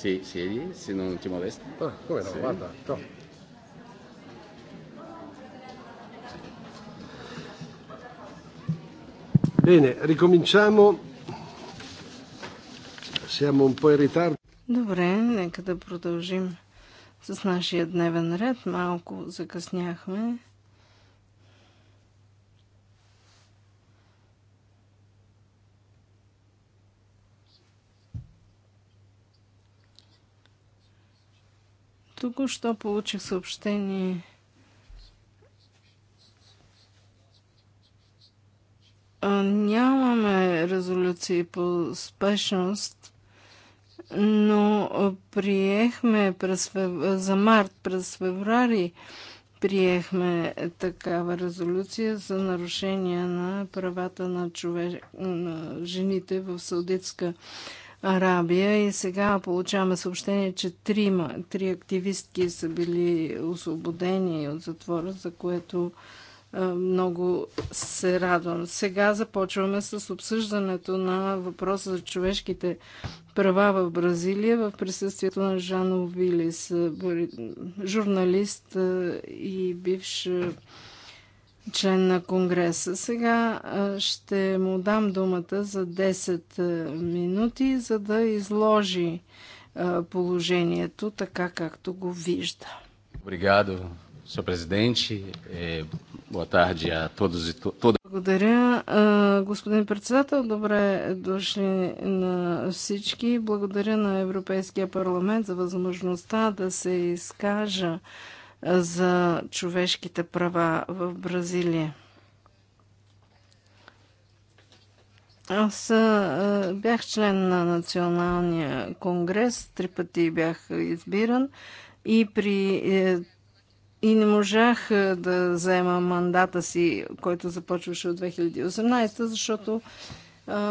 Sì, siedi, se non ti molesta. Ah, come no, sì. guarda. No. Bene, ricominciamo. Siamo un po' in ritardo. Добре, нека да продължим с нашия дневен ред. Малко закъсняхме. Току-що получих съобщение Нямаме резолюции по спешност, но приехме през фев... за март, през феврари приехме такава резолюция за нарушение на правата на, човек... на жените в Саудитска Арабия и сега получаваме съобщение, че трима, три активистки са били освободени от затвора, за което много се радвам. Сега започваме с обсъждането на въпроса за човешките права в Бразилия в присъствието на Жано Вилис, журналист и бивш член на Конгреса. Сега ще му дам думата за 10 минути, за да изложи положението така, както го вижда. Обригадо, senhor президенти. Boa tarde a todos e Благодаря, господин председател. Добре дошли на всички. Благодаря на Европейския парламент за възможността да се изкажа за човешките права в Бразилия. Аз бях член на Националния конгрес, три пъти бях избиран и при е, и не можах е, да взема мандата си, който започваше от 2018, защото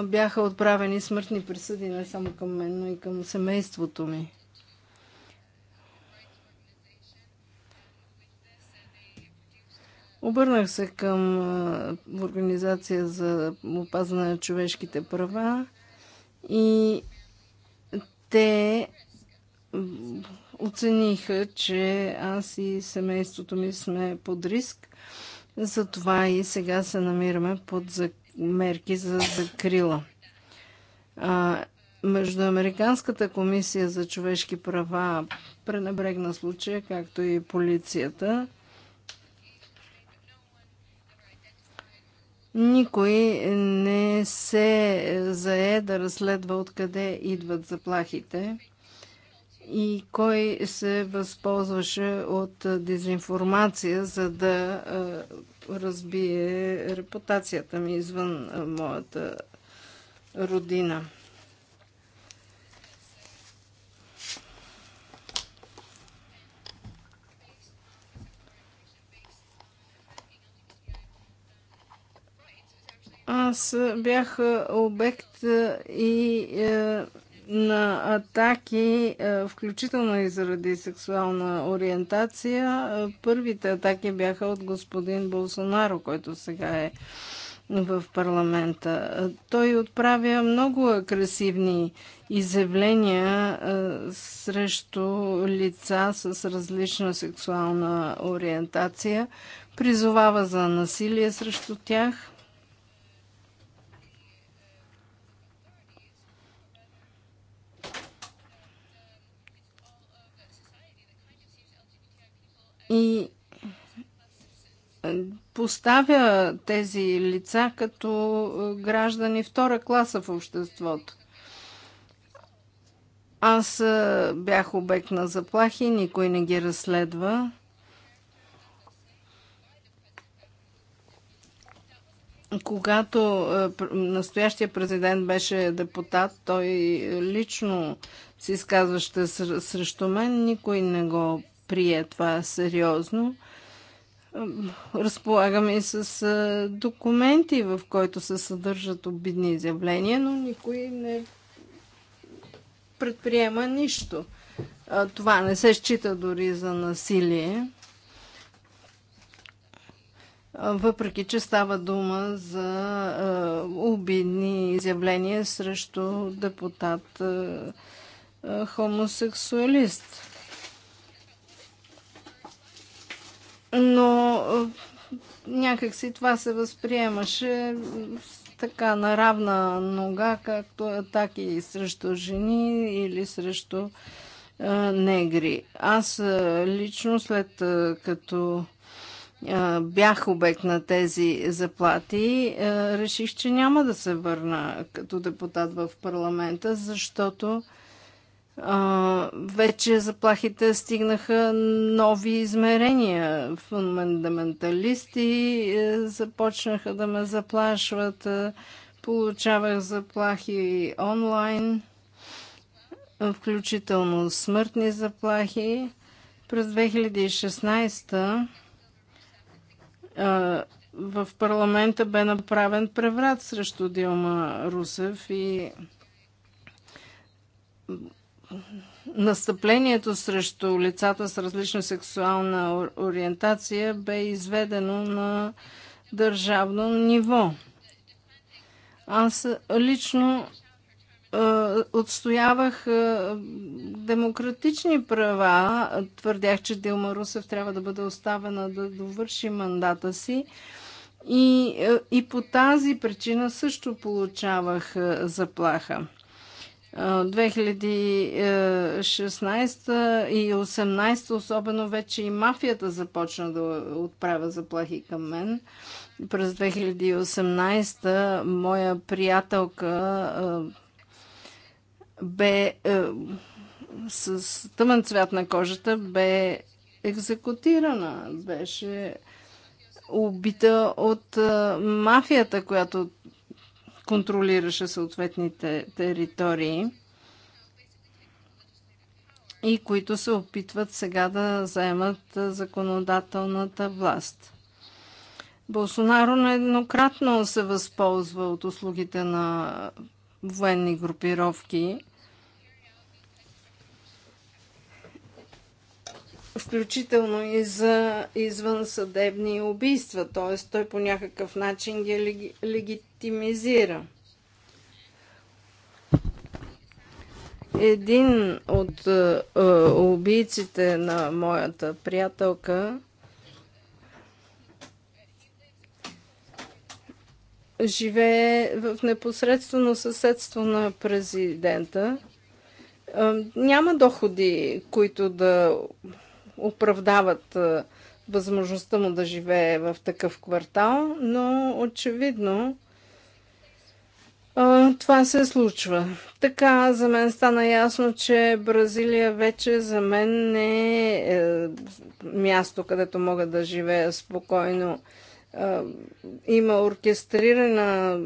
бяха отправени смъртни присъди не само към мен, но и към семейството ми. Обърнах се към Организация за опазване на човешките права и те оцениха, че аз и семейството ми сме под риск. Затова и сега се намираме под мерки за закрила. А, Междуамериканската комисия за човешки права пренебрегна случая, както и полицията. никой не се зае да разследва откъде идват заплахите и кой се възползваше от дезинформация, за да разбие репутацията ми извън моята родина. Аз бях обект и е, на атаки, е, включително и заради сексуална ориентация. Е, първите атаки бяха от господин Болсонаро, който сега е в парламента. Е, той отправя много агресивни изявления е, срещу лица с различна сексуална ориентация, призовава за насилие срещу тях – и поставя тези лица като е, граждани втора класа в обществото. Аз е, бях обект на заплахи, никой не ги разследва. Когато е, настоящия президент беше депутат, той лично се изказваше срещу мен, никой не го прие това сериозно. Разполагаме и с документи, в който се съдържат обидни изявления, но никой не предприема нищо. Това не се счита дори за насилие, въпреки че става дума за обидни изявления срещу депутат хомосексуалист. но някакси това се възприемаше така на равна нога, както атаки срещу жени или срещу а, негри. Аз лично след а, като бях обект на тези заплати, реших, че няма да се върна като депутат в парламента, защото вече заплахите стигнаха нови измерения. Фундаменталисти е, започнаха да ме заплашват. Е, получавах заплахи онлайн, включително смъртни заплахи. През 2016 е, в парламента бе направен преврат срещу Дилма Русев и настъплението срещу лицата с различна сексуална ориентация бе изведено на държавно ниво. Аз лично отстоявах демократични права. Твърдях, че Дилма Русев трябва да бъде оставена да довърши мандата си. И, и по тази причина също получавах заплаха. 2016 е, и 2018 особено вече и мафията започна да отправя заплахи към мен. През 2018 моя приятелка е, бе е, с тъмен цвят на кожата бе екзекутирана. Беше убита от мафията, която контролираше съответните територии и които се опитват сега да заемат законодателната власт. Болсонаро нееднократно се възползва от услугите на военни групировки, включително и за извънсъдебни убийства. Т.е. той по някакъв начин ги легитимен оптимизира. Един от е, е, убийците на моята приятелка живее в непосредствено съседство на президента. Е, няма доходи, които да оправдават е, възможността му да живее в такъв квартал, но очевидно това се случва. Така, за мен стана ясно, че Бразилия вече за мен не е, е място, където мога да живея спокойно. Има оркестрирана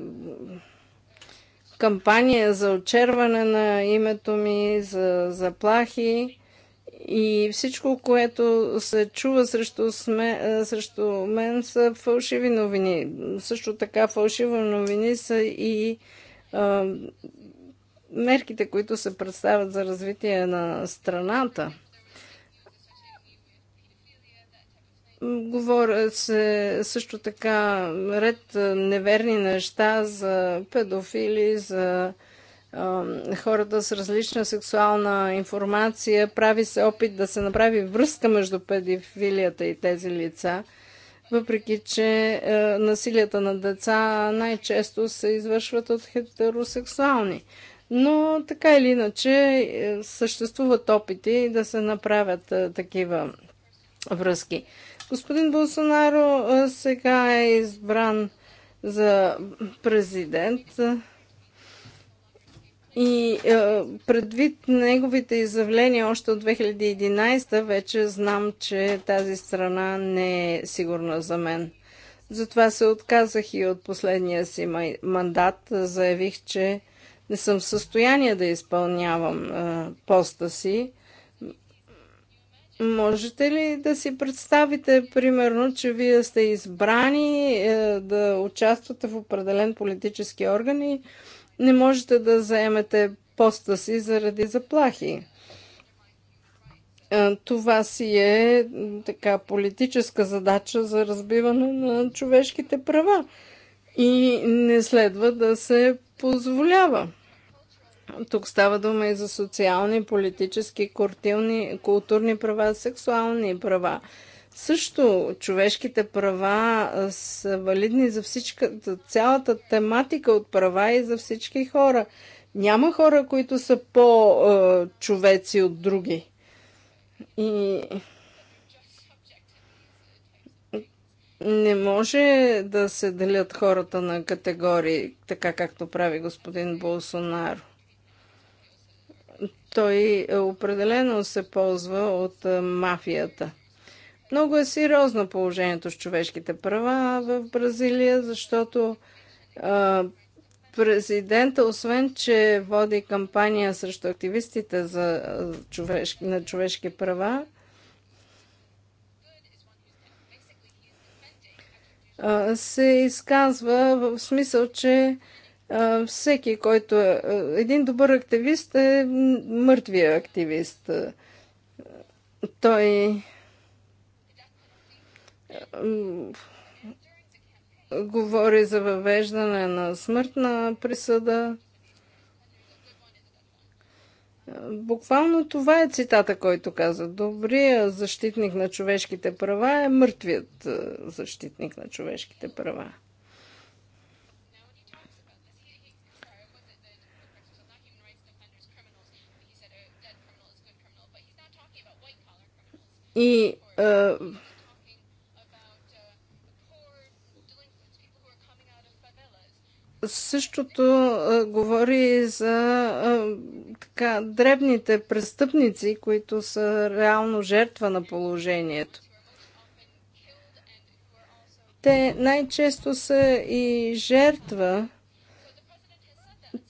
кампания за очерване на името ми, за заплахи и всичко, което се чува срещу, сме, е, срещу мен са фалшиви новини. Също така фалшиви новини са и мерките, които се представят за развитие на страната. Говоря се също така ред неверни неща за педофили, за хората с различна сексуална информация. Прави се опит да се направи връзка между педофилията и тези лица – въпреки че е, насилията на деца най-често се извършват от хетеросексуални. Но така или иначе е, съществуват опити да се направят е, такива връзки. Господин Болсонаро е, сега е избран за президент. И е, предвид неговите изявления още от 2011 вече знам, че тази страна не е сигурна за мен. Затова се отказах и от последния си мандат. Заявих, че не съм в състояние да изпълнявам е, поста си. Можете ли да си представите, примерно, че вие сте избрани е, да участвате в определен политически орган и не можете да заемете поста си заради заплахи. Това си е така политическа задача за разбиване на човешките права и не следва да се позволява. Тук става дума и за социални, политически, културни, културни права, сексуални права също човешките права са валидни за, всичка, за цялата тематика от права и за всички хора. Няма хора, които са по-човеци от други. И не може да се делят хората на категории, така както прави господин Болсонаро. Той е, определено се ползва от мафията – много е сериозно положението с човешките права в Бразилия, защото а, президента, освен че води кампания срещу активистите за човешки, на човешки права, се изказва в смисъл, че всеки, който е един добър активист, е мъртвия активист. Той говори за въвеждане на смъртна присъда. Буквално това е цитата, който каза. Добрия защитник на човешките права е мъртвият защитник на човешките права. И uh... Същото а, говори за а, така, дребните престъпници, които са реално жертва на положението. Те най-често са и жертва.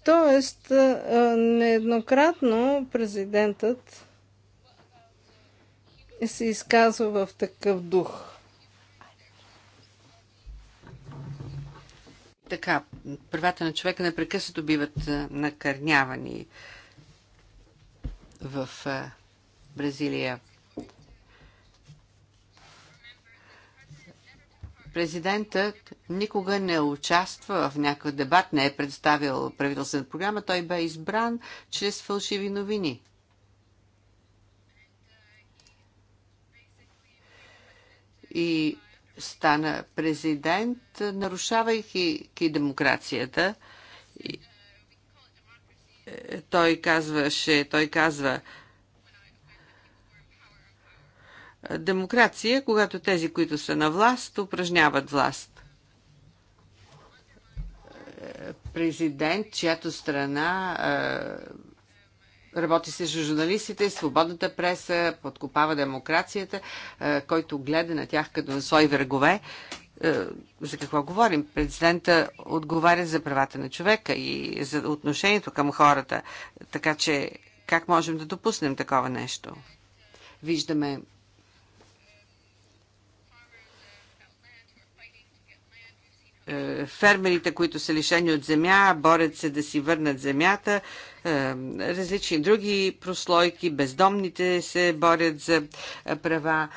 Тоест, а, нееднократно президентът се изказва в такъв дух. така, правата на човека непрекъснато биват накърнявани в Бразилия. Президентът никога не участва в някакъв дебат, не е представил правителствена програма. Той бе избран чрез фалшиви новини. И стана президент, нарушавайки демокрацията. Е, той казваше, той казва, демокрация, когато тези, които са на власт, упражняват власт. Е, президент, чиято страна е, Работи се с журналистите, свободната преса, подкопава демокрацията, е, който гледа на тях като на свои врагове. Е, за какво говорим? Президента отговаря за правата на човека и за отношението към хората. Така че как можем да допуснем такова нещо? Виждаме Е, фермерите, които са лишени от земя, борят се да си върнат земята, е, различни други прослойки, бездомните се борят за е, права.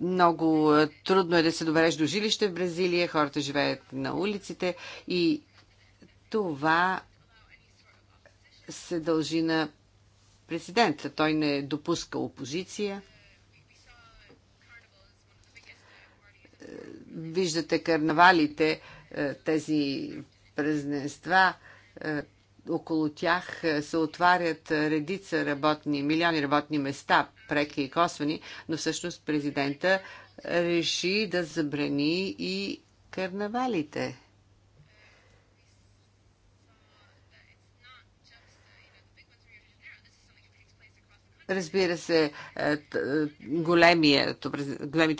Много трудно е да се добереш до жилище в Бразилия, хората живеят на улиците и това се дължи на президента. Той не допуска опозиция. виждате карнавалите, е, тези празненства, е, около тях е, се отварят редица работни, милиони работни места, преки и косвени, но всъщност президента реши да забрани и карнавалите. Разбира се, е, е, големите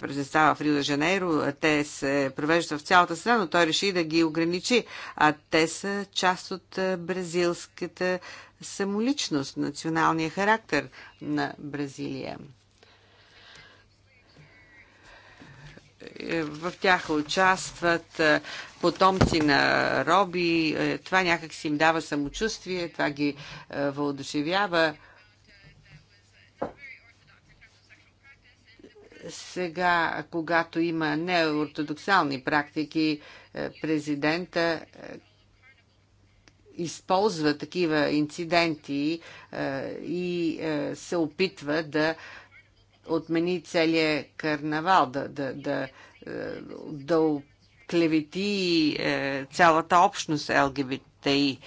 празненства в Рио де Жанейро, те се провеждат в цялата страна, но той реши да ги ограничи. А те са част от е, бразилската самоличност, националния характер на Бразилия. в тях участват потомци на роби. Това някак си им дава самочувствие, това ги въодушевява. Сега, когато има неортодоксални практики, е, президента е, използва такива инциденти е, и се опитва да отмени целия карнавал, да, да, да, да клевети цялата общност ЛГБТИ.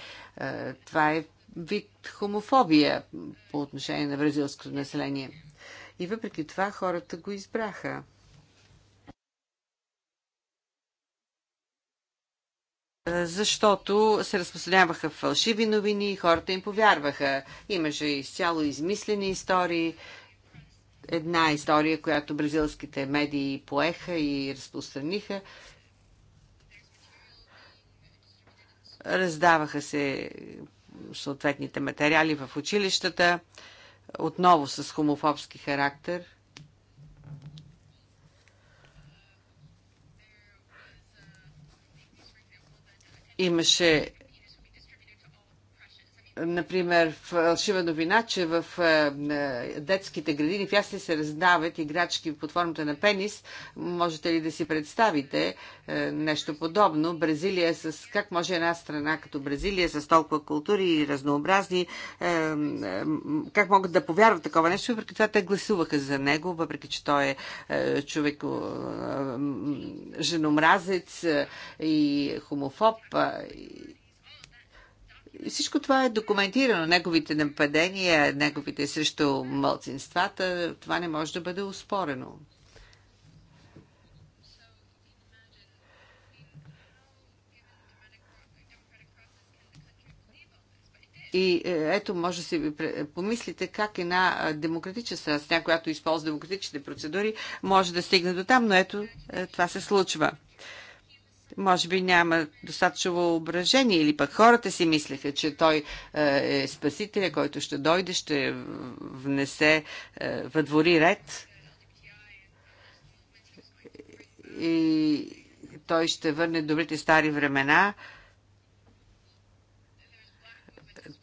Това е вид хомофобия по отношение на бразилското население. И въпреки това хората го избраха. защото се разпространяваха фалшиви новини и хората им повярваха. Имаше изцяло измислени истории. Една история, която бразилските медии поеха и разпространиха. Раздаваха се съответните материали в училищата отново с хомофобски характер. Имаше например, фалшива новина, че в е, е, детските градини в ясли се раздават играчки под формата на пенис. Можете ли да си представите е, нещо подобно? Бразилия с... Как може една страна като Бразилия с толкова култури и разнообразни, как могат да повярват такова нещо? Въпреки това те гласуваха за него, въпреки че той е човек женомразец и хомофоб всичко това е документирано. Неговите нападения, неговите срещу мълцинствата, това не може да бъде успорено. И е, ето, може да си помислите как една демократична страна, която използва демократичните процедури, може да стигне до там, но ето, е, това се случва може би няма достатъчно въображение или пък хората си мислеха, че той е, е спасителя, който ще дойде, ще внесе, е, въдвори ред и той ще върне добрите стари времена.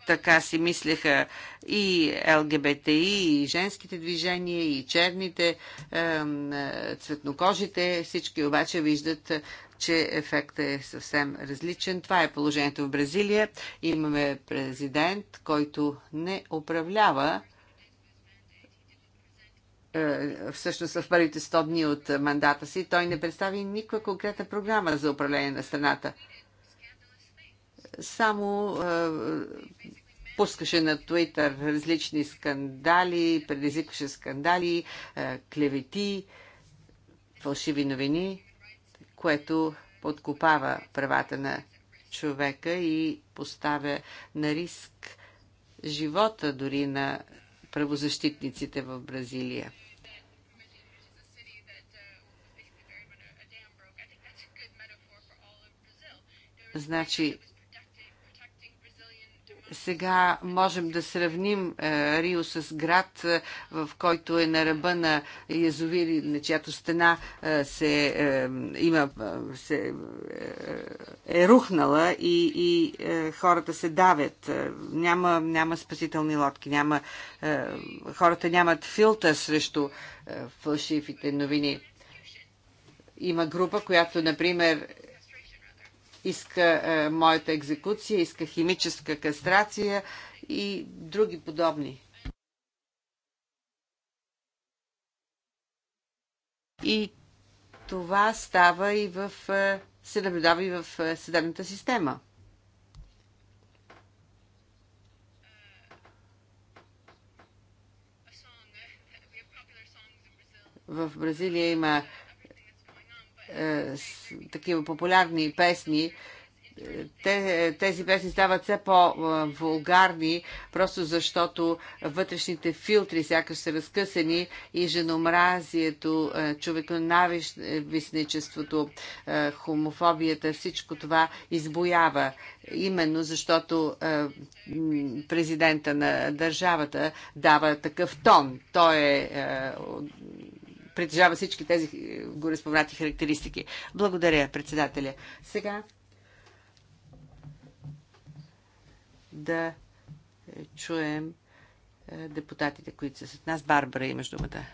Така си мислеха и ЛГБТИ, и женските движения, и черните, е, цветнокожите. Всички обаче виждат че ефектът е съвсем различен. Това е положението в Бразилия. Имаме президент, който не управлява е, всъщност в първите 100 дни от мандата си, той не представи никаква конкретна програма за управление на страната. Само е, пускаше на Твитър различни скандали, предизвикваше скандали, е, клевети, фалшиви новини което подкопава правата на човека и поставя на риск живота дори на правозащитниците в Бразилия. Значи, сега можем да сравним е, Рио с град, е, в който е на ръба на язовири, на чиято стена е, се, има, се е рухнала и, и хората се давят. Няма, няма спасителни лодки, няма, хората нямат филтър срещу фалшивите новини. Има група, която, например, иска е, моята екзекуция, иска химическа кастрация и други подобни. И това става и в, е, се наблюдава и в е, съдебната система. В Бразилия има е, такива популярни песни, е, тези песни стават все по-вулгарни, просто защото вътрешните филтри сякаш са разкъсани и женомразието, е, човеконавистничеството, хомофобията, всичко това избоява. Именно защото президента на държавата дава такъв тон. Той е притежава всички тези е, горесповрати характеристики. Благодаря, председателя. Сега да е, чуем е, депутатите, които са с нас. Барбара имаш думата.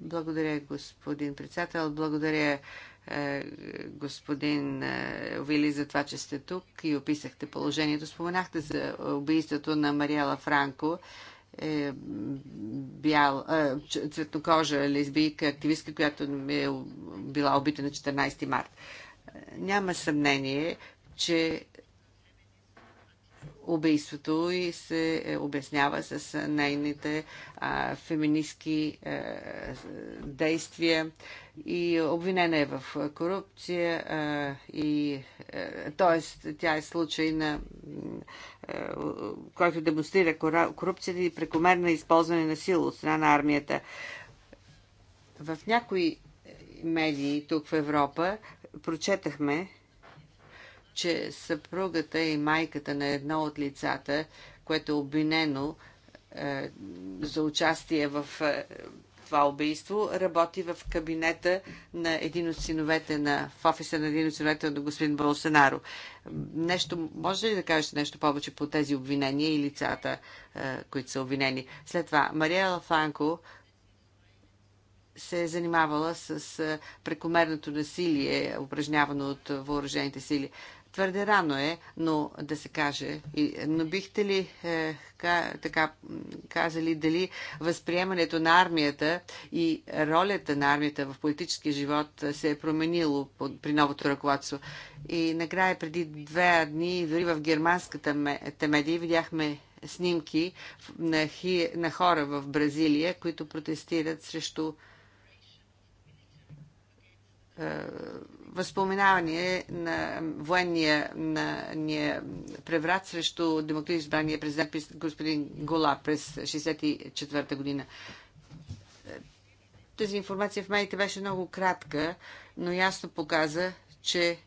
Благодаря, господин председател. Благодаря, господин Вили, за това, че сте тук и описахте положението. Споменахте за убийството на Мариела Франко е, бял, е, цветнокожа лесбийка, активистка, която е била убита на 14 март. Няма съмнение, че убийството и се е, обяснява с е, нейните а, феминистки а, действия. А, и обвинена е в корупция и т.е. тя е случай на който демонстрира корупцията и прекомерно използване на сила от страна на армията. В някои медии тук в Европа прочетахме, че съпругата и майката на едно от лицата, което е обвинено за участие в това убийство. Работи в кабинета на един от синовете на, в офиса на един от синовете на господин Болсенаро. Нещо, може ли да кажете нещо повече по тези обвинения и лицата, е, които са обвинени? След това, Мария Лафанко се е занимавала с е, прекомерното насилие, упражнявано от въоръжените сили. Твърде рано е, но да се каже. Но бихте ли е, така казали дали възприемането на армията и ролята на армията в политически живот се е променило при новото ръководство? И накрая преди две дни, дори в германската темедия видяхме снимки на, хи, на хора в Бразилия, които протестират срещу е, възпоменаване на военния на, ния преврат срещу демократично избрания президент господин Гола през 1964 година. Тази информация в медиите беше много кратка, но ясно показа, че е,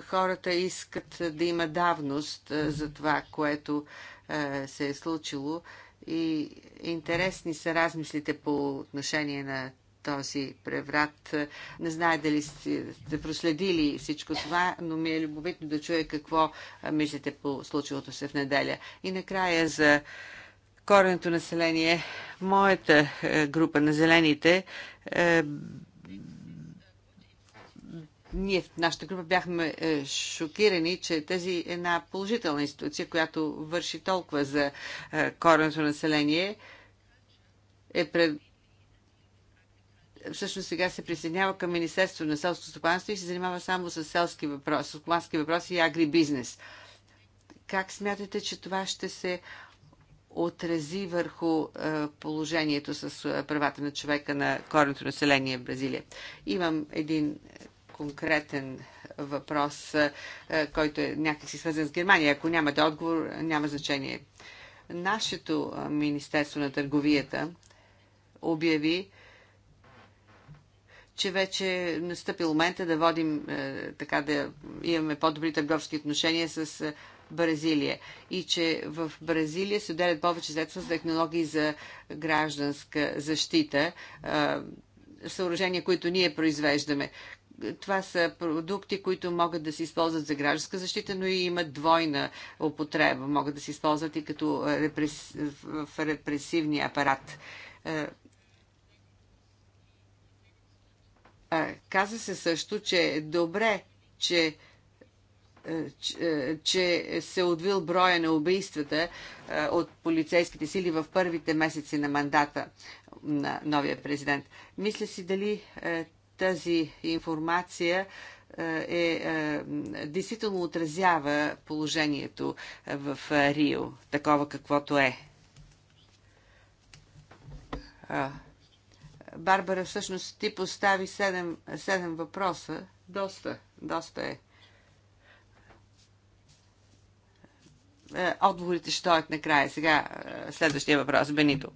хората искат да има давност е, за това, което е, се е случило и интересни са размислите по отношение на този преврат. Не знае дали сте проследили всичко това, но ми е любопитно да чуя какво мислите по случилото се в неделя. И накрая за коренното население. Моята е, група на зелените е, ние в нашата група бяхме е, шокирани, че тази една положителна институция, която върши толкова за коренното население, е пред, всъщност сега се присъединява към Министерство на селското стопанство и се занимава само с селски въпроси, с стопански въпроси и агрибизнес. Как смятате, че това ще се отрази върху е, положението с е, правата на човека на корното население в Бразилия? Имам един конкретен въпрос, е, който е някакси свързан с Германия. Ако нямате отговор, няма значение. Нашето Министерство на търговията обяви че вече настъпи настъпил момента е да водим, е, така да имаме по-добри търговски отношения с е, Бразилия. И че в Бразилия се отделят повече средства за технологии за гражданска защита, съоръжения, които ние произвеждаме. Това са продукти, които могат да се използват за гражданска защита, но и имат двойна употреба. Могат да се използват и като репрес... в репресивния апарат. Каза се също, че е добре, че е, е, че се отвил е броя на убийствата от полицейските сили в първите месеци на мандата на новия президент. Мисля си дали тази информация е, е, действително отразява положението в Рио, такова каквото е. Барбара, всъщност ти постави 7, 7 въпроса. Доста, доста е. е отговорите ще стоят накрая. Сега е, следващия въпрос. Бенито.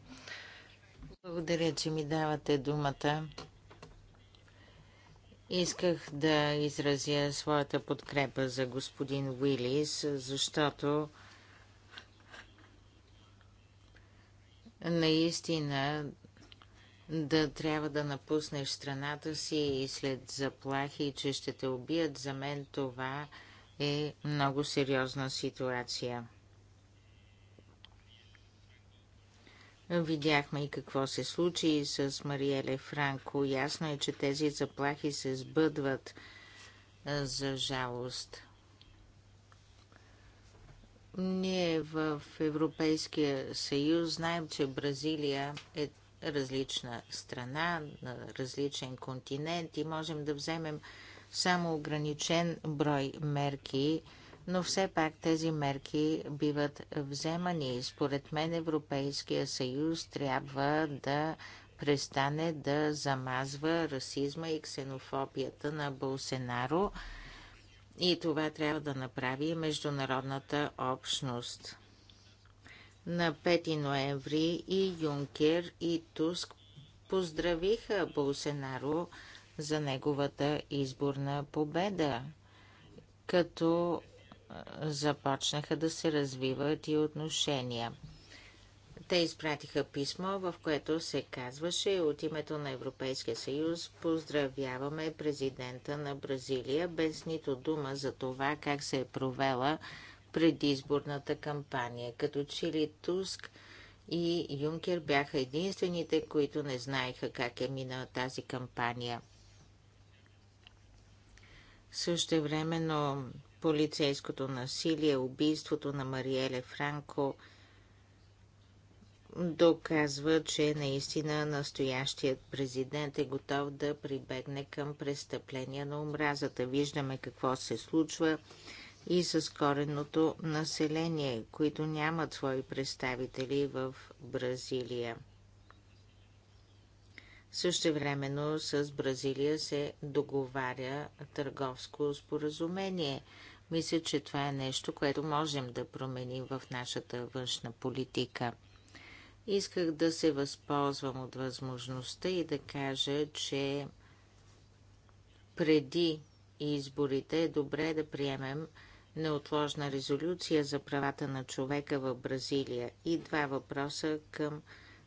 Благодаря, че ми давате думата. Исках да изразя своята подкрепа за господин Уилис, защото наистина да трябва да напуснеш страната си и след заплахи, че ще те убият, за мен това е много сериозна ситуация. Видяхме и какво се случи с Мариеле Франко. Ясно е, че тези заплахи се сбъдват за жалост. Ние в Европейския съюз знаем, че Бразилия е различна страна, на различен континент и можем да вземем само ограничен брой мерки, но все пак тези мерки биват вземани. Според мен Европейския съюз трябва да престане да замазва расизма и ксенофобията на Болсенаро и това трябва да направи международната общност на 5 ноември и Юнкер и Туск поздравиха Болсенаро за неговата изборна победа, като започнаха да се развиват и отношения. Те изпратиха писмо, в което се казваше от името на Европейския съюз поздравяваме президента на Бразилия без нито дума за това как се е провела предизборната кампания. Като че ли Туск и Юнкер бяха единствените, които не знаеха как е минала тази кампания. Също времено полицейското насилие, убийството на Мариеле Франко доказва, че наистина настоящият президент е готов да прибегне към престъпления на омразата. Виждаме какво се случва и с коренното население, които нямат свои представители в Бразилия. Същевременно с Бразилия се договаря търговско споразумение. Мисля, че това е нещо, което можем да променим в нашата външна политика. Исках да се възползвам от възможността и да кажа, че преди изборите е добре да приемем неотложна резолюция за правата на човека в Бразилия и два въпроса към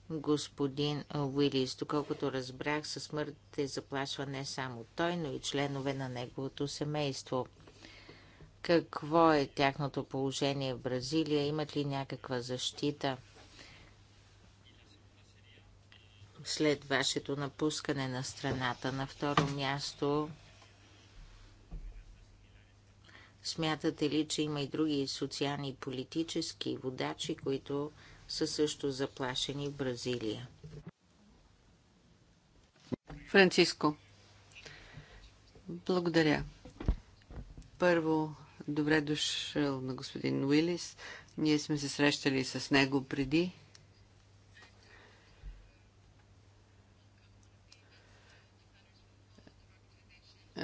господин Уилис. Доколкото разбрах, със смърт е заплашва не само той, но и членове на неговото семейство. Какво е тяхното положение в Бразилия? Имат ли някаква защита? След вашето напускане на страната на второ място Смятате ли, че има и други социални и политически водачи, които са също заплашени в Бразилия? Франциско, благодаря. Първо, добре дошъл на господин Уилис. Ние сме се срещали с него преди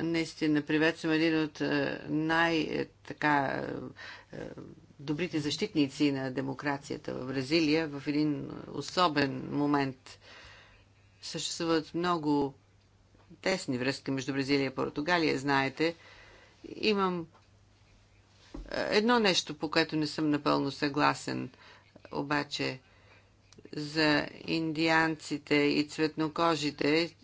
Наистина приветствам един от е, най-така е, е, добрите защитници на демокрацията в Бразилия в един особен момент. Съществуват много тесни връзки между Бразилия и Португалия, знаете. Имам едно нещо, по което не съм напълно съгласен, обаче за индианците и цветнокожите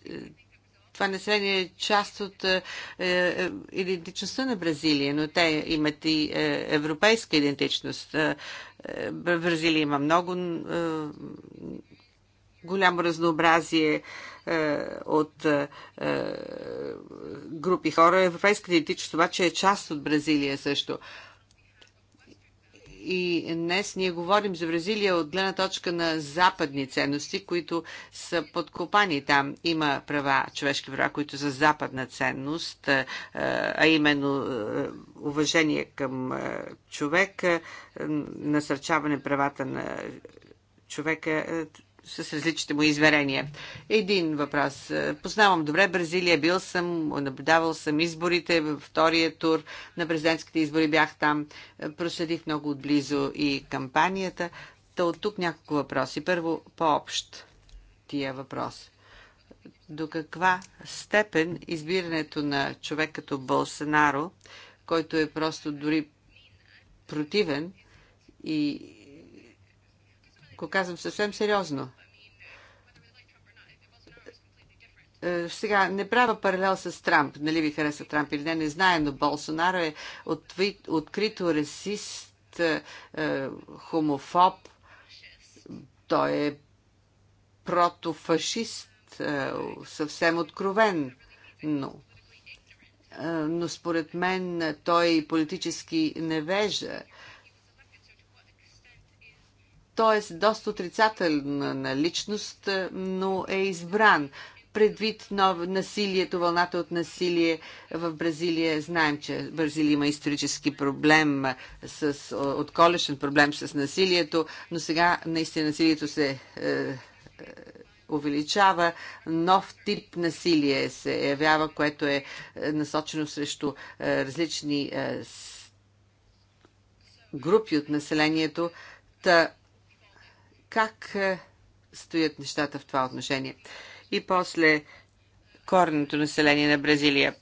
това население е част от е, е, идентичността на Бразилия, но те имат и е, европейска идентичност. Е, е, Бразилия има много е, голямо разнообразие от групи хора. Европейската идентичност обаче е част от Бразилия също. И днес ние говорим за Бразилия от гледна точка на западни ценности, които са подкопани там. Има права, човешки права, които са западна ценност, а именно уважение към човека, насърчаване правата на човека с различните му изверения. Един въпрос. Познавам добре Бразилия, бил съм, наблюдавал съм изборите, във втория тур на президентските избори бях там, проследих много отблизо и кампанията. Та от тук няколко въпроси. Първо, по-общ тия въпрос. До каква степен избирането на човек като Болсенаро, който е просто дори противен и го казвам съвсем сериозно. Е, сега не правя паралел с Трамп, нали ви харесва Трамп или не, не знае, но Болсонаро е открито расист, е, е, хомофоб, той е протофашист, съвсем откровен, но но според мен той политически невежа той е доста отрицателна личност, е, но е избран предвид нов, насилието, вълната от насилие в Бразилия. Знаем, че Бразилия има исторически проблем, е, с, отколешен проблем с насилието, но сега наистина насилието се е, е, увеличава. Нов тип насилие се явява, което е, е насочено срещу е, различни е, групи от населението. Та, как е, стоят нещата в това отношение. И после корното население на Бразилия.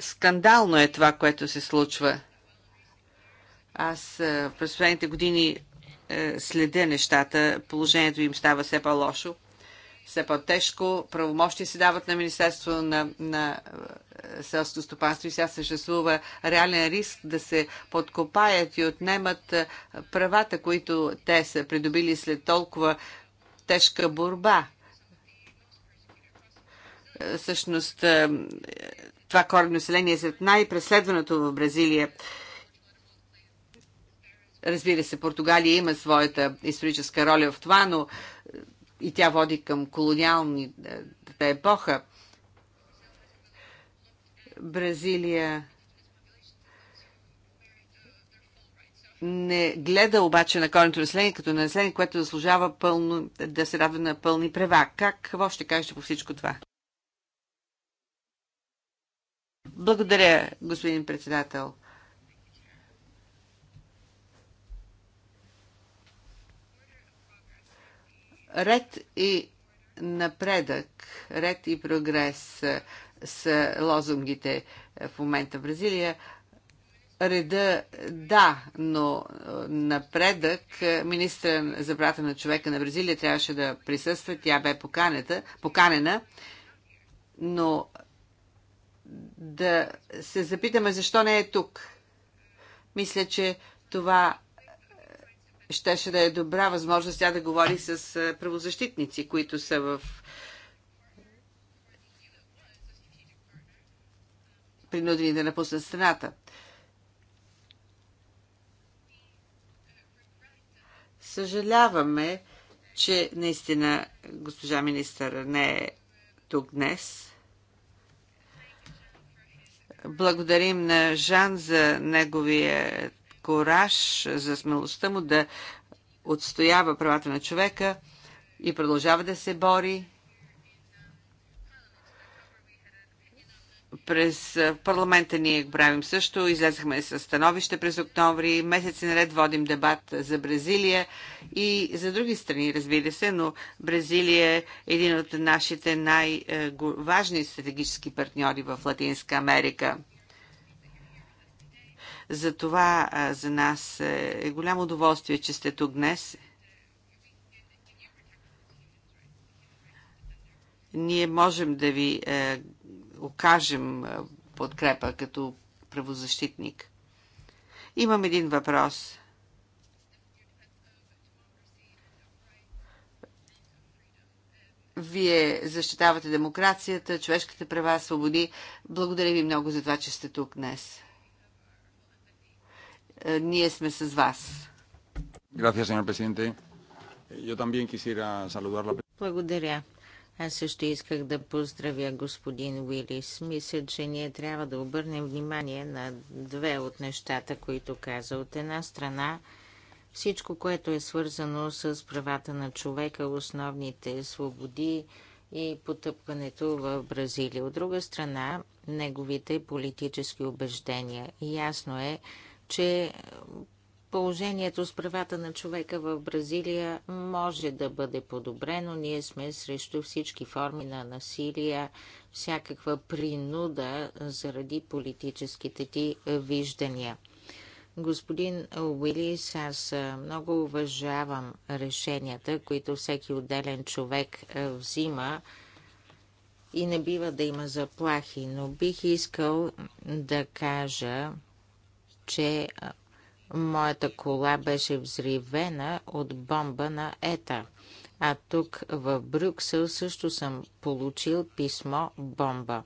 Скандално е това, което се случва. Аз е, през последните години е, следя нещата, положението им става все по-лошо все по-тежко. Правомощи се дават на Министерство на, на е, селското стопанство и сега съществува реален риск да се подкопаят и отнемат е, правата, които те са придобили след толкова тежка борба. Е, всъщност, това коренно население е сред най-преследваното в Бразилия. Разбира се, Португалия има своята историческа роля в това, но и тя води към колониалната е, епоха. Бразилия не гледа обаче на коренто население като на население, което заслужава пълно, да се радва на пълни права. Как, какво ще кажете по всичко това? Благодаря, господин председател. Ред и напредък, ред и прогрес с лозунгите в момента в Бразилия. Реда да, но е, напредък е, министър за брата на човека на Бразилия трябваше да присъства. Тя бе поканета, поканена, но да се запитаме защо не е тук. Мисля, че това щеше да е добра възможност тя да говори с правозащитници, които са в принудени да напуснат страната. Съжаляваме, че наистина госпожа министър не е тук днес. Благодарим на Жан за неговия кораж, за смелостта му да отстоява правата на човека и продължава да се бори. През парламента ние правим също, излезахме с становище през октомври, месеци наред водим дебат за Бразилия и за други страни, разбира се, но Бразилия е един от нашите най-важни е, стратегически партньори в Латинска Америка. Затова за нас е, е голямо удоволствие, че сте тук днес. Ние можем да ви е, окажем е, подкрепа като правозащитник. Имам един въпрос. Вие защитавате демокрацията, човешките права, свободи. Благодаря ви много за това, че сте тук днес. Е, ние сме с вас. Благодаря. Аз също исках да поздравя господин Уилис. Мисля, че ние трябва да обърнем внимание на две от нещата, които каза. От една страна, всичко, което е свързано с правата на човека, основните свободи и потъпкането в Бразилия. От друга страна, неговите политически убеждения. Ясно е, че положението с правата на човека в Бразилия може да бъде подобрено. Ние сме срещу всички форми на насилие, всякаква принуда заради политическите ти виждания. Господин Уилис, аз много уважавам решенията, които всеки отделен човек е, взима и не бива да има заплахи, но бих искал да кажа, че моята кола беше взривена от бомба на ЕТА. А тук в Брюксел също съм получил писмо бомба.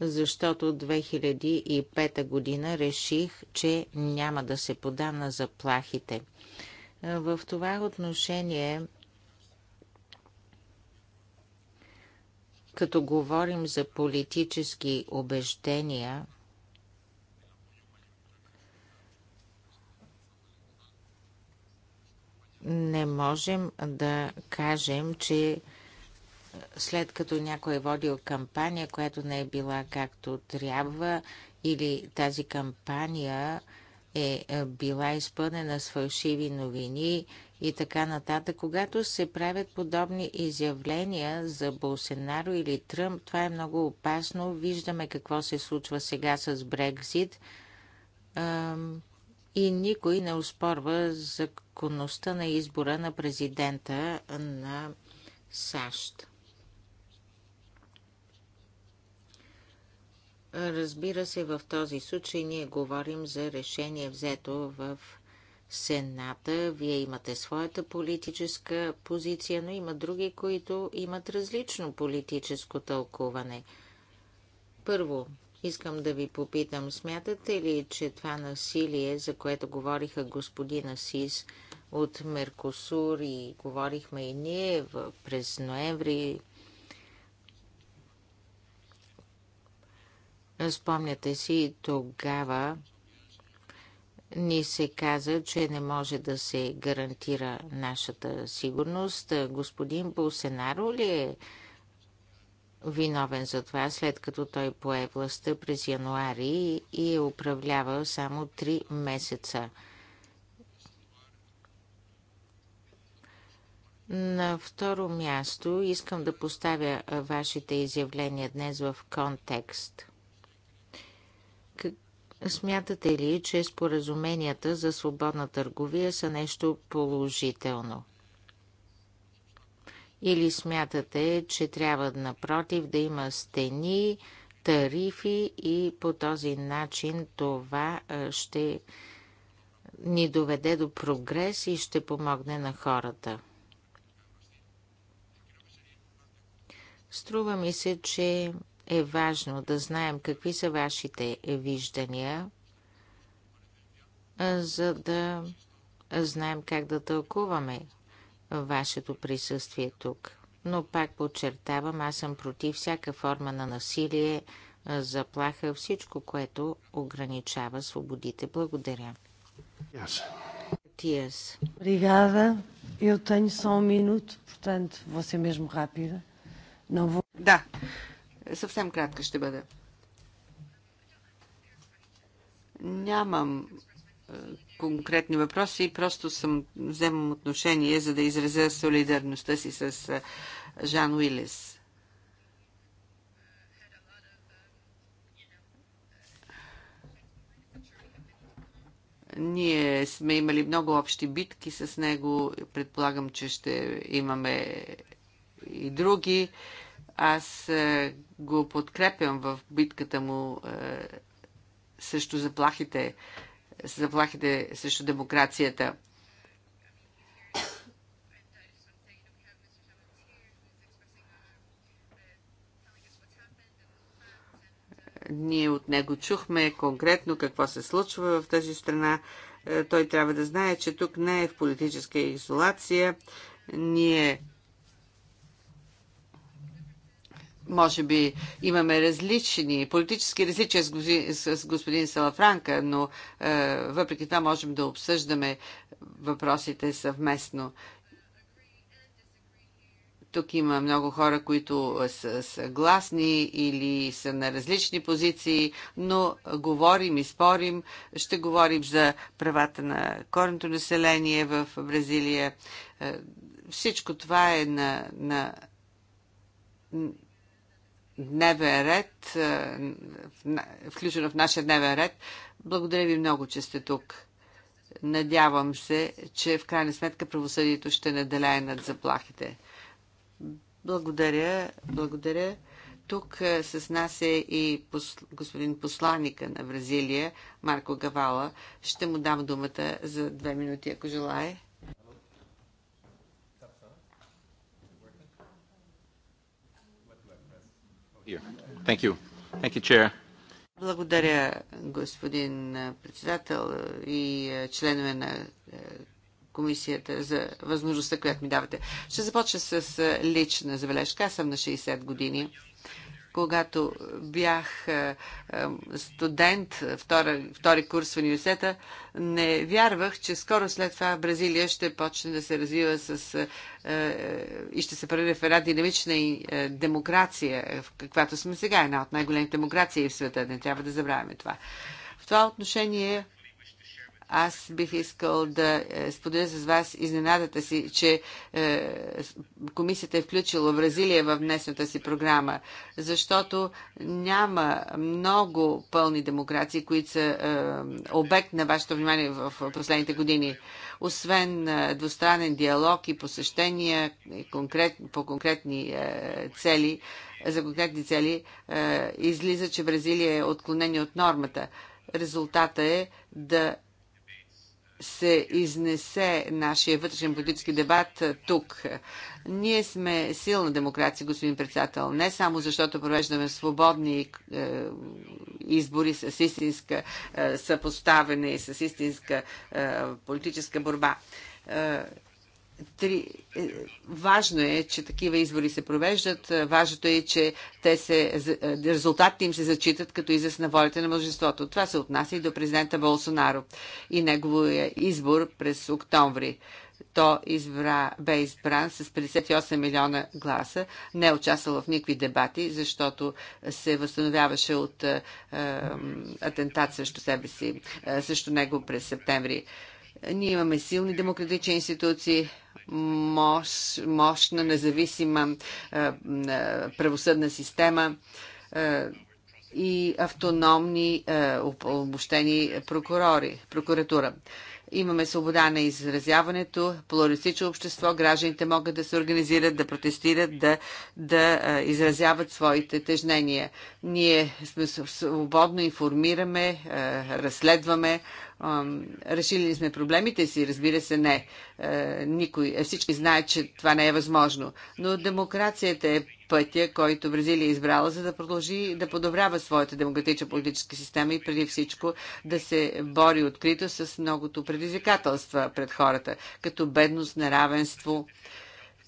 Защото 2005 година реших, че няма да се подам на заплахите. В това отношение като говорим за политически убеждения, не можем да кажем, че е, след като някой е водил кампания, която не е била както трябва, или тази кампания е, е била изпълнена с фалшиви новини и така нататък. Когато се правят подобни изявления за Болсенаро или Тръмп, това е много опасно. Виждаме какво се случва сега с Брекзит и никой не успорва законността на избора на президента на САЩ. Разбира се, в този случай ние говорим за решение взето в Сената. Вие имате своята политическа позиция, но има други, които имат различно политическо тълкуване. Първо, Искам да ви попитам, смятате ли, че това насилие, за което говориха господина Сис от Меркосур и говорихме и ние през ноември, спомняте си тогава, ни се каза, че не може да се гарантира нашата сигурност. Господин Болсенаро ли е виновен за това, след като той пое властта през януари и е управлявал само 3 месеца. На второ място искам да поставя вашите изявления днес в контекст. Смятате ли, че споразуменията за свободна търговия са нещо положително? Или смятате, че трябва напротив да има стени, тарифи и по този начин това ще ни доведе до прогрес и ще помогне на хората. Струва ми се, че е важно да знаем какви са вашите виждания, за да знаем как да тълкуваме вашето присъствие тук. Но пак подчертавам, аз съм против всяка форма на насилие, заплаха, всичко, което ограничава свободите. Благодаря. Yes. Yes. Obrigada. Eu tenho só um minuto, portanto, vou ser mesmo rápida. Não vou... Да, съвсем кратка ще бъда. Нямам конкретни въпроси и просто съм вземам отношение, за да изразя солидарността си с Жан Уилес. Ние сме имали много общи битки с него. Предполагам, че ще имаме и други. Аз го подкрепям в битката му също заплахите заплахите срещу демокрацията. Ние от него чухме конкретно какво се случва в тази страна. Е, той трябва да знае, че тук не е в политическа изолация. Ние може би имаме различни, политически различия с, с господин Салафранка, но е, въпреки това можем да обсъждаме въпросите съвместно. Тук има много хора, които са съгласни или са на различни позиции, но говорим и спорим. Ще говорим за правата на корното население в Бразилия. Е, всичко това е на, на дневен ред, е, включено в нашия дневен ред. Благодаря ви много, че сте тук. Надявам се, че в крайна сметка правосъдието ще наделяе над заплахите. Благодаря, благодаря. Тук е, с нас е и пос... господин посланника на Бразилия, Марко Гавала. Ще му дам думата за две минути, ако желая. Благодаря, господин председател и е, членове на е, комисията за възможността, която ми давате. Ще започна с е, лична забележка. Аз съм на 60 години когато бях е, е, студент, втори, втори курс в университета, не вярвах, че скоро след това Бразилия ще почне да се развива с е, и ще се превърне в една динамична и демокрация, в каквато сме сега, една от най-големите демокрации в света. Не трябва да забравяме това. В това отношение аз бих искал да е, споделя с вас изненадата си, че е, комисията е включила Бразилия в днешната си програма, защото няма много пълни демокрации, които са е, обект на вашето внимание в последните години. Освен е, двустранен диалог и посещения конкрет, по конкретни е, цели, за конкретни цели, е, излиза, че Бразилия е отклонение от нормата. Резултата е да се изнесе нашия вътрешен политически дебат тук. Ние сме силна демокрация, господин председател, не само защото провеждаме свободни е, избори с истинска е, съпоставяне и с истинска е, политическа борба. Е, Три, е, важно е, че такива избори се провеждат. Важното е, че те се, е, резултатите им се зачитат като израз на волята на мъжеството. Това се отнася и до президента Болсонаро и неговия избор през октомври. То избра, бе избран с 58 милиона гласа, не е участвал в никакви дебати, защото се възстановяваше от е, е, атентат срещу себе си, е, срещу него през септември. Ние имаме силни демократични институции, мощ, мощна, независима е, е, правосъдна система е, и автономни обобщени прокурори, прокуратура. Имаме свобода на изразяването, плуралистично общество, гражданите могат да се организират, да протестират, да, да изразяват своите тежнения. Ние сме свободно информираме, разследваме, решили ли сме проблемите си? Разбира се, не. Е, никой, е, всички знаят, че това не е възможно. Но демокрацията е пътя, който Бразилия е избрала, за да продължи да подобрява своята демократична политическа система и преди всичко да се бори открито с многото предизвикателства пред хората, като бедност, неравенство,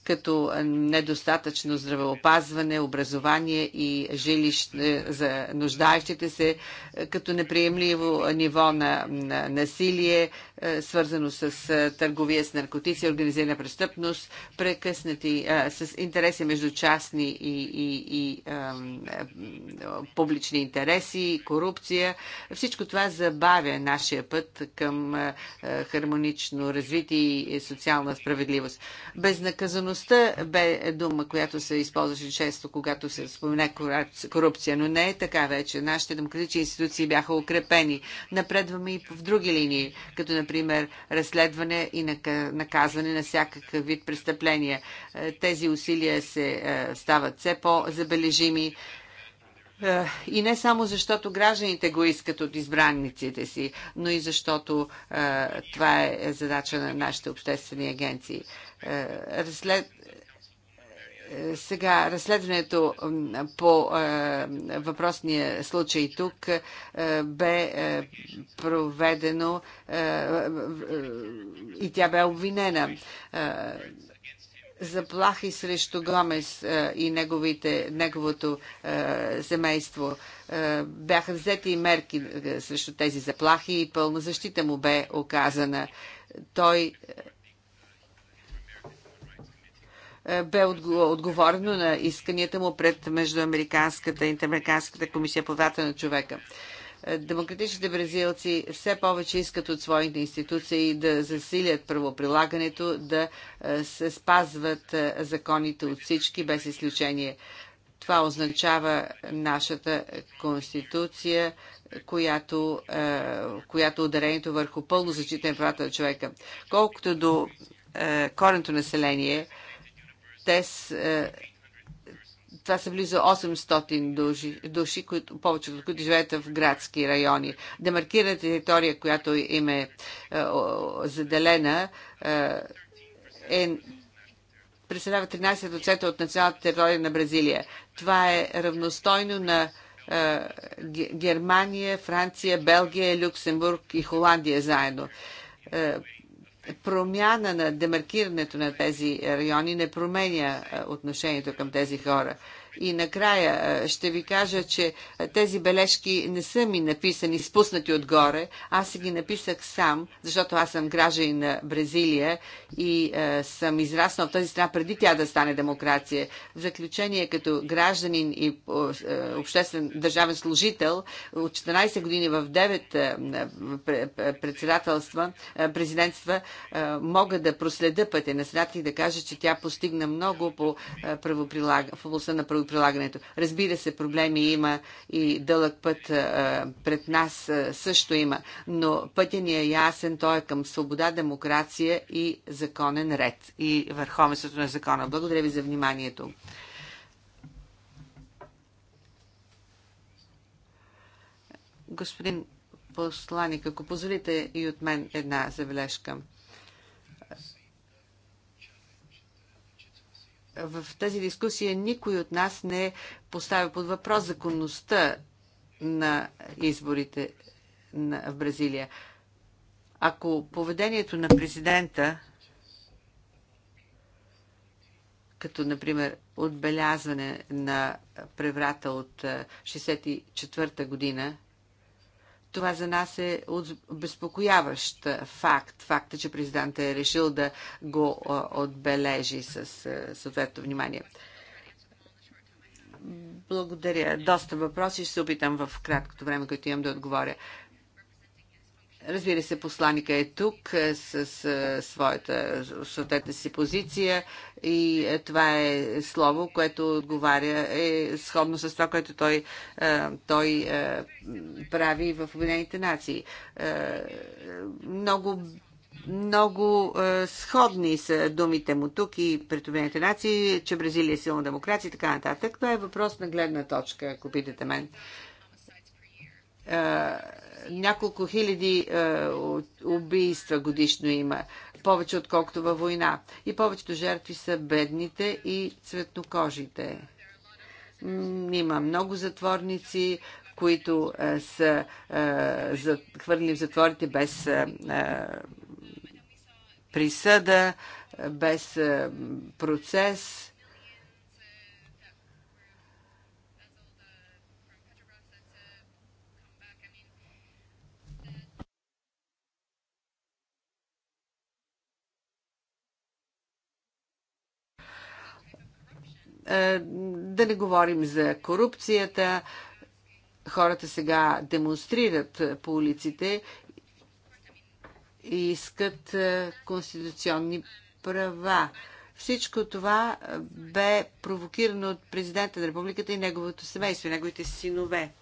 като недостатъчно здравеопазване, образование и жилище за нуждаещите се, е, като неприемливо ниво на насилие, е, свързано с е, търговия с наркотици, организирана престъпност, прекъснати а, е, с интереси между частни и, и, и а, публични интереси, корупция. Всичко това забавя нашия път към а, хармонично развитие и социална справедливост. Безнаказаността бе дума, която се използваше често, когато се спомена корупция, но не е така вече. Нашите демократични институции бяха укрепени. Напредваме и в други линии, като например например, разследване и наказване на всякакъв вид престъпления. Е, тези усилия се е, стават все по-забележими. Е, и не само защото гражданите го искат от избранниците си, но и защото това е задача на нашите обществени агенции. Е, разслед сега разследването по е, въпросния случай тук е, бе е, проведено и тя бе обвинена. Заплахи срещу Гомес и неговите, неговото семейство бяха взети мерки срещу тези заплахи и пълна защита му бе оказана. Той е, бе отговорено на исканията му пред Междуамериканската и Интерамериканската комисия по правата на човека. Е, демократичните бразилци все повече искат от своите институции да засилят правоприлагането, да е, се спазват законите от всички, без изключение. Това означава нашата конституция, която, която ударението върху пълно зачитане правата на човека. Колкото до коренто население, те с, е, това са близо 800 души, души които, повечето от които живеят в градски райони. Демаркирана територия, която им е, е заделена, е, е представлява 13% от националната територия на Бразилия. Това е равностойно на е, Германия, Франция, Белгия, Люксембург и Холандия заедно. Е, промяна на демаркирането на тези райони не променя отношението към тези хора. И накрая ще ви кажа, че тези бележки не са ми написани, спуснати отгоре. Аз си ги написах сам, защото аз съм гражданин на Бразилия и е, съм израснал в тази страна преди тя да стане демокрация. В заключение, като гражданин и е, обществен държавен служител, от 14 години в 9 е, председателства, е, президентства, е, мога да проследя пътя на страната и да кажа, че тя постигна много по правоприлага, в областта на правоприлагането прилагането. Разбира се, проблеми има и дълъг път пред нас също има, но пътя ни е ясен, той е към свобода, демокрация и законен ред и върховенството на закона. Благодаря ви за вниманието. Господин посланик, ако позволите и от мен една забележка. в тази дискусия никой от нас не поставя под въпрос законността на изборите в Бразилия. Ако поведението на президента, като например отбелязване на преврата от 64-та година, това за нас е безпокояващ факт. Факта, че президентът е решил да го отбележи с съответно внимание. Благодаря. Доста въпроси. Ще се опитам в краткото време, което имам да отговоря. Разбира се, посланика е тук е, с, с е, своята съответна си позиция и е, това е слово, което отговаря е сходно с това, което той, той прави в Обединените нации. Много много сходни са думите му тук и пред Обединените нации, че Бразилия е силна демокрация и така нататък. Това е въпрос на гледна точка, ако питате мен няколко хиляди е, убийства годишно има, повече отколкото във война. И повечето жертви са бедните и цветнокожите. Има много затворници, които е, са е, за, хвърлени в затворите без е, е присъда, без е, процес Е, да не говорим за корупцията. Хората сега демонстрират по улиците и искат е, конституционни права. Всичко това е, бе провокирано от президента на републиката и неговото семейство, и неговите синове.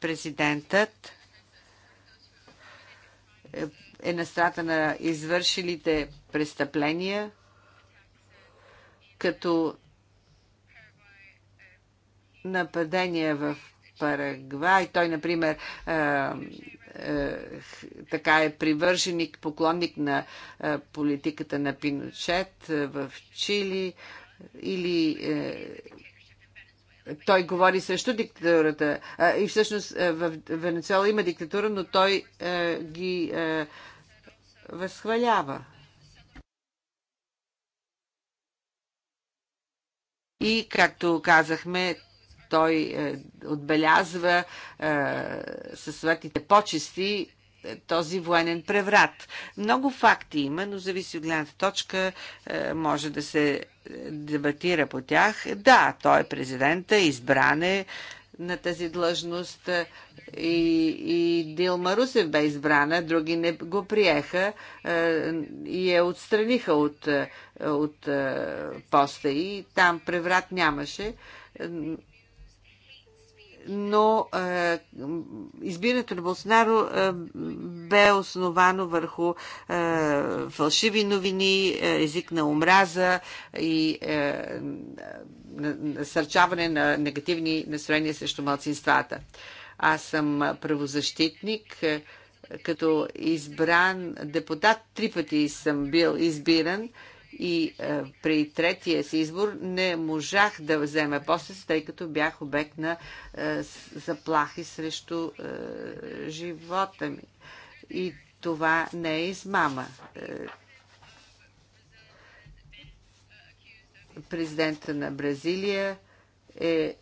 Президентът е на страта на извършилите престъпления, като нападения в Парагвай. Той, например, така е привърженик, поклонник на политиката на Пиночет в Чили или той говори срещу диктатурата. И всъщност в Венецуела има диктатура, но той ги възхвалява. И, както казахме, той е, отбелязва е, със светите почести е, този военен преврат. Много факти има, но зависи от гледната точка, е, може да се е, дебатира по тях. Да, той е президента, избран е на тази длъжност и, и Дилма Русев бе избрана, други не го приеха и я отстраниха от, от поста и там преврат нямаше но е, избирането на Болсонаро е, бе основано върху е, фалшиви новини, е, език на омраза и е, насърчаване на негативни настроения срещу младсинствата. Аз съм правозащитник. Е, като избран депутат, три пъти съм бил избиран. Е, и а, е, при третия си избор не можах да взема поста тъй като бях обект на а, е, заплахи срещу а, е, живота ми. И това не е измама. Президента на Бразилия е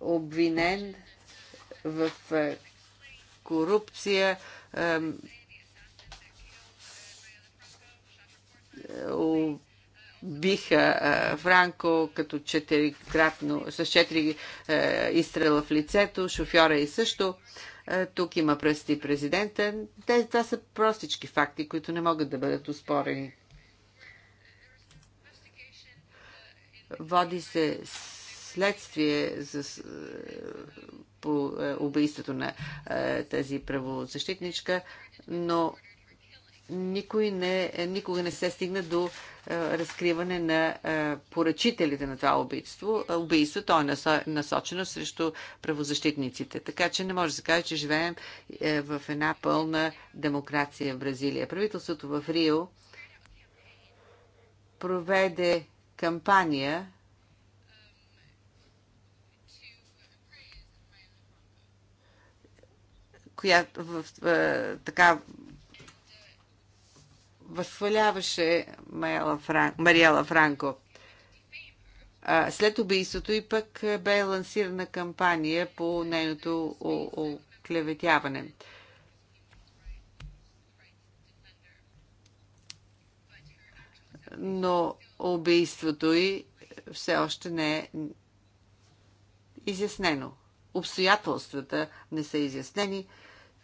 обвинен в корупция, биха Франко като четирикратно, с четири изстрела в лицето, шофьора и също. Тук има пръсти президента. Те, това са простички факти, които не могат да бъдат успорени. Води се следствие за, по убийството на тази правозащитничка, но никой не, е, никога не се стигна до е, разкриване на е, поръчителите на това убийство. Убийство то е насочено срещу правозащитниците. Така че не може да се каже, че живеем в една пълна демокрация в Бразилия. Правителството в Рио проведе кампания която в, в, така възхваляваше Фран... Мариела Франко. След убийството и пък бе лансирана кампания по нейното оклеветяване. Но убийството и все още не е изяснено. Обстоятелствата не са изяснени,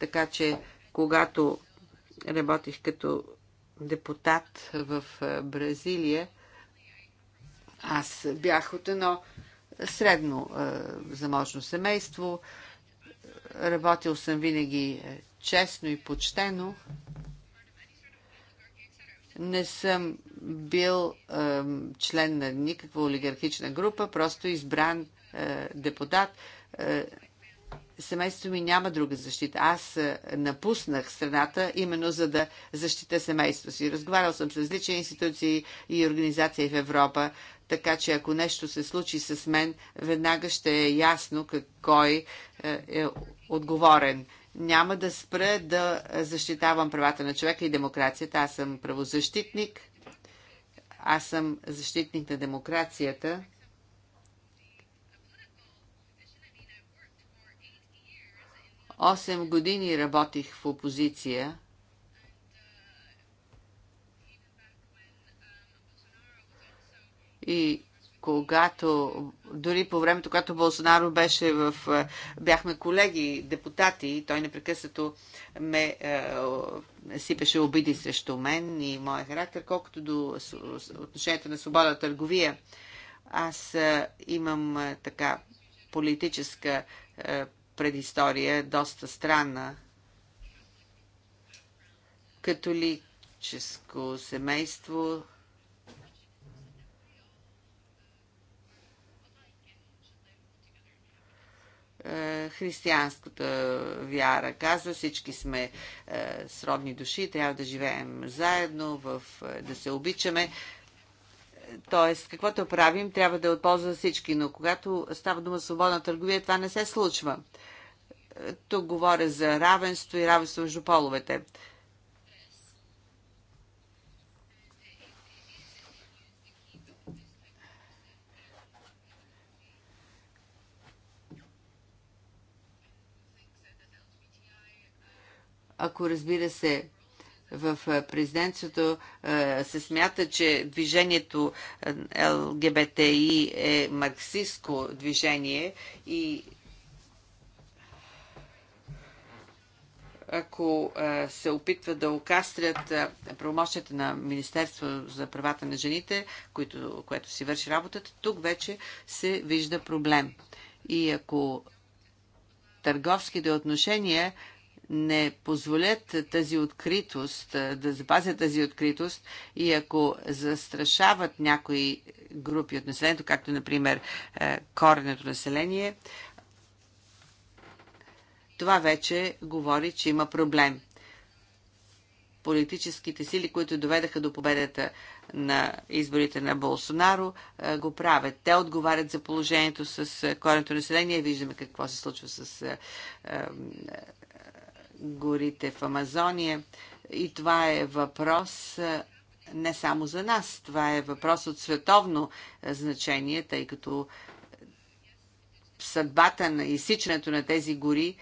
така че когато работих като депутат в е, Бразилия, аз бях от едно средно е, заможно семейство. Работил съм винаги е, честно и почтено. Не съм бил е, член на никаква олигархична група, просто избран е, депутат семейството ми няма друга защита. Аз е, напуснах страната именно за да защита семейството си. Разговарял съм с различни институции и организации в Европа, така че ако нещо се случи с мен, веднага ще е ясно кой е, е отговорен. Няма да спра да защитавам правата на човека и демокрацията. Аз съм правозащитник. Аз съм защитник на демокрацията Осем години работих в опозиция. И когато, дори по времето, когато Болсонаро беше в... Бяхме колеги, депутати, той непрекъснато ме е, сипеше обиди срещу мен и моя характер, колкото до отношението на свобода търговия. Аз е, имам е, така политическа е, предистория, е доста странна. Католическо семейство, е, християнската вяра. Казва, всички сме е, сродни души, трябва да живеем заедно, в, е, да се обичаме. Т.е. каквото правим, трябва да е от полза за всички, но когато става дума свободна търговия, това не се случва. Тук говоря за равенство и равенство между половете. Ако разбира се, в президентството се смята, че движението ЛГБТИ е марксистско движение и ако се опитва да окастрят правомощите на Министерство за правата на жените, което, което си върши работата, тук вече се вижда проблем. И ако търговските отношения не позволят тази откритост, да запазят тази откритост и ако застрашават някои групи от населението, както например коренето население, това вече говори, че има проблем. Политическите сили, които доведаха до победата на изборите на Болсонаро, го правят. Те отговарят за положението с кореното население. Виждаме какво се случва с горите в Амазония. И това е въпрос не само за нас, това е въпрос от световно значение, тъй като съдбата на изсичането на тези гори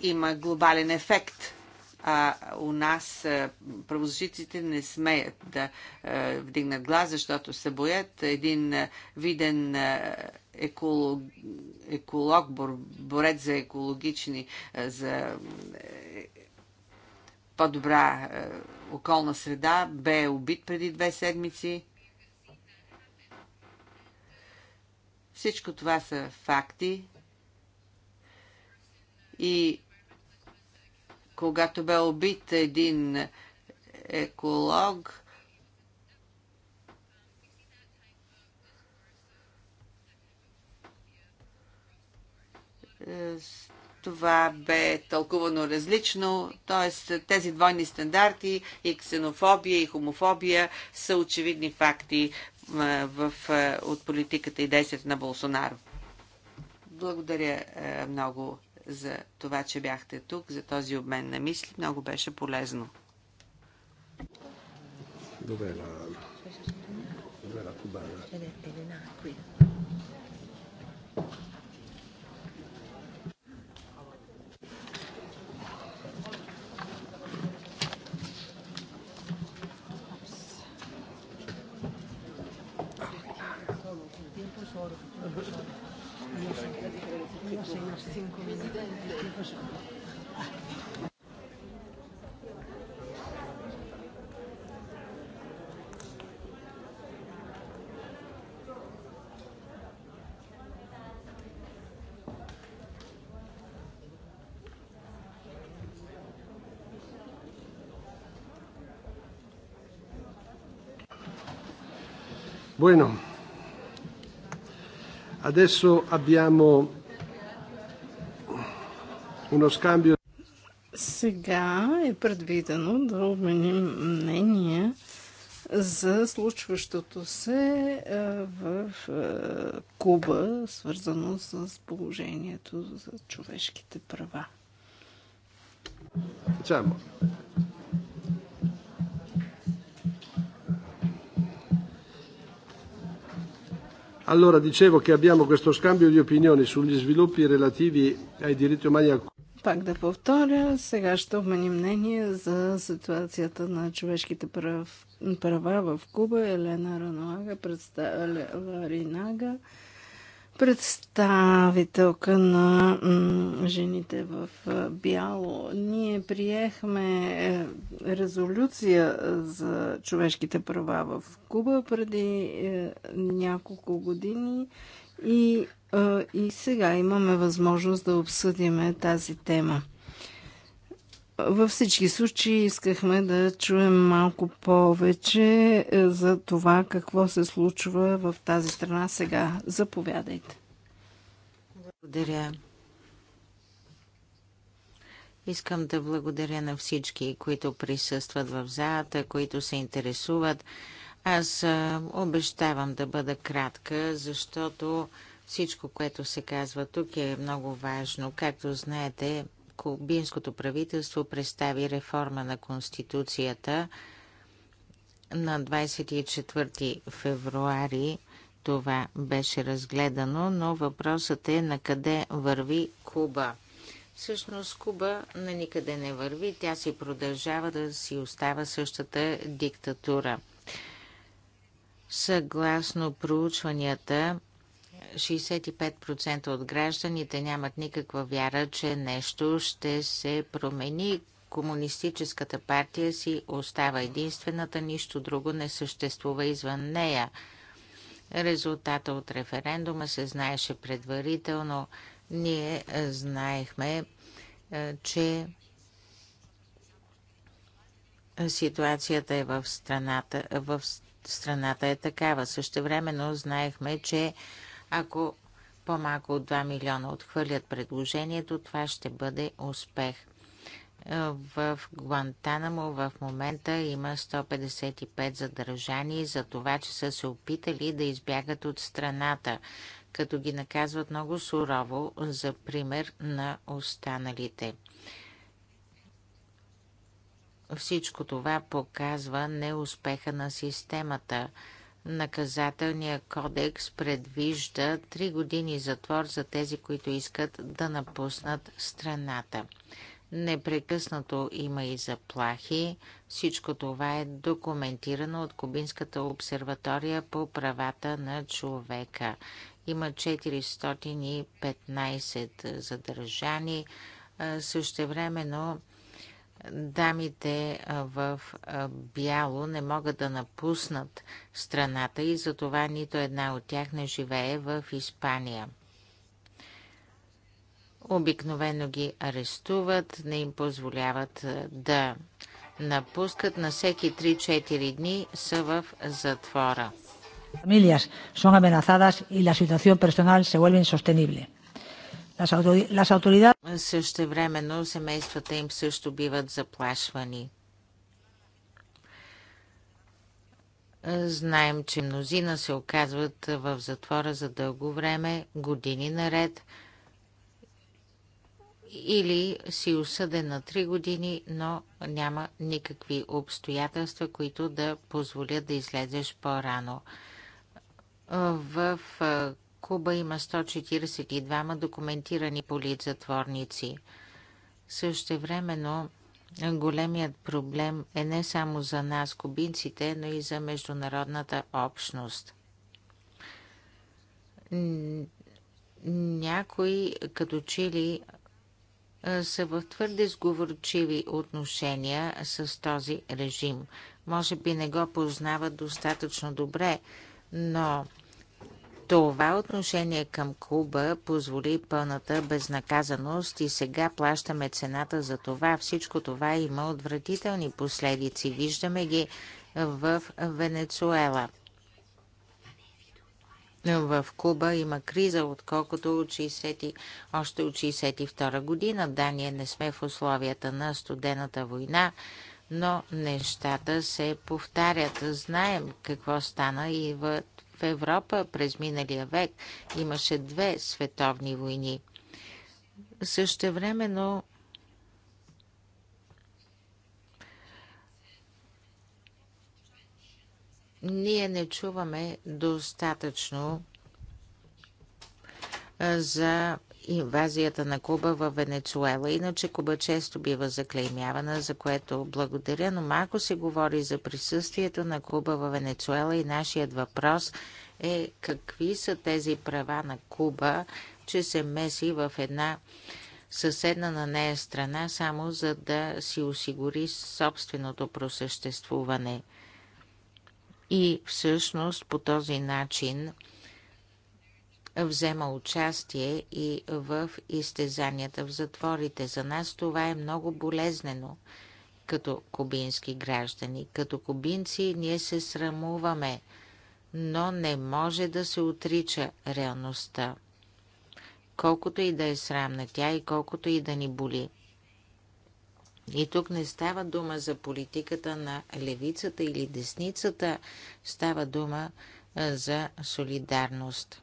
има глобален ефект а у нас правозащитите не смеят да вдигнат глас, защото се боят. Един виден еколог, еколог борец за екологични, за е, по-добра околна среда, бе убит преди две седмици. Всичко това са факти. И когато бе убит един еколог, това бе тълкувано различно, т.е. тези двойни стандарти и ксенофобия и хомофобия са очевидни факти в, от политиката и действията на Болсонаро. Благодаря много за това, че бяхте тук, за този обмен на мисли. Много беше полезно. Добре, да. la cubana? Elena, qui. Bueno, Adesso abbiamo uno scambio. Сега е предвидено да обменим мнение за случващото се е, в е, Куба, свързано с положението за човешките права. Чао. Allora, dicevo che abbiamo questo scambio di opinioni sugli sviluppi relativi ai diritti umani. Пак да повторя, сега ще обменим мнение за ситуацията на човешките права в Куба. Елена Рануага представлява Ринага представителка на жените в бяло. Ние приехме е, резолюция за човешките права в Куба преди е, няколко години и, и сега имаме възможност да обсъдиме тази тема. Във всички случаи искахме да чуем малко повече е, за това какво се случва в тази страна сега. Заповядайте. Благодаря. Искам да благодаря на всички, които присъстват в залата, които се интересуват. Аз е, обещавам да бъда кратка, защото всичко, което се казва тук е много важно. Както знаете, кубинското правителство представи реформа на Конституцията на 24 февруари. Това беше разгледано, но въпросът е на къде върви Куба. Всъщност Куба на никъде не върви, тя си продължава да си остава същата диктатура. Съгласно проучванията, 65% от гражданите нямат никаква вяра, че нещо ще се промени. Комунистическата партия си остава единствената, нищо друго не съществува извън нея. Резултата от референдума се знаеше предварително. Ние знаехме, е, че ситуацията е в страната, в страната е такава. Същевременно знаехме, че ако по-малко от 2 милиона отхвърлят предложението, това ще бъде успех. Е, в Гуантанамо в момента има 155 задържани за това, че са се опитали да избягат от страната, като ги наказват много сурово за пример на останалите. Всичко това показва неуспеха на системата – Наказателният кодекс предвижда 3 години затвор за тези, които искат да напуснат страната. Непрекъснато има и заплахи. Всичко това е документирано от Кубинската обсерватория по правата на човека. Има 415 задържани. Същевременно времено дамите в бяло не могат да напуснат страната и затова нито една от тях не живее в Испания. Обикновено ги арестуват, не им позволяват да напускат. На всеки 3-4 дни са в затвора. Familias son amenazadas y la situación personal se vuelve insostenible. Също но семействата им също биват заплашвани. Знаем, че мнозина се оказват в затвора за дълго време, години наред, или си осъден на три години, но няма никакви обстоятелства, които да позволят да излезеш по-рано. В Куба има 142 документирани политзатворници. Също времено големият проблем е не само за нас, кубинците, но и за международната общност. Някои като чили са в твърде сговорчиви отношения с този режим. Може би не го познават достатъчно добре, но това отношение към Куба позволи пълната безнаказаност и сега плащаме цената за това. Всичко това има отвратителни последици. Виждаме ги в Венецуела. В Куба има криза, отколкото от 60, още от 62 година. Да, ние не сме в условията на студената война, но нещата се повтарят. Знаем какво стана и в в Европа през миналия век имаше две световни войни. Същевременно ние не чуваме достатъчно за инвазията на Куба в Венецуела. Иначе Куба често бива заклеймявана, за което благодаря, но малко се говори за присъствието на Куба в Венецуела и нашият въпрос е какви са тези права на Куба, че се меси в една съседна на нея страна, само за да си осигури собственото просъществуване. И всъщност по този начин взема участие и в изтезанията в затворите. За нас това е много болезнено като кубински граждани. Като кубинци ние се срамуваме, но не може да се отрича реалността. Колкото и да е срамна тя и колкото и да ни боли. И тук не става дума за политиката на левицата или десницата, става дума за солидарност.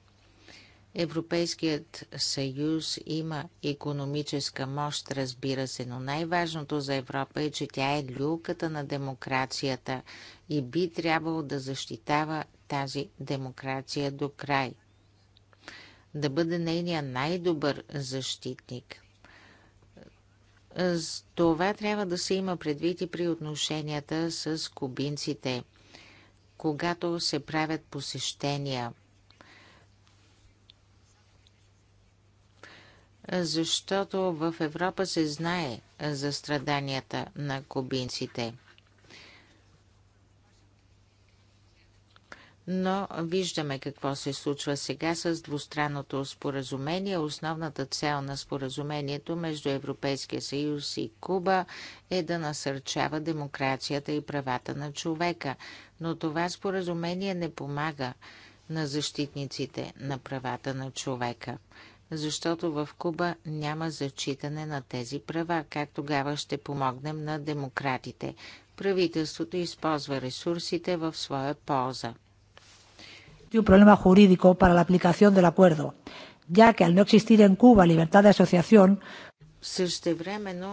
Европейският съюз има економическа мощ, разбира се, но най-важното за Европа е, че тя е люлката на демокрацията и би трябвало да защитава тази демокрация до край. Да бъде нейния най-добър защитник. това трябва да се има предвид и при отношенията с кубинците. Когато се правят посещения – защото в Европа се знае за страданията на кубинците. Но виждаме какво се случва сега с двустранното споразумение. Основната цел на споразумението между Европейския съюз и Куба е да насърчава демокрацията и правата на човека. Но това споразумение не помага на защитниците на правата на човека защото в Куба няма зачитане на тези права. Как тогава ще помогнем на демократите? Правителството използва ресурсите в своя полза. Un problema jurídico para la aplicación del acuerdo, ya que al no existir en Cuba libertad de asociación, Същевременно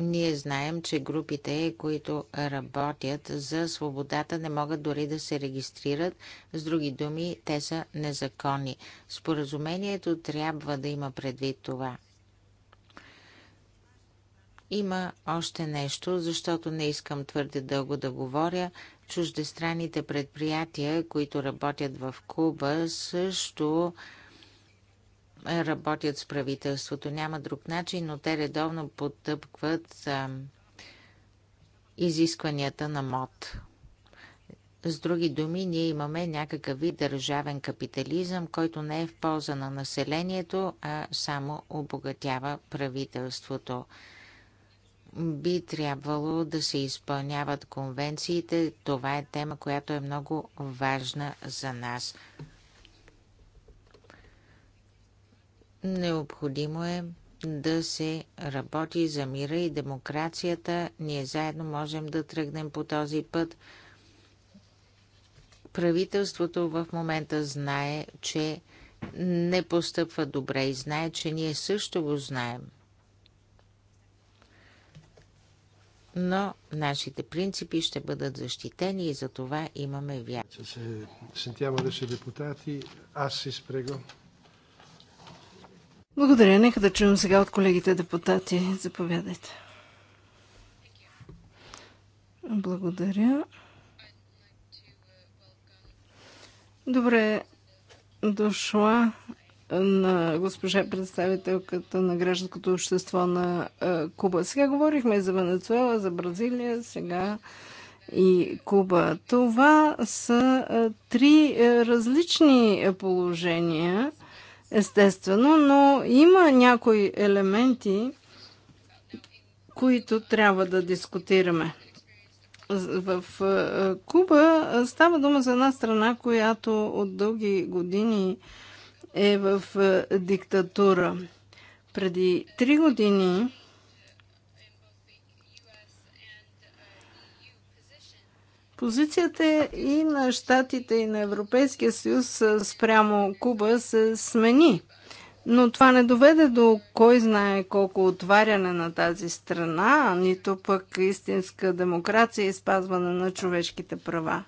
ние знаем, че групите, които работят за свободата, не могат дори да се регистрират. С други думи, те са незаконни. Споразумението трябва да има предвид това. Има още нещо, защото не искам твърде дълго да говоря. Чуждестранните предприятия, които работят в Куба, също работят с правителството. Няма друг начин, но те редовно потъпкват а, изискванията на МОД. С други думи, ние имаме някакъв вид държавен капитализъм, който не е в полза на населението, а само обогатява правителството. Би трябвало да се изпълняват конвенциите. Това е тема, която е много важна за нас. Необходимо е да се работи за мира и демокрацията. Ние заедно можем да тръгнем по този път. Правителството в момента знае, че не постъпва добре и знае, че ние също го знаем. Но нашите принципи ще бъдат защитени и за това имаме вяра. Sentiamo депутати, аз се Assis, благодаря. Нека да чуем сега от колегите депутати. Заповядайте. Благодаря. Добре дошла на госпожа представителката на гражданското общество на е, Куба. Сега говорихме за Венецуела, за Бразилия, сега и Куба. Това са е, три е, различни положения – естествено, но има някои елементи, които трябва да дискутираме. В е, Куба става дума за една страна, която от дълги години е в е, диктатура. Преди три години Позицията и на Штатите, и на Европейския съюз спрямо Куба се смени. Но това не доведе до кой знае колко отваряне на тази страна, нито пък истинска демокрация и спазване на човешките права.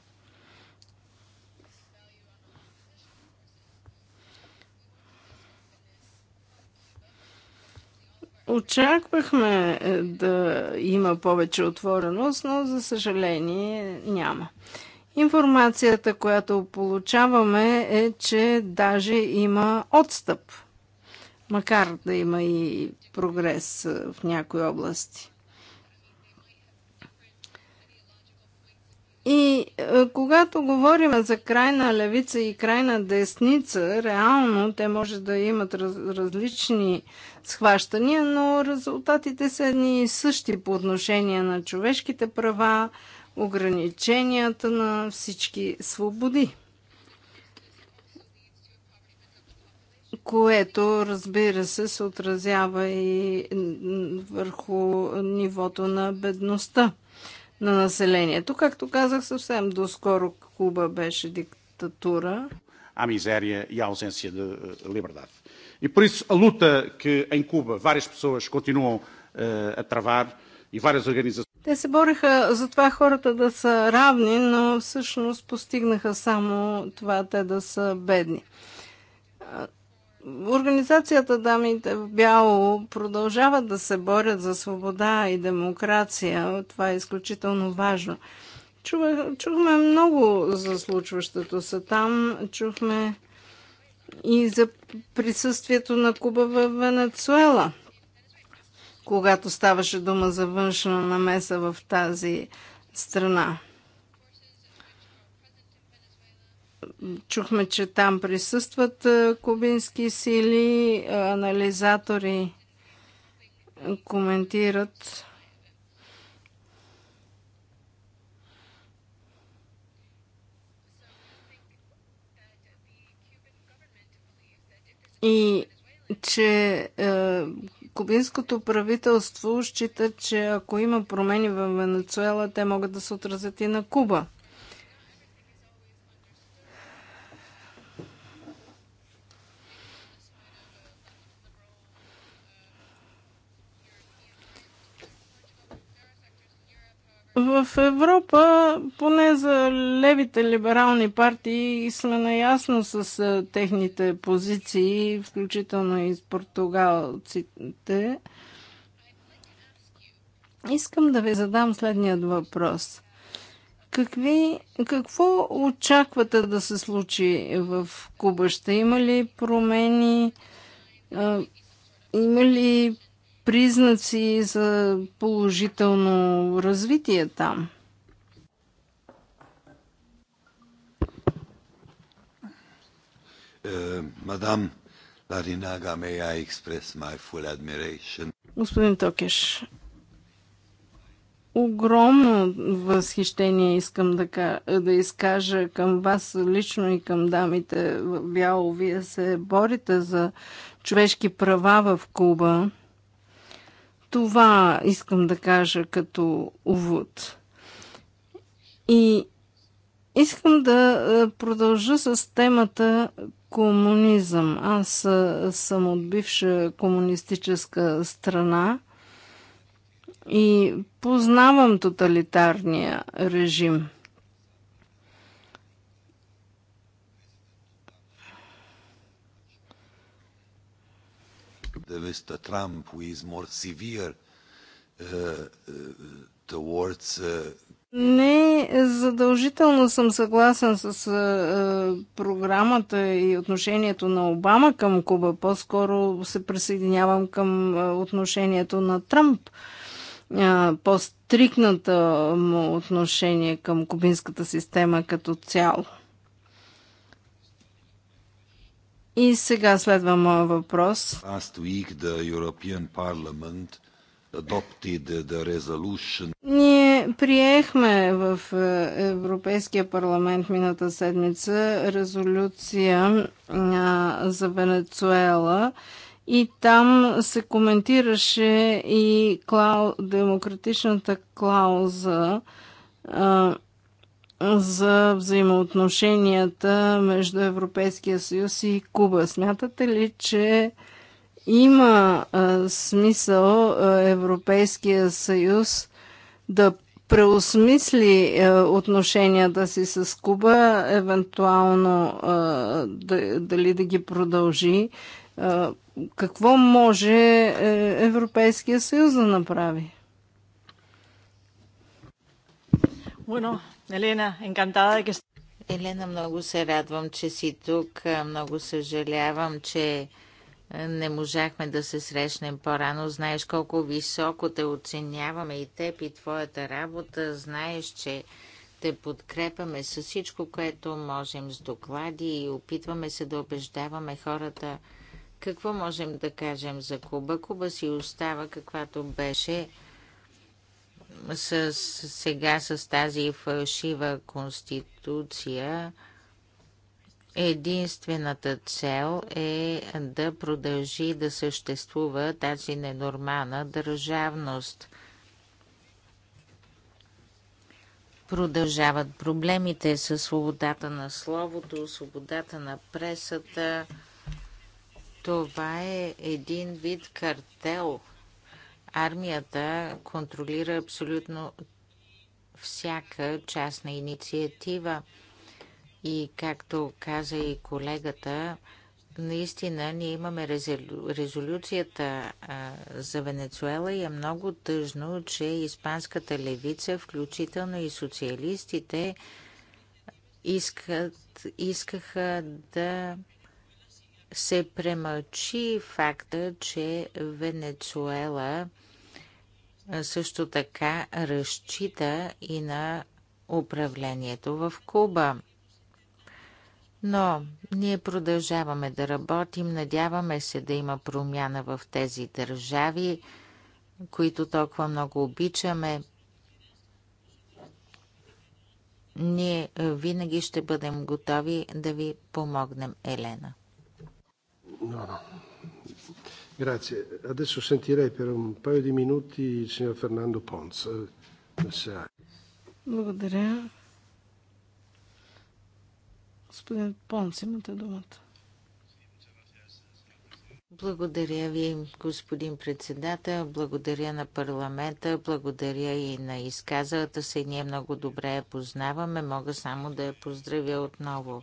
Очаквахме е, да има повече отвореност, но за съжаление няма. Информацията, която получаваме е, че даже има отстъп, макар да има и прогрес е, в някои области. И е, когато говорим за крайна левица и крайна десница, реално те може да имат раз, различни схващания, но резултатите са едни и същи по отношение на човешките права, ограниченията на всички свободи. което, разбира се, се отразява и върху нивото на бедността на населението. Както казах, съвсем доскоро Куба беше диктатура. А мизерия и аузенция на de е, И E por isso a luta que em Cuba várias pessoas continuam uh, a travar и várias organizações. Те се бореха за това хората да са равни, но всъщност постигнаха само това те да са бедни. Организацията Дамите в бяло продължават да се борят за свобода и демокрация. Това е изключително важно. Чува, чухме много за случващото се там. Чухме и за присъствието на Куба в Венецуела, когато ставаше дума за външна намеса в тази страна. Чухме, че там присъстват кубински сили, анализатори коментират и че е, кубинското правителство счита, че ако има промени в Венецуела, те могат да се отразят и на Куба. В Европа, поне за левите либерални партии, сме наясно с е, техните позиции, включително и с португалците. Искам да ви задам следният въпрос. Какви, какво очаквате да се случи в Куба? Ще има ли промени? Е, има ли признаци за положително развитие там? Е, мадам Ларинага, may I express my full admiration? Господин Токеш, огромно възхищение искам да, да изкажа към вас лично и към дамите в бяло. Вие се борите за човешки права в Куба. Това искам да кажа като увод. И искам да е, продължа с темата комунизъм. Аз е, съм от бивша комунистическа страна и познавам тоталитарния режим – Mr. Trump, who is more severe uh, uh, towards Uh, не задължително съм съгласен с е, програмата и отношението на Обама към Куба. По-скоро се присъединявам към отношението на Тръмп. Е, по-стрикната му отношение към кубинската система като цяло. И сега следва моя въпрос. Ние приехме в е, Европейския парламент мината седмица резолюция за Венецуела и там се коментираше и демократичната клауза за взаимоотношенията между Европейския съюз и Куба. Смятате ли, че има а, смисъл а, Европейския съюз да преосмисли а, отношенията си с Куба, евентуално а, да, дали да ги продължи? А, какво може е, Европейския съюз да направи? Bueno, Елена, енкантада de е, Елена, много се радвам, че си тук. Много съжалявам, че е, не можахме да се срещнем по-рано. Знаеш колко високо те оценяваме и теб и твоята работа. Знаеш, че те подкрепяме с всичко, което можем с доклади и опитваме се да убеждаваме хората какво можем да кажем за Куба. Куба си остава каквато беше с, сега с тази фалшива конституция единствената цел е да продължи да съществува тази ненормална държавност. Продължават проблемите с свободата на словото, свободата на пресата. Това е един вид картел – Армията контролира абсолютно всяка частна инициатива и както каза и колегата, наистина ние имаме резолю... резолюцията а, за Венецуела и е много тъжно, че испанската левица, включително и социалистите, искат, искаха да се премълчи факта, че Венецуела също така разчита и на управлението в Куба. Но ние продължаваме да работим, надяваме се да има промяна в тези държави, които толкова много обичаме. Ние винаги ще бъдем готови да ви помогнем, Елена. No, no. Grazie. Adesso sentirei per un paio di minuti il signor Fernando Pons. Благодаря. Господин Понс, имате думата. Благодаря ви, господин председател. Благодаря на парламента. Благодаря и на изказалата се. Ние много добре я познаваме. Мога само да я поздравя отново.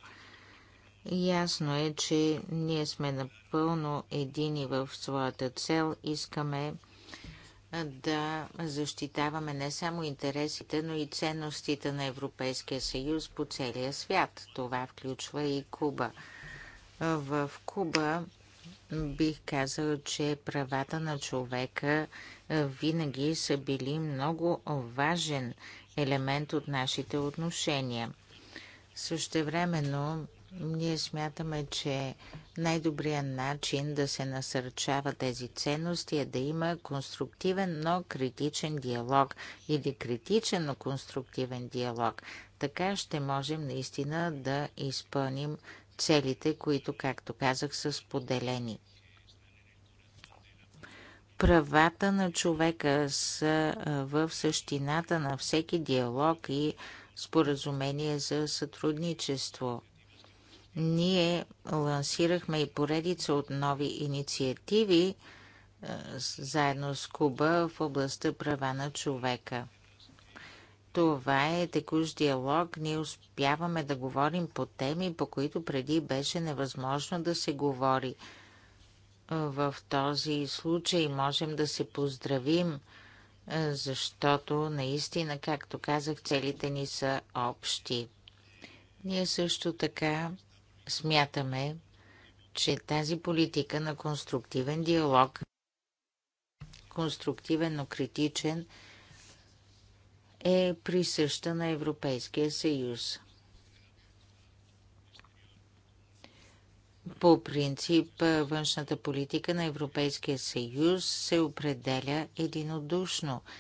Ясно е, че ние сме напълно едини в своята цел. Искаме да защитаваме не само интересите, но и ценностите на Европейския съюз по целия свят. Това включва и Куба. В Куба бих казал, че правата на човека винаги са били много важен елемент от нашите отношения. Същевременно ние смятаме, че най-добрият начин да се насърчава тези ценности е да има конструктивен, но критичен диалог или критичен, но конструктивен диалог. Така ще можем наистина да изпълним целите, които, както казах, са споделени. Правата на човека са в същината на всеки диалог и споразумение за сътрудничество – ние лансирахме и поредица от нови инициативи е, заедно с Куба в областта права на човека. Това е текущ диалог. Ние успяваме да говорим по теми, по които преди беше невъзможно да се говори. В този случай можем да се поздравим, е, защото наистина, както казах, целите ни са общи. Ние също така Смятаме, че тази политика на конструктивен диалог, конструктивен, но критичен, е присъща на Европейския съюз. По принцип, външната политика на Европейския съюз се определя единодушно –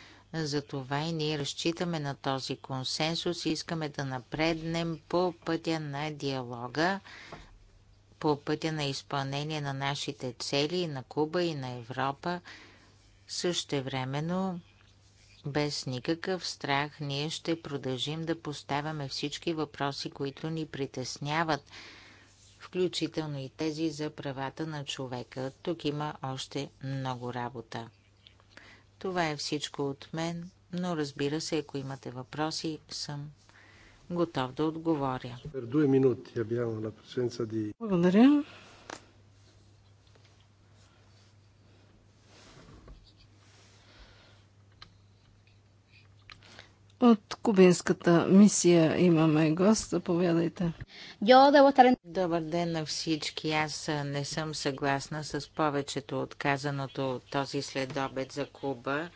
затова и ние разчитаме на този консенсус и искаме да напреднем по пътя на диалога, по пътя на изпълнение на нашите цели и на Куба и на Европа. Същевременно, без никакъв страх, ние ще продължим да поставяме всички въпроси, които ни притесняват, включително и тези за правата на човека. Тук има още много работа. Това е всичко от мен, но разбира се, ако имате въпроси, съм готов да отговоря. Благодаря. От кубинската мисия имаме гост. Заповядайте. Добър ден на всички. Аз не съм съгласна с повечето от казаното този следобед за Куба.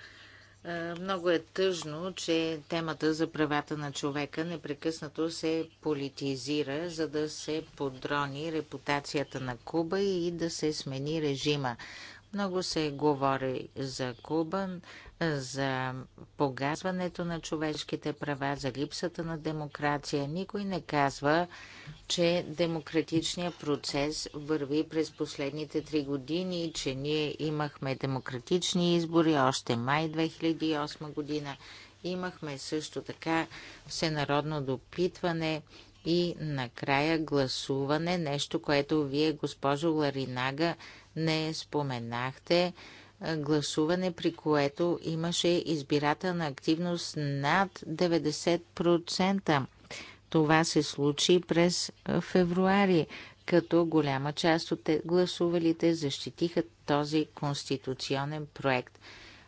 Много е тъжно, че темата за правата на човека непрекъснато се политизира, за да се подрони репутацията на Куба и да се смени режима. Много се говори за Куба, за погазването на човешките права, за липсата на демокрация. Никой не казва, че демократичният процес върви през последните три години, че ние имахме демократични избори още май 2008 година. Имахме също така всенародно допитване и накрая гласуване, нещо, което вие, госпожо Ларинага, не споменахте гласуване, при което имаше избирателна активност над 90%. Това се случи през февруари, като голяма част от гласувалите защитиха този конституционен проект.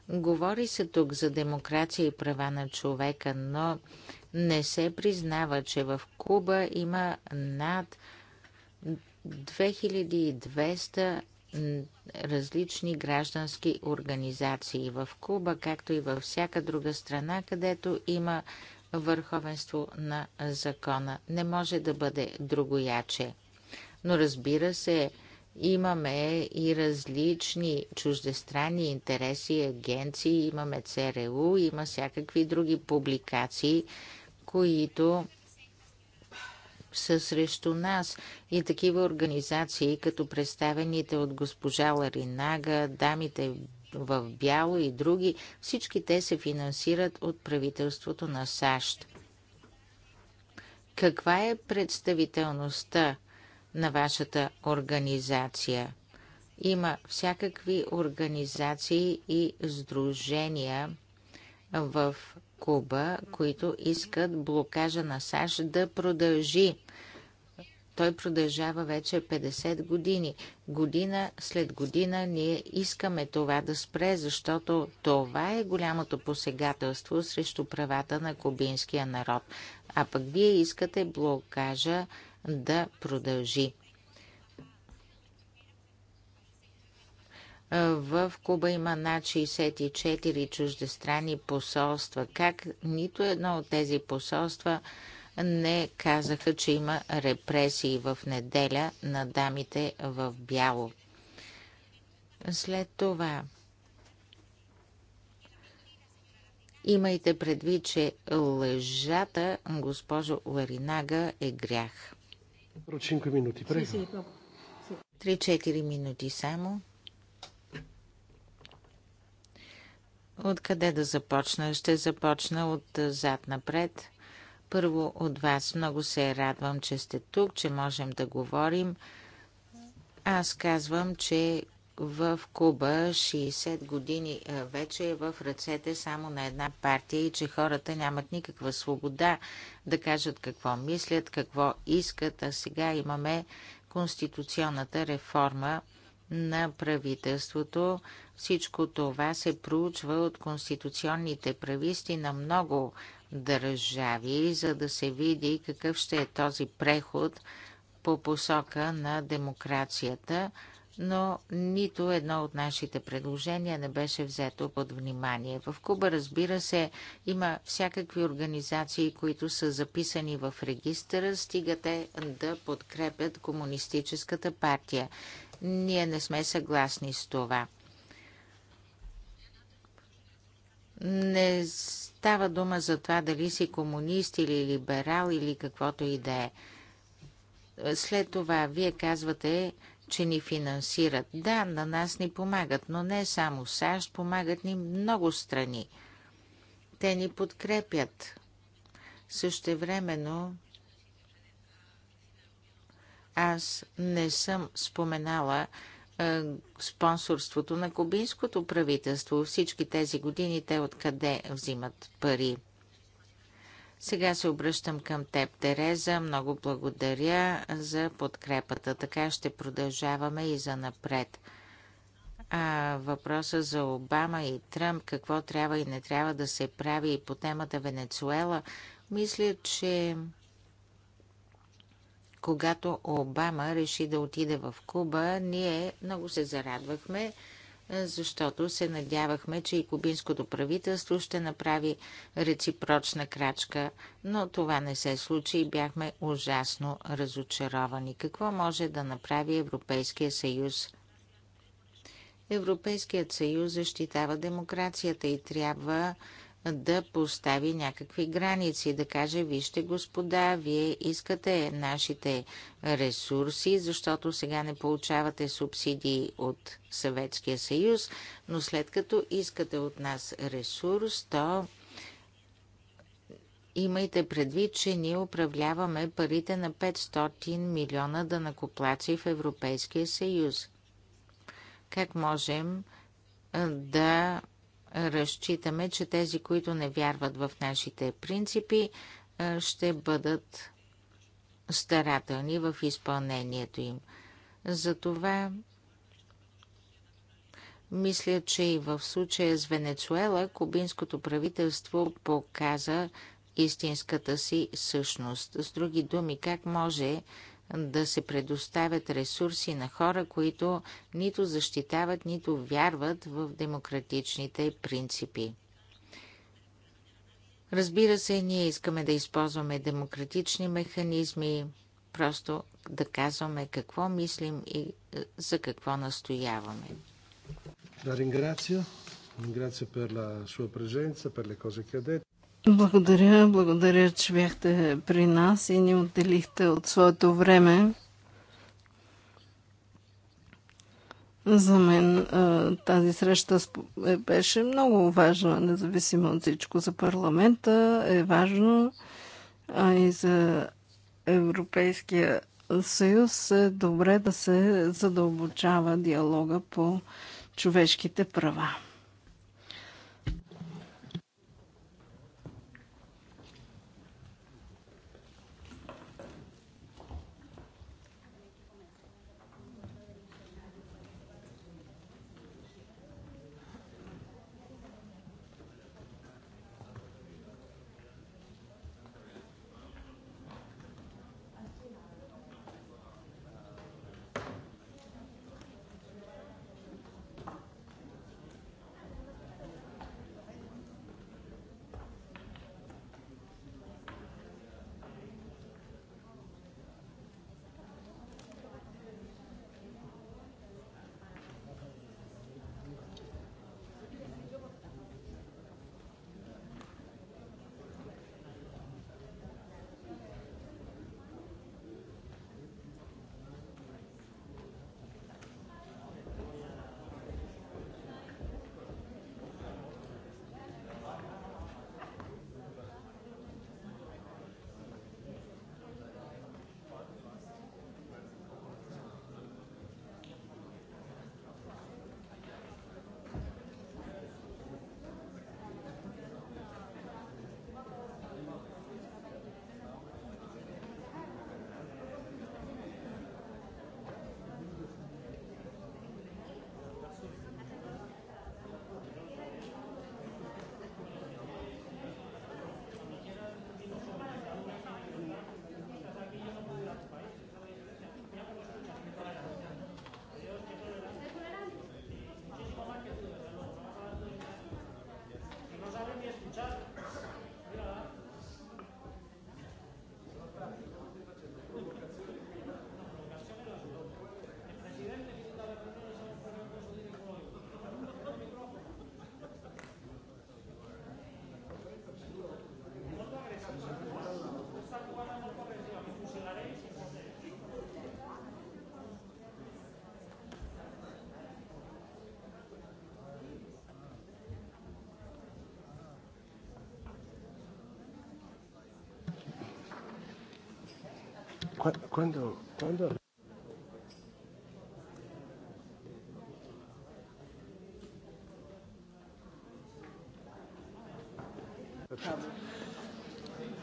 Говори се тук за демокрация и права на човека, но не се признава, че в Куба има над 2200 различни граждански организации в Куба, както и във всяка друга страна, където има върховенство на закона. Не може да бъде другояче. Но разбира се, имаме и различни чуждестранни интереси, агенции, имаме ЦРУ, има всякакви други публикации, които са срещу нас и такива организации, като представените от госпожа Ларинага, дамите в бяло и други, всички те се финансират от правителството на САЩ. Каква е представителността на вашата организация? Има всякакви организации и сдружения в Куба, които искат блокажа на САЩ да продължи. Той продължава вече 50 години. Година след година ние искаме това да спре, защото това е голямото посегателство срещу правата на кубинския народ. А пък вие искате блокажа да продължи. В Куба има над 64 чуждестранни посолства. Как нито едно от тези посолства не казаха, че има репресии в неделя на дамите в бяло. След това Имайте предвид, че лъжата, госпожо Ларинага, е грях. 3-4 минути само. Откъде да започна? Ще започна от зад напред. Първо от вас. Много се радвам, че сте тук, че можем да говорим. Аз казвам, че в Куба 60 години вече е в ръцете само на една партия и че хората нямат никаква свобода да кажат какво мислят, какво искат, а сега имаме конституционната реформа на правителството, всичко това се проучва от конституционните прависти на много държави, за да се види какъв ще е този преход по посока на демокрацията, но нито едно от нашите предложения не беше взето под внимание. В Куба, разбира се, има всякакви организации, които са записани в регистъра, стигате да подкрепят Комунистическата партия. Ние не сме съгласни с това. Не става дума за това дали си комунист или либерал или каквото и да е. След това вие казвате, че ни финансират. Да, на нас ни помагат, но не само САЩ, помагат ни много страни. Те ни подкрепят. Същевременно аз не съм споменала е, спонсорството на кубинското правителство. Всички тези години те откъде взимат пари. Сега се обръщам към теб, Тереза. Много благодаря за подкрепата. Така ще продължаваме и за напред. А въпроса за Обама и Тръмп, какво трябва и не трябва да се прави и по темата Венецуела, мисля, че когато Обама реши да отиде в Куба, ние много се зарадвахме, защото се надявахме, че и кубинското правителство ще направи реципрочна крачка, но това не се случи и бяхме ужасно разочаровани. Какво може да направи Европейския съюз? Европейският съюз защитава демокрацията и трябва да постави някакви граници, да каже, вижте господа, вие искате нашите ресурси, защото сега не получавате субсидии от Съветския съюз, но след като искате от нас ресурс, то имайте предвид, че ние управляваме парите на 500 милиона данакоплаци в Европейския съюз. Как можем да разчитаме, че тези, които не вярват в нашите принципи, ще бъдат старателни в изпълнението им. Затова мисля, че и в случая с Венецуела кубинското правителство показа истинската си същност. С други думи, как може да се предоставят ресурси на хора, които нито защитават, нито вярват в демократичните принципи. Разбира се, ние искаме да използваме демократични механизми, просто да казваме какво мислим и е, за какво настояваме. La ringrazio, ringrazio per la sua presenza, per le cose che ha detto. Благодаря, благодаря, че бяхте при нас и ни отделихте от своето време. За мен тази среща е, беше много важна, независимо от всичко. За парламента е важно, а и за Европейския съюз е добре да се задълбочава диалога по човешките права. Quando, quando...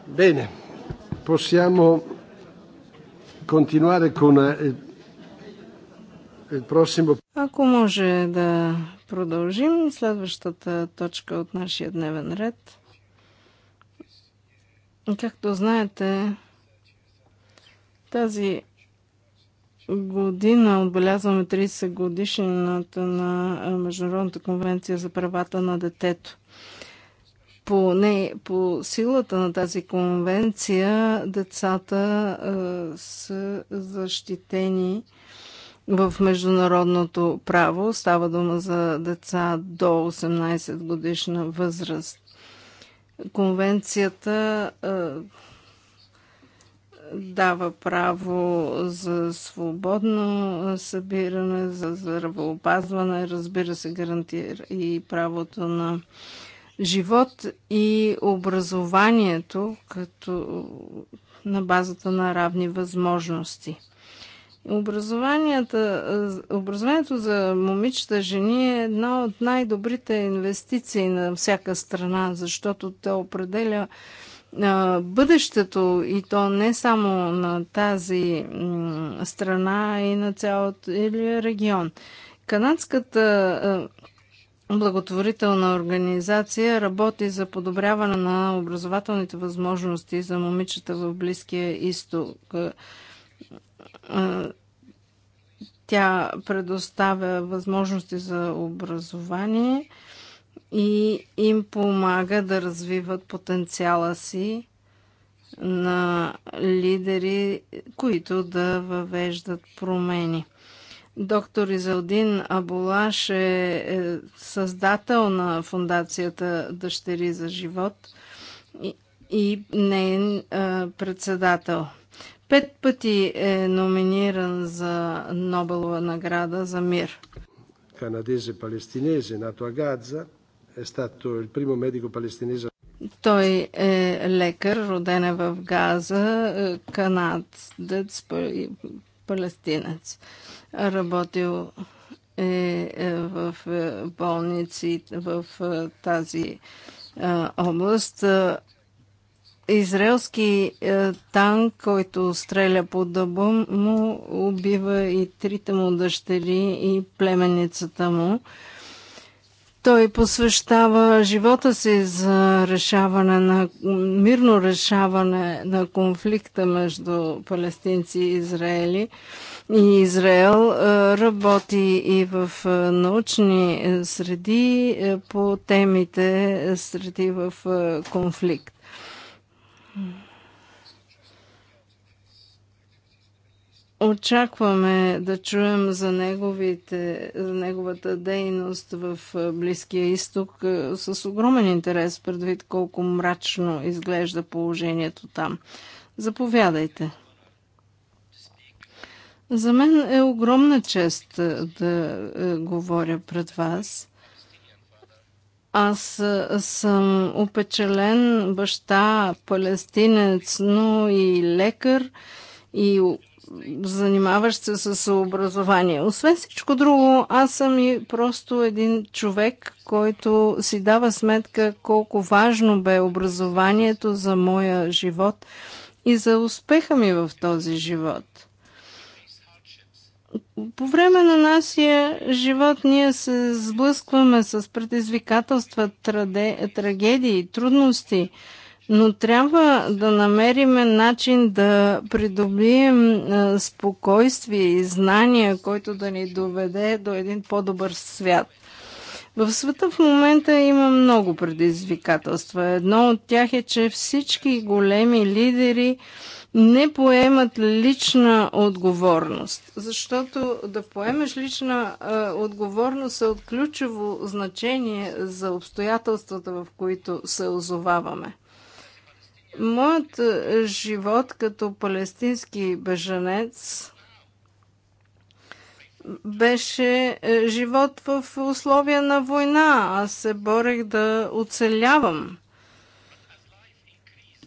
Bene, possiamo continuare con eh, il prossimo. Ако може да продължим следващата точка от нашия дневен ред. Както знаете, тази година отбелязваме 30 годишнината на Международната конвенция за правата на детето. По, не, по силата на тази конвенция децата е, са защитени в международното право. Става дума за деца до 18 годишна възраст. Конвенцията е, дава право за свободно събиране, за здравеопазване, разбира се, гарантира и правото на живот и образованието като на базата на равни възможности. Образованието за момичета жени е една от най-добрите инвестиции на всяка страна, защото те определя бъдещето и то не само на тази страна и на цялото или регион. Канадската благотворителна организация работи за подобряване на образователните възможности за момичета в Близкия изток. Тя предоставя възможности за образование – и им помага да развиват потенциала си на лидери, които да въвеждат промени. Доктор Изалдин Абулаш е, е създател на фундацията Дъщери за живот и нейн е, председател. Пет пъти е номиниран за Нобелова награда за мир. Канадези-палестинези нато а е е Той е лекар, роден е в Газа, е, канадец, палестинец. Работил е в болници в тази област. Израелски танк, който стреля по дъба му, убива и трите му дъщери и племеницата му. Той посвещава живота си за решаване на мирно решаване на конфликта между палестинци и израели. И Израел е, работи и в е, научни е, среди по темите среди в конфликт. Очакваме да чуем за, неговите, за неговата дейност в Близкия изток с огромен интерес, предвид колко мрачно изглежда положението там. Заповядайте. За мен е огромна чест да говоря пред вас. Аз съм опечелен баща, палестинец, но и лекар и занимаващ се с образование. Освен всичко друго, аз съм и просто един човек, който си дава сметка колко важно бе образованието за моя живот и за успеха ми в този живот. По време на нашия живот ние се сблъскваме с предизвикателства, траде, трагедии, трудности – но трябва да намерим начин да придобием спокойствие и знания, който да ни доведе до един по-добър свят. В света в момента има много предизвикателства. Едно от тях е, че всички големи лидери не поемат лична отговорност, защото да поемеш лична отговорност е от ключово значение за обстоятелствата, в които се озоваваме. Моят е, живот като палестински бежанец беше е, живот в условия на война. Аз се борех да оцелявам.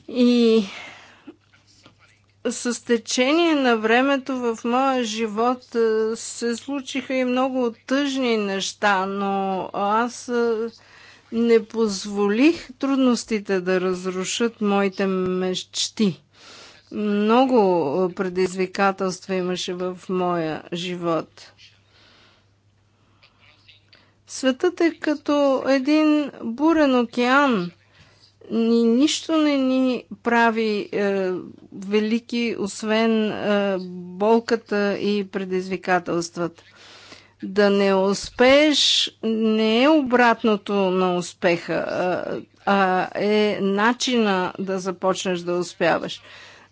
И с течение на времето в моя живот е, се случиха и много тъжни неща, но аз не позволих трудностите да разрушат моите мечти. Много предизвикателства имаше в моя живот. Светът е като един бурен океан. Ни, нищо не ни прави е, велики, освен е, болката и предизвикателствата. Да не успееш не е обратното на успеха, а, а е начина да започнеш да успяваш.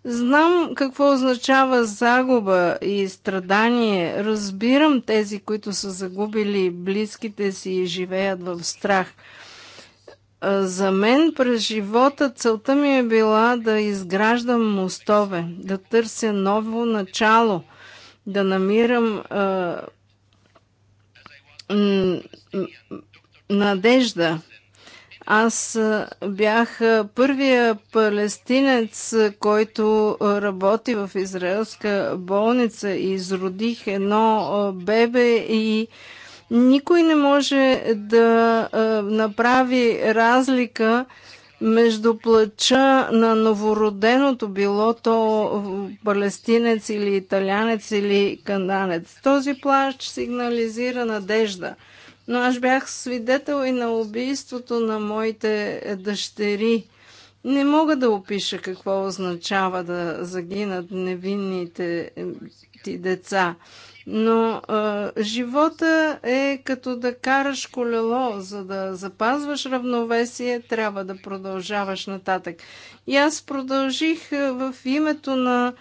Знам какво означава загуба и страдание. Разбирам тези, които са загубили близките си и живеят в страх. За мен през живота целта ми е била да изграждам мостове, да търся ново начало, да намирам надежда. Аз бях първия палестинец, който работи в израелска болница и изродих едно бебе и никой не може да направи разлика между плача на новороденото, било то палестинец или италянец или канданец. Този плащ сигнализира надежда. Но аз бях свидетел и на убийството на моите дъщери. Не мога да опиша какво означава да загинат невинните ти деца. Но а, живота е като да караш колело, за да запазваш равновесие, трябва да продължаваш нататък. И аз продължих в името на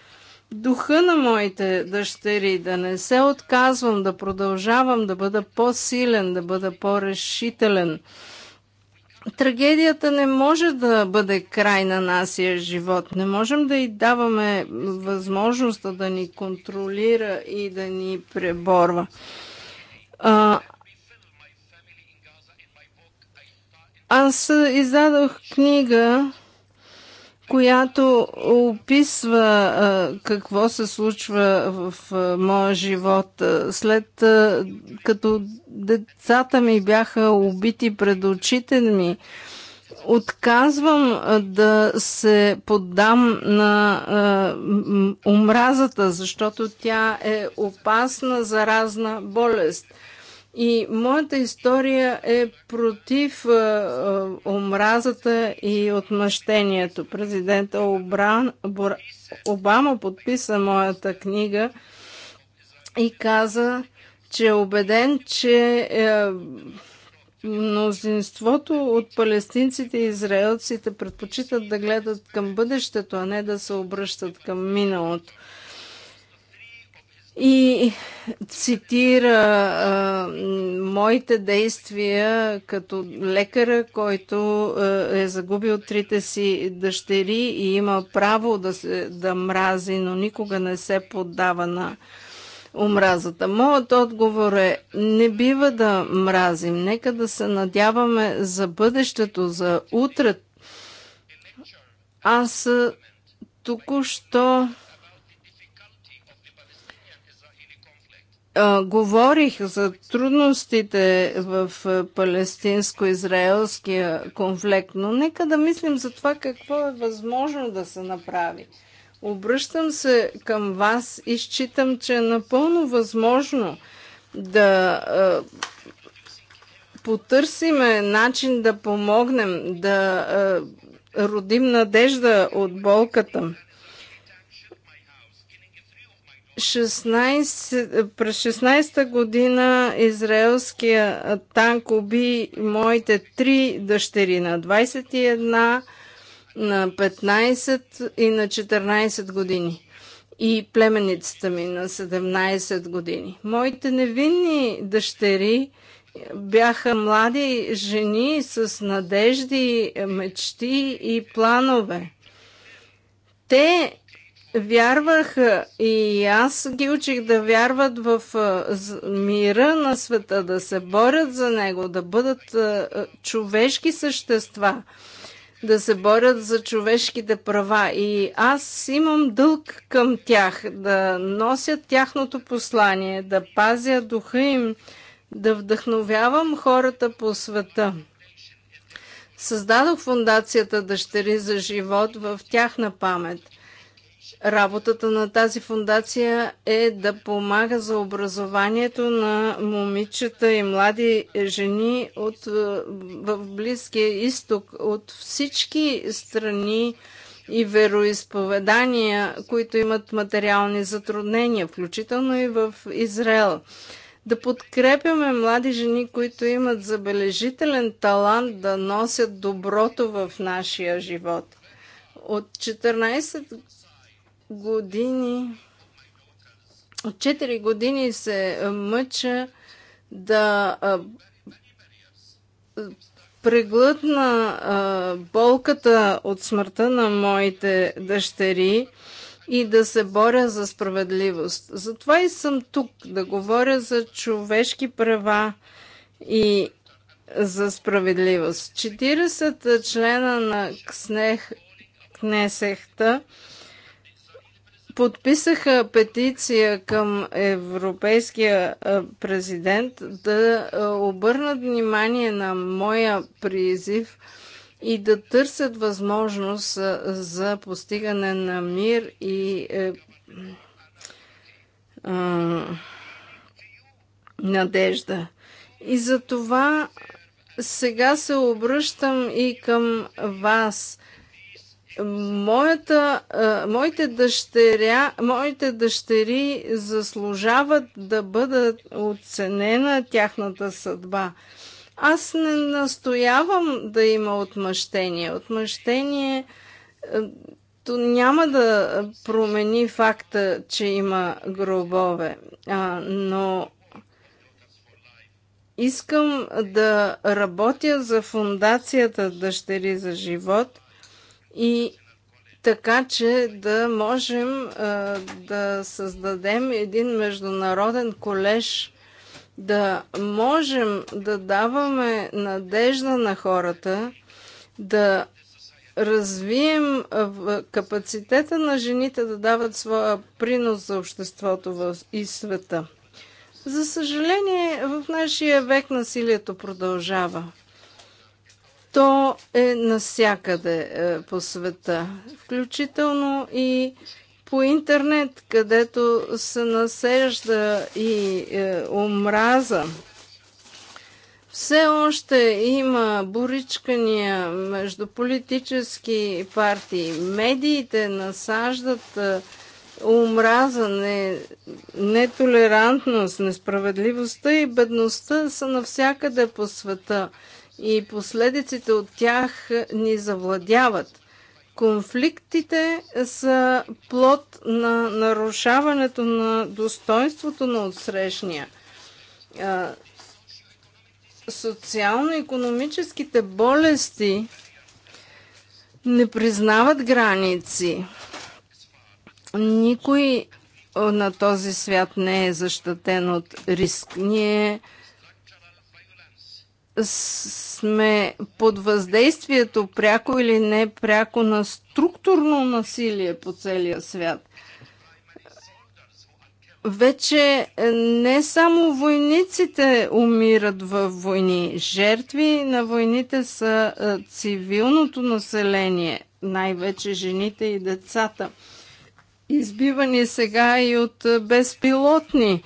духа на моите дъщери, да не се отказвам, да продължавам да бъда по-силен, да бъда по-решителен трагедията не може да бъде край на нашия живот. Не можем да й даваме възможността да ни контролира и да ни преборва. А, аз издадох книга която описва какво се случва в моя живот. След като децата ми бяха убити пред очите ми, отказвам да се поддам на омразата, защото тя е опасна заразна болест – и моята история е против а, е, а, е, омразата и отмъщението. Президента Обран, Бор, Обама подписа моята книга и каза, че е убеден, че е, мнозинството от палестинците и израелците предпочитат да гледат към бъдещето, а не да се обръщат към миналото и цитира а, моите действия като лекара, който а, е загубил трите си дъщери и има право да, се, да мрази, но никога не се поддава на омразата. Моят отговор е не бива да мразим. Нека да се надяваме за бъдещето, за утре. Аз току-що а, говорих за трудностите в палестинско-израелския конфликт, но нека да мислим за това какво е възможно да се направи. Обръщам се към вас и считам, че е напълно възможно да а, потърсиме начин да помогнем, да а, родим надежда от болката. 16, през 16-та година израелския танк уби моите три дъщери на 21, на 15 и на 14 години. И племеницата ми на 17 години. Моите невинни дъщери бяха млади жени с надежди, мечти и планове. Те вярвах и аз ги учих да вярват в мира на света, да се борят за него, да бъдат човешки същества, да се борят за човешките права. И аз имам дълг към тях, да носят тяхното послание, да пазя духа им, да вдъхновявам хората по света. Създадох фундацията Дъщери за живот в тяхна памет – Работата на тази фундация е да помага за образованието на момичета и млади жени от, е, в Близкия изток, от всички страни и вероисповедания, които имат материални затруднения, включително и в Израел. Да подкрепяме млади жени, които имат забележителен талант да носят доброто в нашия живот. От 14 години, от 4 години се мъча да преглътна болката от смъртта на моите дъщери и да се боря за справедливост. Затова и съм тук, да говоря за човешки права и за справедливост. 40 члена на КСНЕХ, КНЕСЕХТА подписаха петиция към европейския президент да обърнат внимание на моя призив и да търсят възможност за постигане на мир и е, е, надежда. И за това сега се обръщам и към вас – Моята, моите, дъщеря, моите дъщери заслужават да бъдат оценена тяхната съдба. Аз не настоявам да има отмъщение. Отмъщение то няма да промени факта, че има гробове, а, но искам да работя за фундацията Дъщери за живот – и така че да можем да създадем един международен колеж, да можем да даваме надежда на хората, да развием капацитета на жените да дават своя принос за обществото и света. За съжаление, в нашия век насилието продължава. То е навсякъде е, по света, включително и по интернет, където се насежда и е, омраза. Все още има боричкания между политически партии. Медиите насаждат е, омраза, не, нетолерантност, несправедливостта и бедността са навсякъде по света и последиците от тях ни завладяват. Конфликтите са плод на нарушаването на достоинството на отсрещния. Социално-економическите болести не признават граници. Никой на този свят не е защитен от риск. Ние сме под въздействието пряко или не пряко на структурно насилие по целия свят. Вече не само войниците умират в войни. Жертви на войните са е, цивилното население, най-вече жените и децата. Избивани сега и от е, безпилотни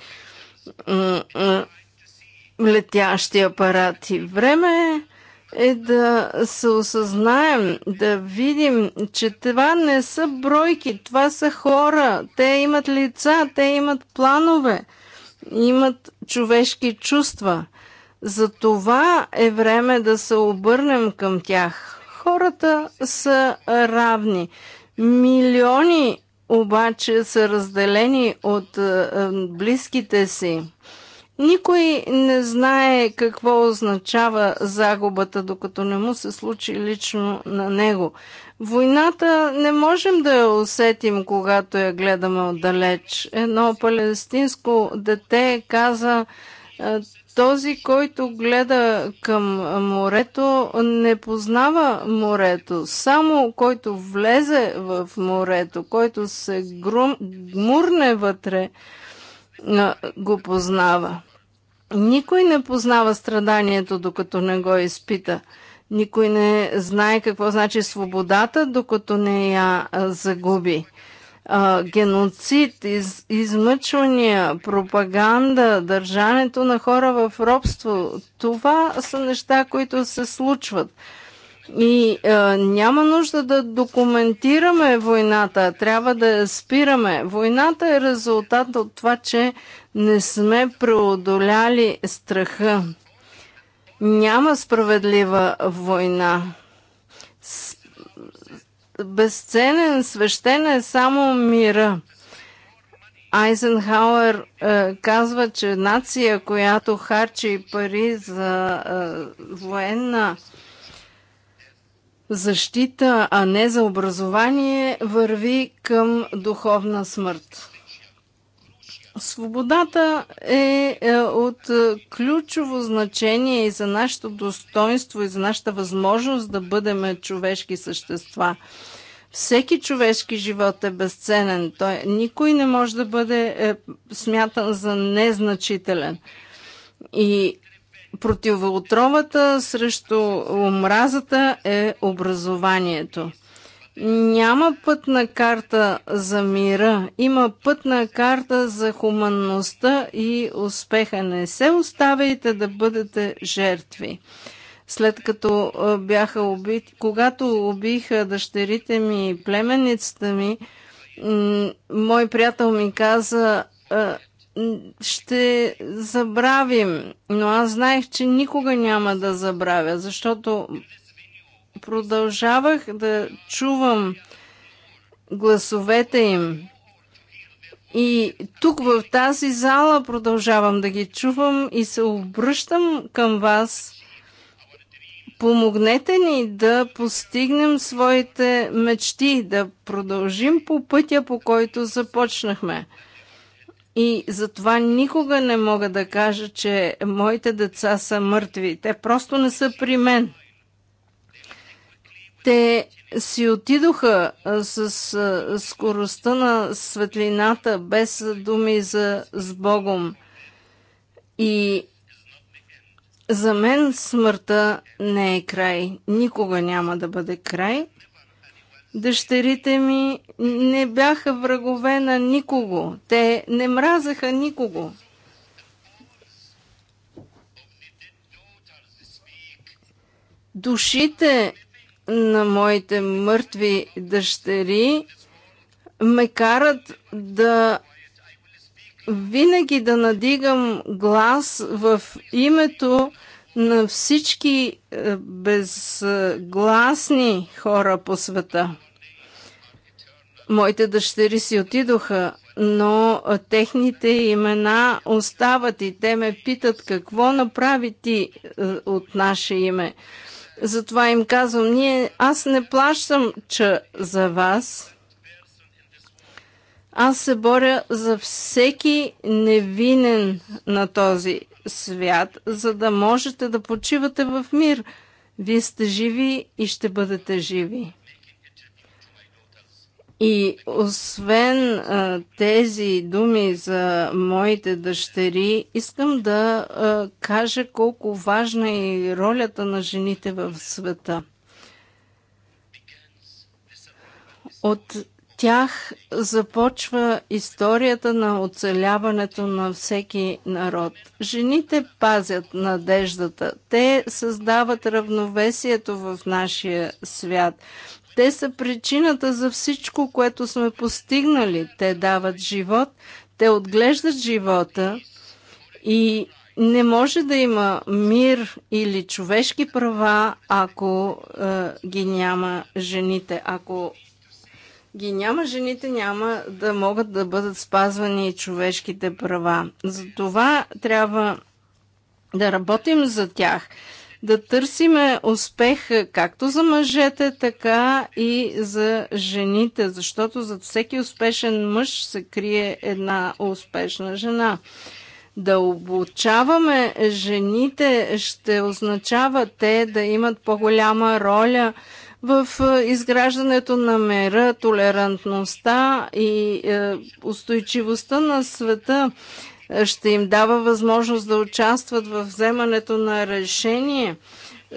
летящи апарати. Време е да се осъзнаем, да видим, че това не са бройки, това са хора. Те имат лица, те имат планове, имат човешки чувства. За това е време да се обърнем към тях. Хората са равни. Милиони обаче са разделени от е, е, близките си никой не знае какво означава загубата, докато не му се случи лично на него. Войната не можем да я усетим, когато я гледаме отдалеч. Едно палестинско дете каза, «Е, този, който гледа към морето, не познава морето. Само който влезе в морето, който се гмурне вътре, го познава. Никой не познава страданието, докато не го изпита. Никой не знае какво значи свободата, докато не я загуби. Геноцид, из, измъчвания, пропаганда, държането на хора в робство това са неща, които се случват. И а, е, няма нужда да документираме войната, трябва да я спираме. Войната е резултат от това, че не сме преодоляли страха. Няма справедлива война. Безценен, свещен е само мира. Айзенхауер е, казва, че нация, която харчи пари за е, военна защита, а не за образование, върви към духовна смърт. Свободата е, е от ключово значение и за нашето достоинство, и за нашата възможност да бъдем човешки същества. Всеки човешки живот е безценен. Той, никой не може да бъде е, смятан за незначителен. И противоотровата срещу омразата е образованието. Няма пътна карта за мира, има пътна карта за хуманността и успеха. Не се оставяйте да бъдете жертви. След като бяха убити, когато убиха дъщерите ми и племенницата ми, мой приятел ми каза, ще забравим, но аз знаех, че никога няма да забравя, защото продължавах да чувам гласовете им. И тук в тази зала продължавам да ги чувам и се обръщам към вас. Помогнете ни да постигнем своите мечти, да продължим по пътя, по който започнахме. И затова никога не мога да кажа, че моите деца са мъртви. Те просто не са при мен. Те си отидоха с скоростта на светлината, без думи за с Богом. И за мен смъртта не е край. Никога няма да бъде край. Дъщерите ми не бяха врагове на никого. Те не мразаха никого. Душите на моите мъртви дъщери ме карат да винаги да надигам глас в името на всички е, безгласни хора по света. Моите дъщери си отидоха, но е, техните имена остават и те ме питат какво направи ти е, от наше име. Затова им казвам, ние, аз не плащам че за вас. Аз се боря за всеки невинен на този свят, за да можете да почивате в мир. Вие сте живи и ще бъдете живи. И освен а, тези думи за моите дъщери, искам да а, кажа колко важна е ролята на жените в света. От тях започва историята на оцеляването на всеки народ. Жените пазят надеждата. Те създават равновесието в нашия свят. Те са причината за всичко, което сме постигнали. Те дават живот, те отглеждат живота и не може да има мир или човешки права, ако е, ги няма жените, ако ги няма жените, няма да могат да бъдат спазвани човешките права. Затова трябва да работим за тях, да търсиме успех както за мъжете, така и за жените, защото зад всеки успешен мъж се крие една успешна жена. Да обучаваме жените ще означава те да имат по-голяма роля – в е, изграждането на мера, толерантността и е, устойчивостта на света. Е, ще им дава възможност да участват в вземането на решение,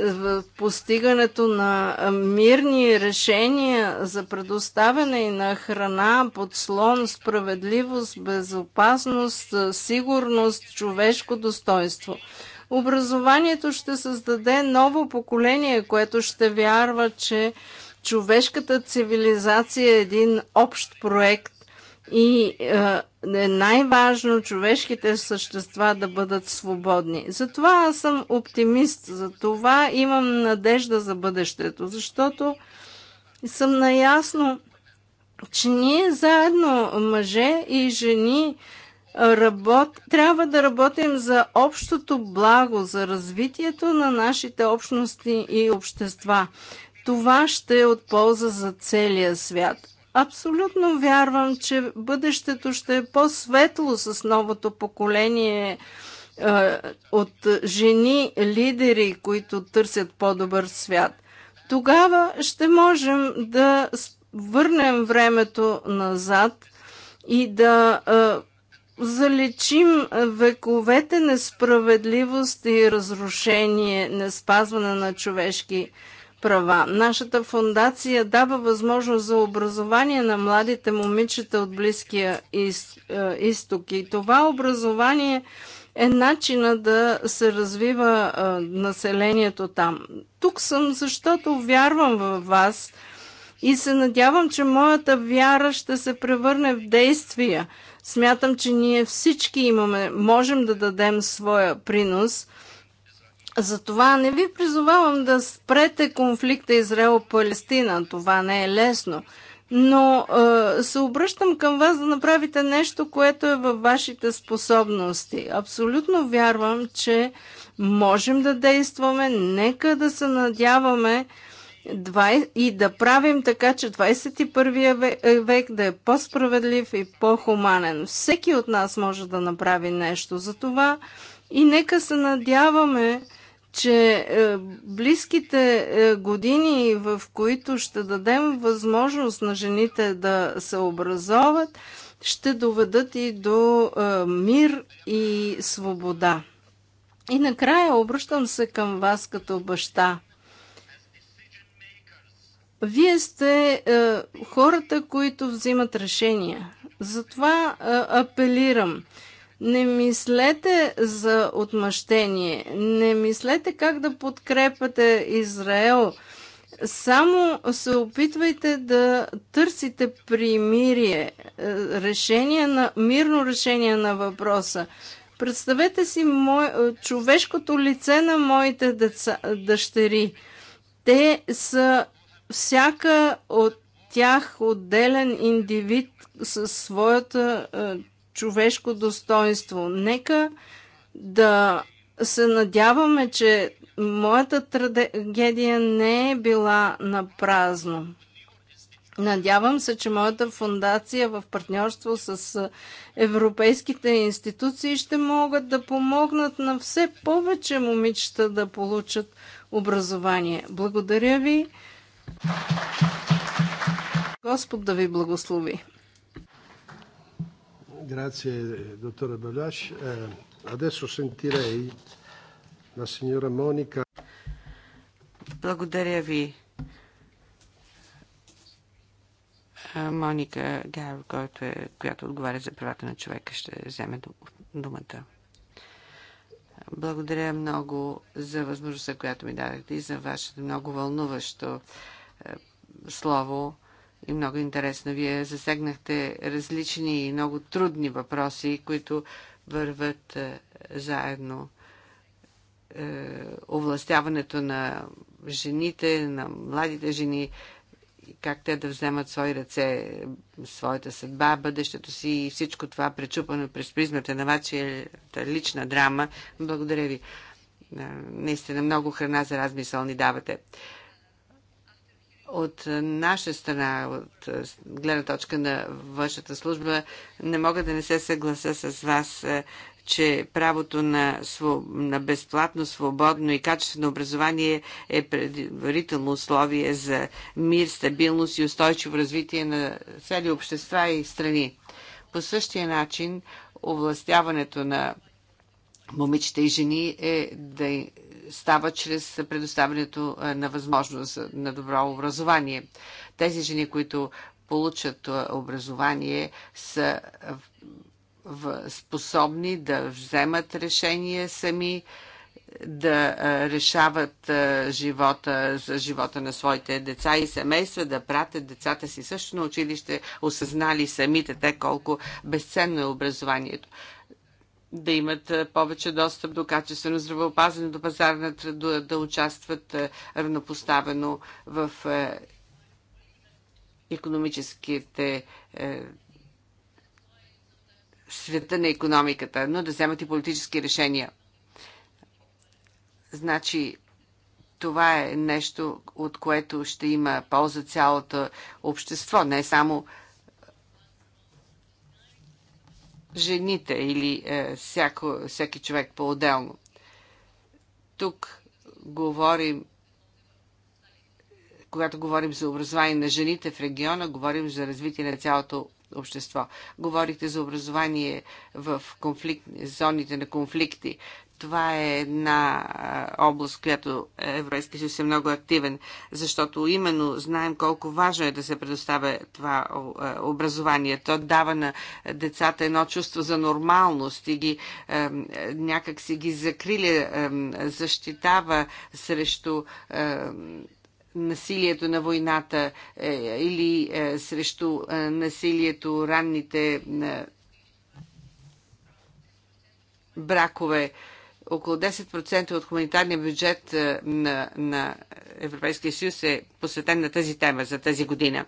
в постигането на мирни решения за предоставяне и на храна, подслон, справедливост, безопасност, сигурност, човешко достоинство – Образованието ще създаде ново поколение, което ще вярва, че човешката цивилизация е един общ проект и е, е най-важно човешките същества да бъдат свободни. Затова аз съм оптимист, затова имам надежда за бъдещето, защото съм наясно, че ние заедно, мъже и жени, работ... трябва да работим за общото благо, за развитието на нашите общности и общества. Това ще е от полза за целия свят. Абсолютно вярвам, че бъдещето ще е по-светло с новото поколение е, от жени лидери, които търсят по-добър свят. Тогава ще можем да върнем времето назад и да е, залечим вековете несправедливост и разрушение, неспазване на човешки права. Нашата фундация дава възможност за образование на младите момичета от Близкия из, е, изток. И това образование е начина да се развива е, населението там. Тук съм, защото вярвам в вас и се надявам, че моята вяра ще се превърне в действия Смятам, че ние всички имаме, можем да дадем своя принос. Затова не ви призовавам да спрете конфликта Израел-Палестина. Това не е лесно. Но е, се обръщам към вас да направите нещо, което е във вашите способности. Абсолютно вярвам, че можем да действаме. Нека да се надяваме, и да правим така, че 21 е, век да е по-справедлив и по-хуманен. Всеки от нас може да направи нещо за това и нека се надяваме, че е, близките е, години, в които ще дадем възможност на жените да се образоват, ще доведат и до мир и свобода. И накрая обръщам се към вас като баща. Вие сте е, хората, които взимат решения. Затова е, апелирам. Не мислете за отмъщение. Не мислете как да подкрепате Израел. Само се опитвайте да търсите примирие, е, решение на, мирно решение на въпроса. Представете си мой, е, човешкото лице на моите деца, дъщери. Те са всяка от тях отделен индивид със своята е, човешко достоинство. Нека да се надяваме, че моята трагедия не е била на празно. Надявам се, че моята фундация в партньорство с е, европейските институции ще могат да помогнат на все повече момичета да получат образование. Благодаря ви. Господ да ви благослови. Grazie, dottore Balash. Eh, adesso sentirei la signora Monica. Благодаря ви, е, Моника Гар, която, е, която отговаря за правата на човека, ще вземе думата. Благодаря много за възможността, която ми дадахте и за вашето много вълнуващо слово и много интересно. Вие засегнахте различни и много трудни въпроси, които върват е, заедно. Е, овластяването на жените, на младите жени, как те да вземат свои ръце, своята съдба, бъдещето си и всичко това пречупано през призмата на вашата лична драма. Благодаря ви. Е, наистина много храна за размисъл ни давате. От наша страна, от е, гледна точка на външната служба, не мога да не се съгласа с вас, е, че правото на, на безплатно, свободно и качествено образование е предварително условие за мир, стабилност и устойчиво развитие на цели общества и страни. По същия начин, овластяването на момичета и жени е да става чрез предоставянето е, на възможност на добро образование. Тези жени, които получат е, образование, са способни да вземат решение сами, да е, решават живота за живота на своите деца и семейства, да пратят децата си също на училище, осъзнали самите те колко безценно е образованието да имат повече достъп до качествено здравеопазване, до пазара на труда, да участват равнопоставено в економическите е, света на економиката, но да вземат и политически решения. Значи, това е нещо, от което ще има полза цялото общество, не само жените или е, всяко, всеки човек по-отделно. Тук говорим, когато говорим за образование на жените в региона, говорим за развитие на цялото общество. Говорихте за образование в конфликт, зоните на конфликти. Това е една област, в която Европейския съюз е много активен, защото именно знаем колко важно е да се предоставя това образование. То дава на децата едно чувство за нормалност и ги, някак си ги закриля, защитава срещу насилието на войната е, или е, срещу насилието ранните бракове около 10% от хуманитарния бюджет е, на, на Европейския съюз е посветен на тази тема за тази година.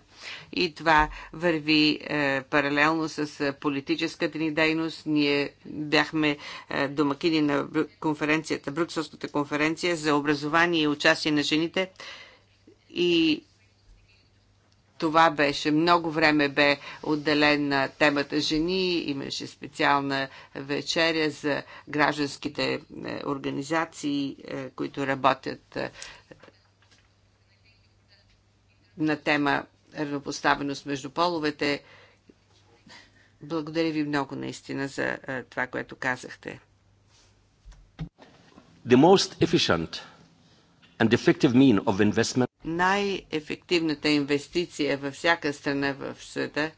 И това върви е, паралелно с е, политическата ни дейност. Ние бяхме е, домакини на конференцията, Брюкселската конференция за образование и участие на жените. И това беше. Много време бе отделен на темата жени. Имаше специална вечеря за гражданските е, организации, е, които работят е, на тема равнопоставеност между половете. Благодаря ви много наистина за това, което казахте. The most efficient and effective mean of investment най-ефективната инвестиция във всяка страна в света,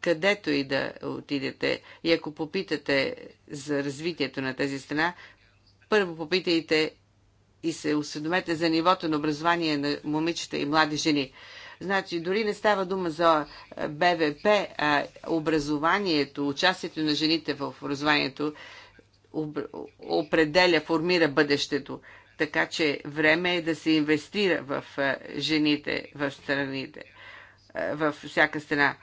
където и да отидете. И ако попитате за развитието на тази страна, първо попитайте и се осведомете за нивото на образование на момичета и млади жени. Значи, дори не става дума за БВП, а образованието, участието на жените в образованието определя, формира бъдещето. Така че време е да се инвестира в жените в страните, в всяка страна.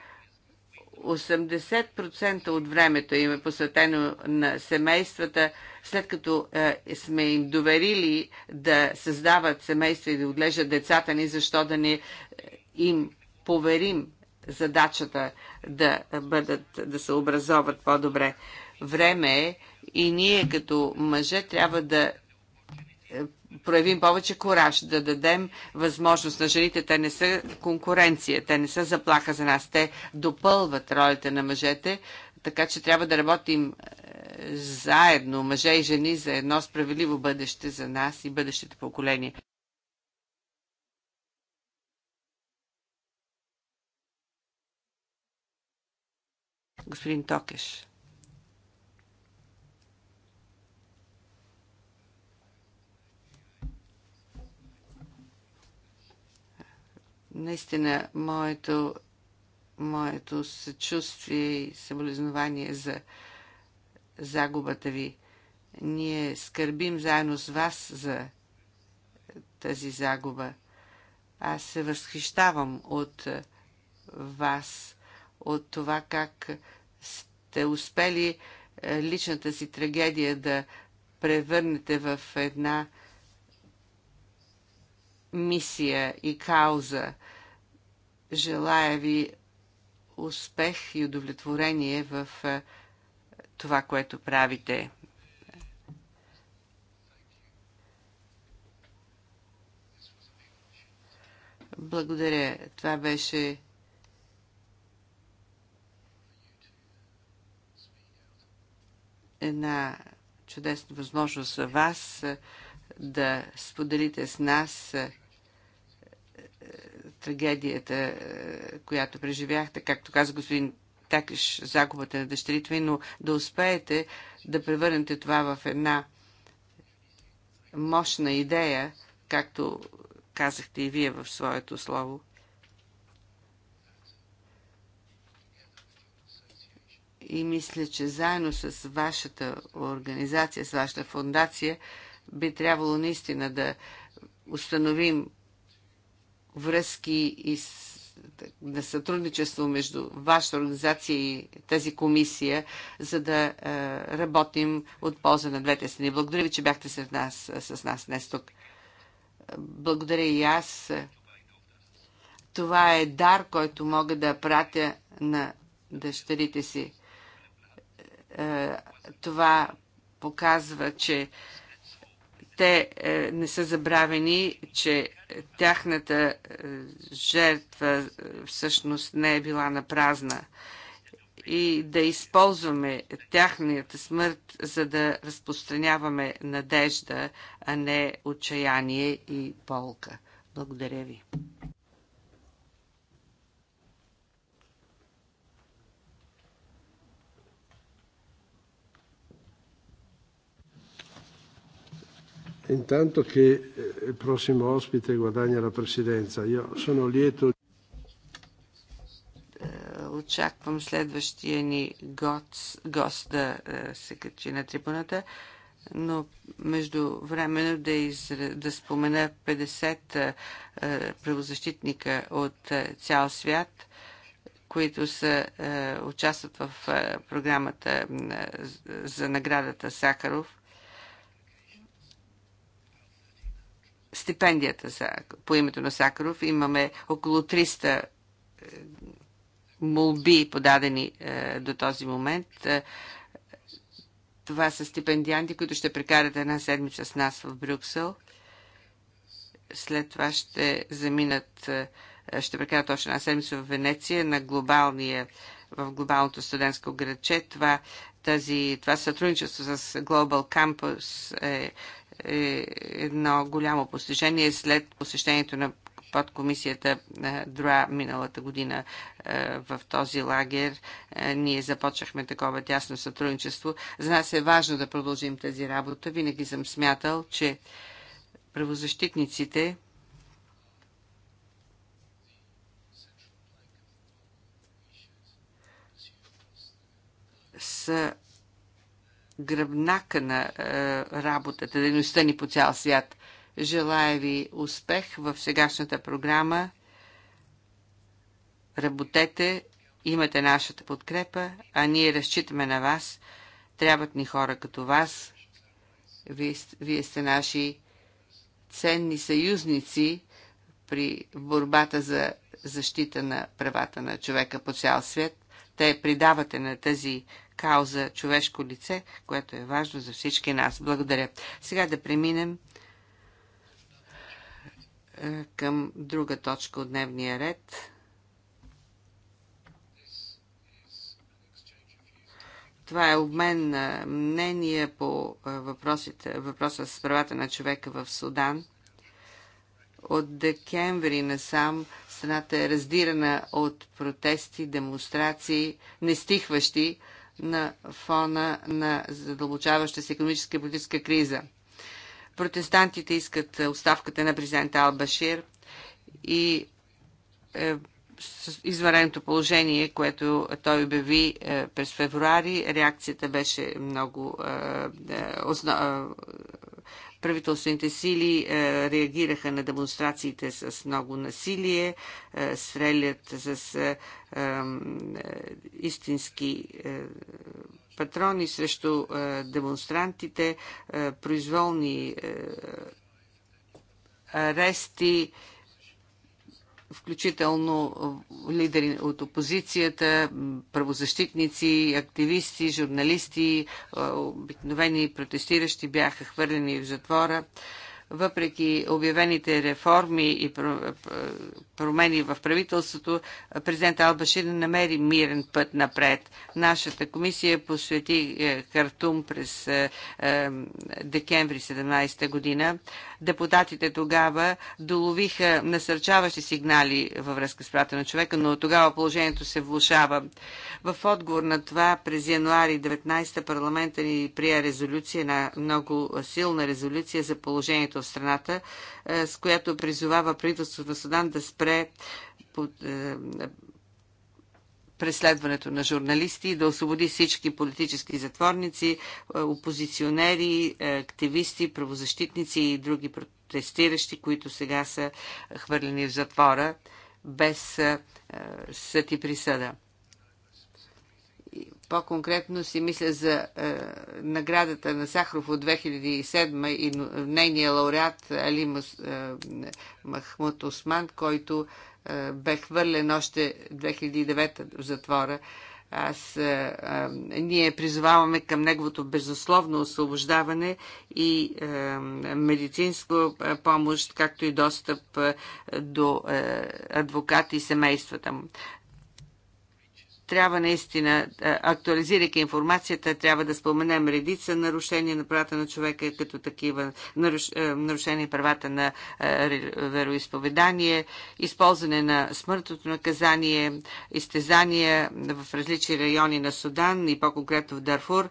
80% от времето им е посветено на семействата, след като е, сме им доверили да създават семейства и да отглеждат децата ни, защо да не им поверим задачата да, бъдат, да се образоват по-добре. Време е и ние като мъже трябва да проявим повече кораж, да дадем възможност на жените. Те не са конкуренция, те не са заплаха за нас, те допълват ролята на мъжете, така че трябва да работим е, заедно, мъже и жени, за едно справедливо бъдеще за нас и бъдещите поколения. Господин Токеш. Наистина, моето, моето съчувствие и съболезнование за загубата ви. Ние скърбим заедно с вас за тази загуба. Аз се възхищавам от вас, от това как сте успели е, личната си трагедия да превърнете в една мисия и кауза. Желая ви успех и удовлетворение в това, което правите. Благодаря. Това беше една чудесна възможност за вас да споделите с нас трагедията, е, която преживяхте, както каза господин Такиш, загубата на дъщерите ви, но да успеете да превърнете това в една мощна идея, както казахте и вие в своето слово. И мисля, че заедно с вашата организация, с вашата фундация, би трябвало наистина да установим връзки и на сътрудничество между вашата организация и тази комисия, за да е, работим от полза на двете страни. Благодаря ви, че бяхте с нас, е, с нас днес тук. Благодаря и аз. Това е дар, който мога да пратя на дъщерите си. Е, това показва, че те е, не са забравени, че тяхната е, жертва е, всъщност не е била на празна. И да използваме тяхната смърт, за да разпространяваме надежда, а не отчаяние и полка. Благодаря ви. Intanto che eh, il prossimo ospite guadagna la presidenza. Io sono lieto. Eh, очаквам следващия ни гост, гост да е, се качи на трибуната, но между времено да, да спомена 50 е, е, правозащитника от цял свят – които са, участват в програмата за наградата Сахаров. стипендията за, по името на Сакаров. Имаме около 300 е, молби подадени е, до този момент. Е, това са стипендианти, които ще прекарат една седмица с нас в Брюксел. След това ще заминат, е, ще прекарат още една седмица в Венеция на глобалния, в глобалното студентско градче. Това, тази, това сътрудничество с Global Campus е е едно голямо постижение след посещението на подкомисията е, ДРА миналата година е, в този лагер. Е, ние започнахме такова тясно сътрудничество. За нас е важно да продължим тази работа. Винаги съм смятал, че правозащитниците са гръбнака на е, работата, дейността ни по цял свят. Желая ви успех в сегашната програма. Работете, имате нашата подкрепа, а ние разчитаме на вас. Трябват ни хора като вас. Вие, вие сте наши ценни съюзници при борбата за защита на правата на човека по цял свят. Те придавате на тази кауза човешко лице, което е важно за всички нас. Благодаря. Сега да преминем е, към друга точка от дневния ред. Това е обмен на мнение по е, въпросите, въпроса с правата на човека в Судан. От декември насам страната е раздирана от протести, демонстрации, нестихващи, стихващи на фона на задълбочаваща се економическа и политическа криза. Протестантите искат оставката на президента Албашир и е, положение, което той обяви е, през февруари. Реакцията беше много е, е основ, Правителствените сили е, реагираха на демонстрациите с много насилие, е, стрелят с е, истински патрони срещу демонстрантите, произволни арести, включително лидери от опозицията, правозащитници, активисти, журналисти, обикновени протестиращи бяха хвърлени в затвора. Въпреки обявените реформи и промени в правителството, президент Албашир намери мирен път напред. Нашата комисия посвети Картум е, през е, е, декември 17 година. Депутатите тогава доловиха насърчаващи сигнали във връзка с правата на човека, но тогава положението се влушава. В отговор на това през януари 19 парламента ни прие резолюция, една много силна резолюция за положението положението в страната, е, с която призовава правителството на Судан да спре под, е, преследването на журналисти, да освободи всички политически затворници, е, опозиционери, е, активисти, правозащитници и други протестиращи, които сега са хвърлени в затвора без съд и присъда. По-конкретно си мисля за е, наградата на Сахров от 2007 и нейния лауреат Али Мус, е, Махмуд Осман, който е, бе хвърлен още 2009 в затвора. Аз, е, е, ние призоваваме към неговото безусловно освобождаване и е, медицинско е, помощ, както и достъп е, до е, адвокати и семействата му трябва наистина, актуализирайки информацията, трябва да споменем редица нарушения на правата на човека, като такива наруш, нарушения правата на вероисповедание, използване на смъртното наказание, изтезания в различни райони на Судан и по-конкретно в Дарфур.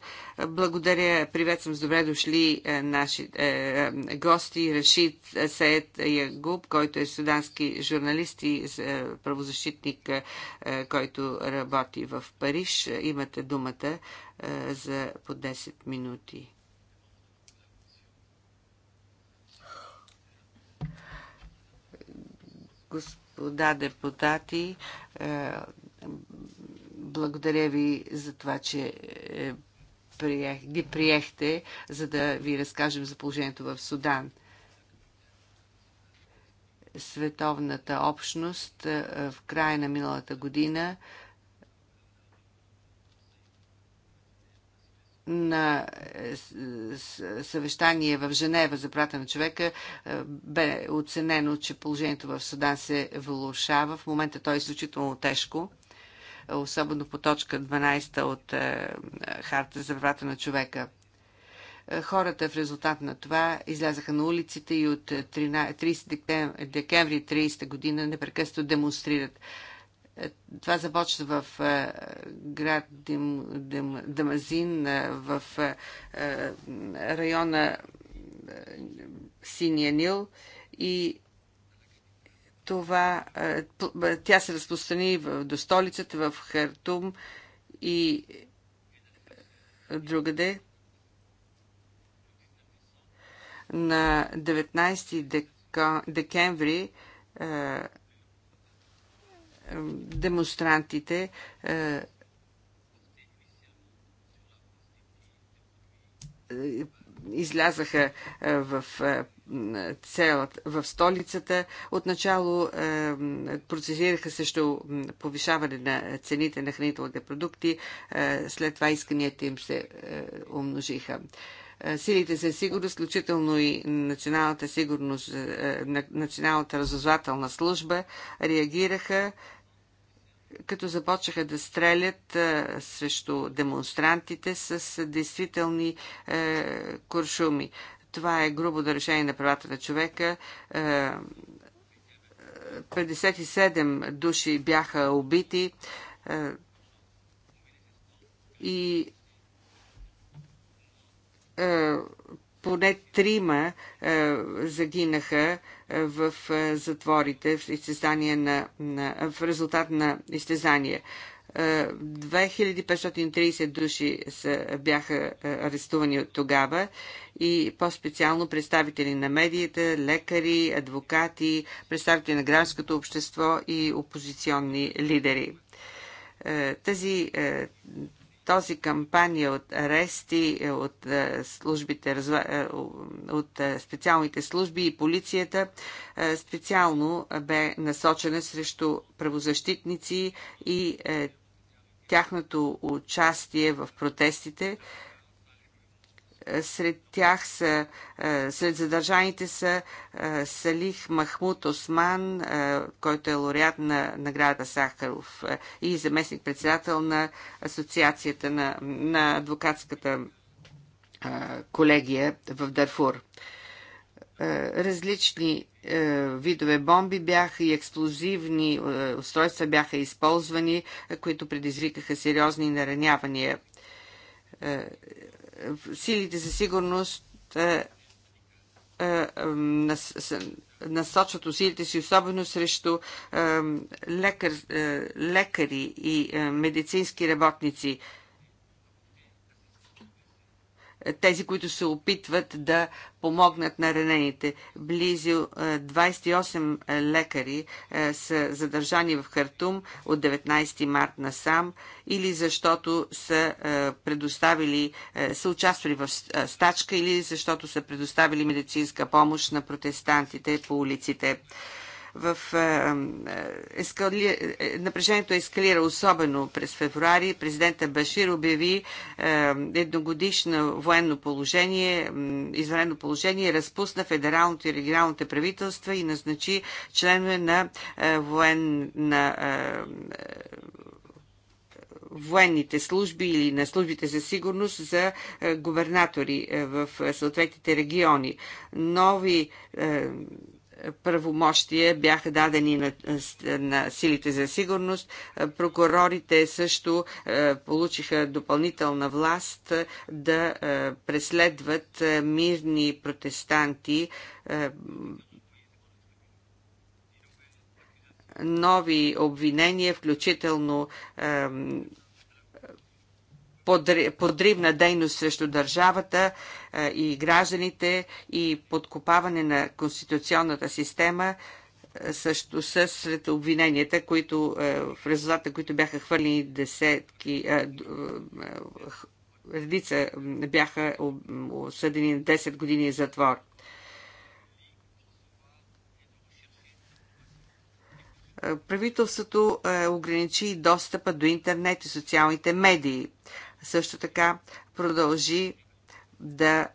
Благодаря, приветствам с добре дошли наши е, гости, Рашид Сеет Ягуб, който е судански журналист и правозащитник, е, който работи работи в Париж. Имате думата е, за по 10 минути. Господа депутати, е, благодаря ви за това, че е, ги приехте, за да ви разкажем за положението в Судан световната общност в края на миналата година на е, съвещание в Женева за прата на човека е, бе оценено, че положението в Судан се влушава. В момента то е изключително тежко, е, особено по точка 12 от Харта за правата на човека. Хората в резултат на това излязаха на улиците и от 30 декември 30 година непрекъснато демонстрират е, това започна в е, град Дим, Дим, Дамазин, е, в района Синия Нил и това, тя се разпространи до столицата, в Хартум и другаде. На 19 декември демонстрантите е, излязаха е, в е, целата, в столицата. Отначало процесираха също повишаване на цените на хранителните продукти, след това исканията им се умножиха. Е, силите за сигурност, включително и националната сигурност, е, националната разузвателна служба, реагираха като започнаха да стрелят а, е, срещу демонстрантите с действителни а, куршуми. Това е грубо нарушение на правата на човека. А, 57 души бяха убити а, и поне трима загинаха в затворите в, на, на, в резултат на изтезания. 2530 души са, бяха арестувани от тогава и по-специално представители на медиите, лекари, адвокати, представители на гражданското общество и опозиционни лидери. тази този кампания от арести, е, от е, службите, е, от специалните служби и полицията специално бе насочена срещу правозащитници и тяхното участие в протестите, сред тях са, е, сред задържаните са е, Салих Махмуд Осман, е, който е лауреат на наградата Сахаров и заместник-председател на Асоциацията на, на адвокатската колегия в Дарфур. Различни видове бомби бяха и експлозивни устройства бяха използвани, които предизвикаха сериозни наранявания силите за сигурност е, е, е, насочват усилите си особено срещу лекар, лекари и медицински работници тези, които се опитват да помогнат на ранените. Близо 28 е, е, лекари е, са задържани в Хартум от 19 март насам или защото са предоставили, са участвали в стачка или защото са предоставили медицинска помощ на протестантите по улиците в, е, е, ескали... Е, напрежението ескалира особено през февруари. Президента Башир обяви едногодишно военно положение, извънредно положение, разпусна федералното и регионалните правителства и назначи членове на военна военните служби или на службите за сигурност за губернатори в съответните региони. Нови правомощия бяха дадени на, на силите за сигурност. Прокурорите също е, получиха допълнителна власт е, да е, преследват мирни протестанти нови обвинения, включително подривна дейност срещу държавата е, и гражданите и подкопаване на конституционната система е, също са сред обвиненията, които, е, в резултата които бяха хвърлени десетки, редица бяха осъдени на 10 години затвор. Правителството ограничи достъпа до интернет и социалните медии също така продължи да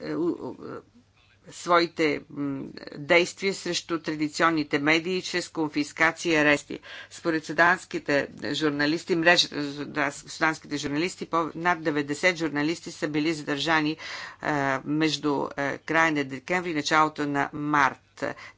е, своите действия срещу традиционните медии чрез конфискация и арести. Според суданските журналисти, мрежата за суданските журналисти, над 90 журналисти са били задържани е, между е, края на декември и началото на март.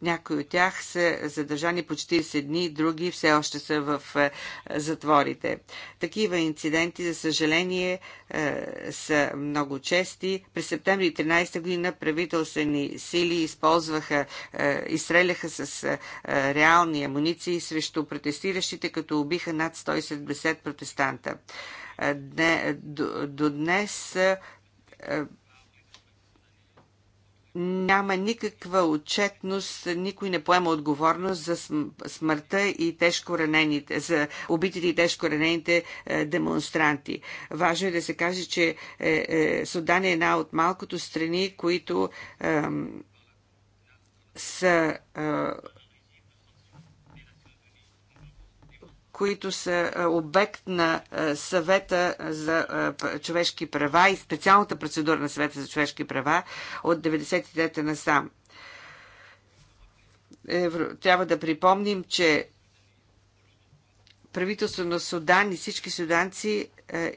Някои от тях са задържани по 40 дни, други все още са в е, затворите. Такива инциденти, за съжаление, е, са много чести. През септември 13 година правителствени сили използваха, е, изстреляха с реални амуниции срещу протестиращите, като убиха над 170 протестанта. До днес няма никаква отчетност, никой не поема отговорност за смъртта и тежко ранените, за убитите и тежко ранените е, демонстранти. Важно е да се каже, че е, е, Судан е една от малкото страни, които са които са обект на съвета за човешки права и специалната процедура на съвета за човешки права от 93-та насам. Трябва да припомним, че правителство на Судан и всички суданци е,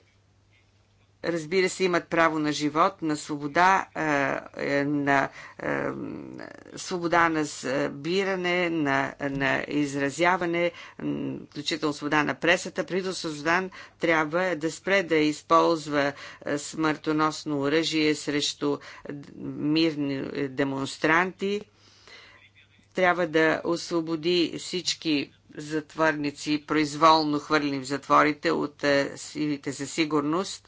разбира се, имат право на живот, на свобода, е, е, на е, свобода на събиране, на, на изразяване, включително свобода на пресата. Придо Суздан трябва да спре да използва смъртоносно оръжие срещу мирни демонстранти. Трябва да освободи всички затворници, произволно хвърлени в затворите от силите за сигурност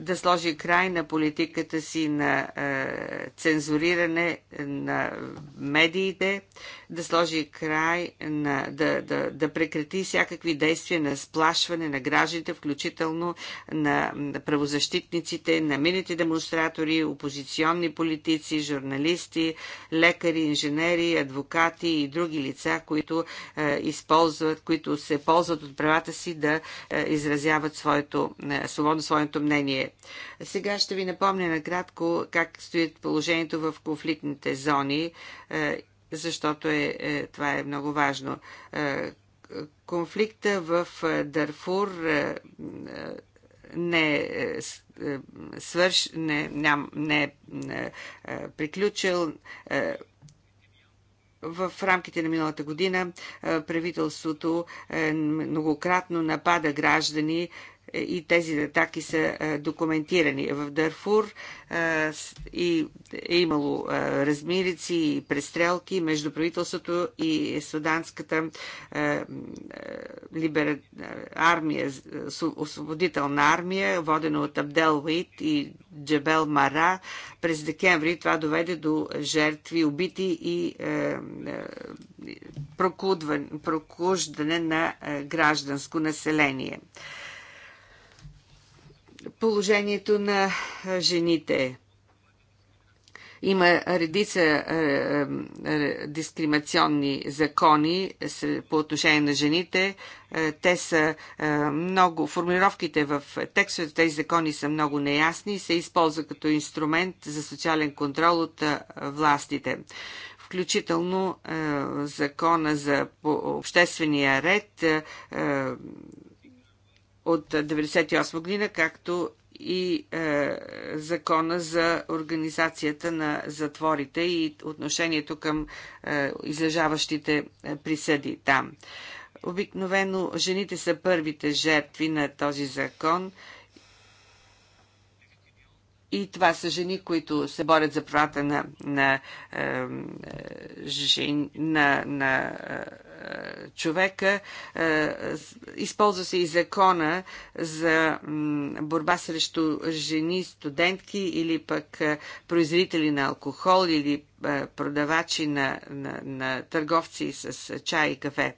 да сложи край на политиката си на е, цензуриране на медиите, да сложи край, на, да, да, да прекрати всякакви действия на сплашване на гражданите, включително на, правозащитниците, на мините демонстратори, опозиционни политици, журналисти, лекари, инженери, адвокати и други лица, които е, използват, които се ползват от правата си да е, изразяват своето, е, свободно своето мнение. Сега ще ви напомня накратко как стоят положението в конфликтните зони е, защото е, е, това е много важно. Е, конфликта в е, Дарфур е, не свърш, не, ням, не е приключил. В рамките на миналата година правителството многократно напада граждани и тези атаки са документирани. В Дарфур и е имало размирици и престрелки между правителството и суданската армия, освободителна армия, водена от Абдел Уит и Джебел Мара. През декември това доведе до жертви, убити и прокуждане на гражданско население положението на жените. Има редица дискримационни дискриминационни закони по отношение на жените. Те са много, формулировките в текстовете тези закони са много неясни и се използва като инструмент за социален контрол от властите включително закона за обществения ред, от 1998 година, както и е, закона за организацията на затворите и отношението към е, излежаващите е, присъди там. Обикновено жените са първите жертви на този закон. Е, и това са жени, които се борят за правата на, на, е, на, на, на е, човека. Е, използва се и закона за борба срещу жени, студентки или пък е, производители на алкохол или е, продавачи на, на, на търговци с чай и кафе.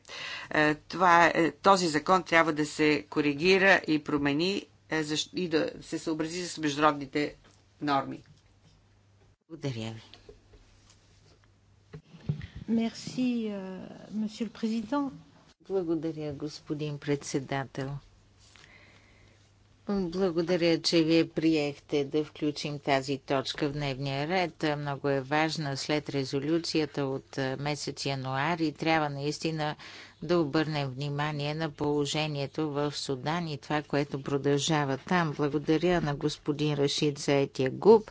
Е, това, този закон трябва да се коригира и промени и да се съобрази с международните норми. Благодаря ви. Мерси, euh, Благодаря, господин председател. Благодаря, че вие приехте да включим тази точка в дневния ред. Много е важна след резолюцията от месец януари. Трябва наистина да обърнем внимание на положението в Судан и това, което продължава там. Благодаря на господин Рашид за етия губ,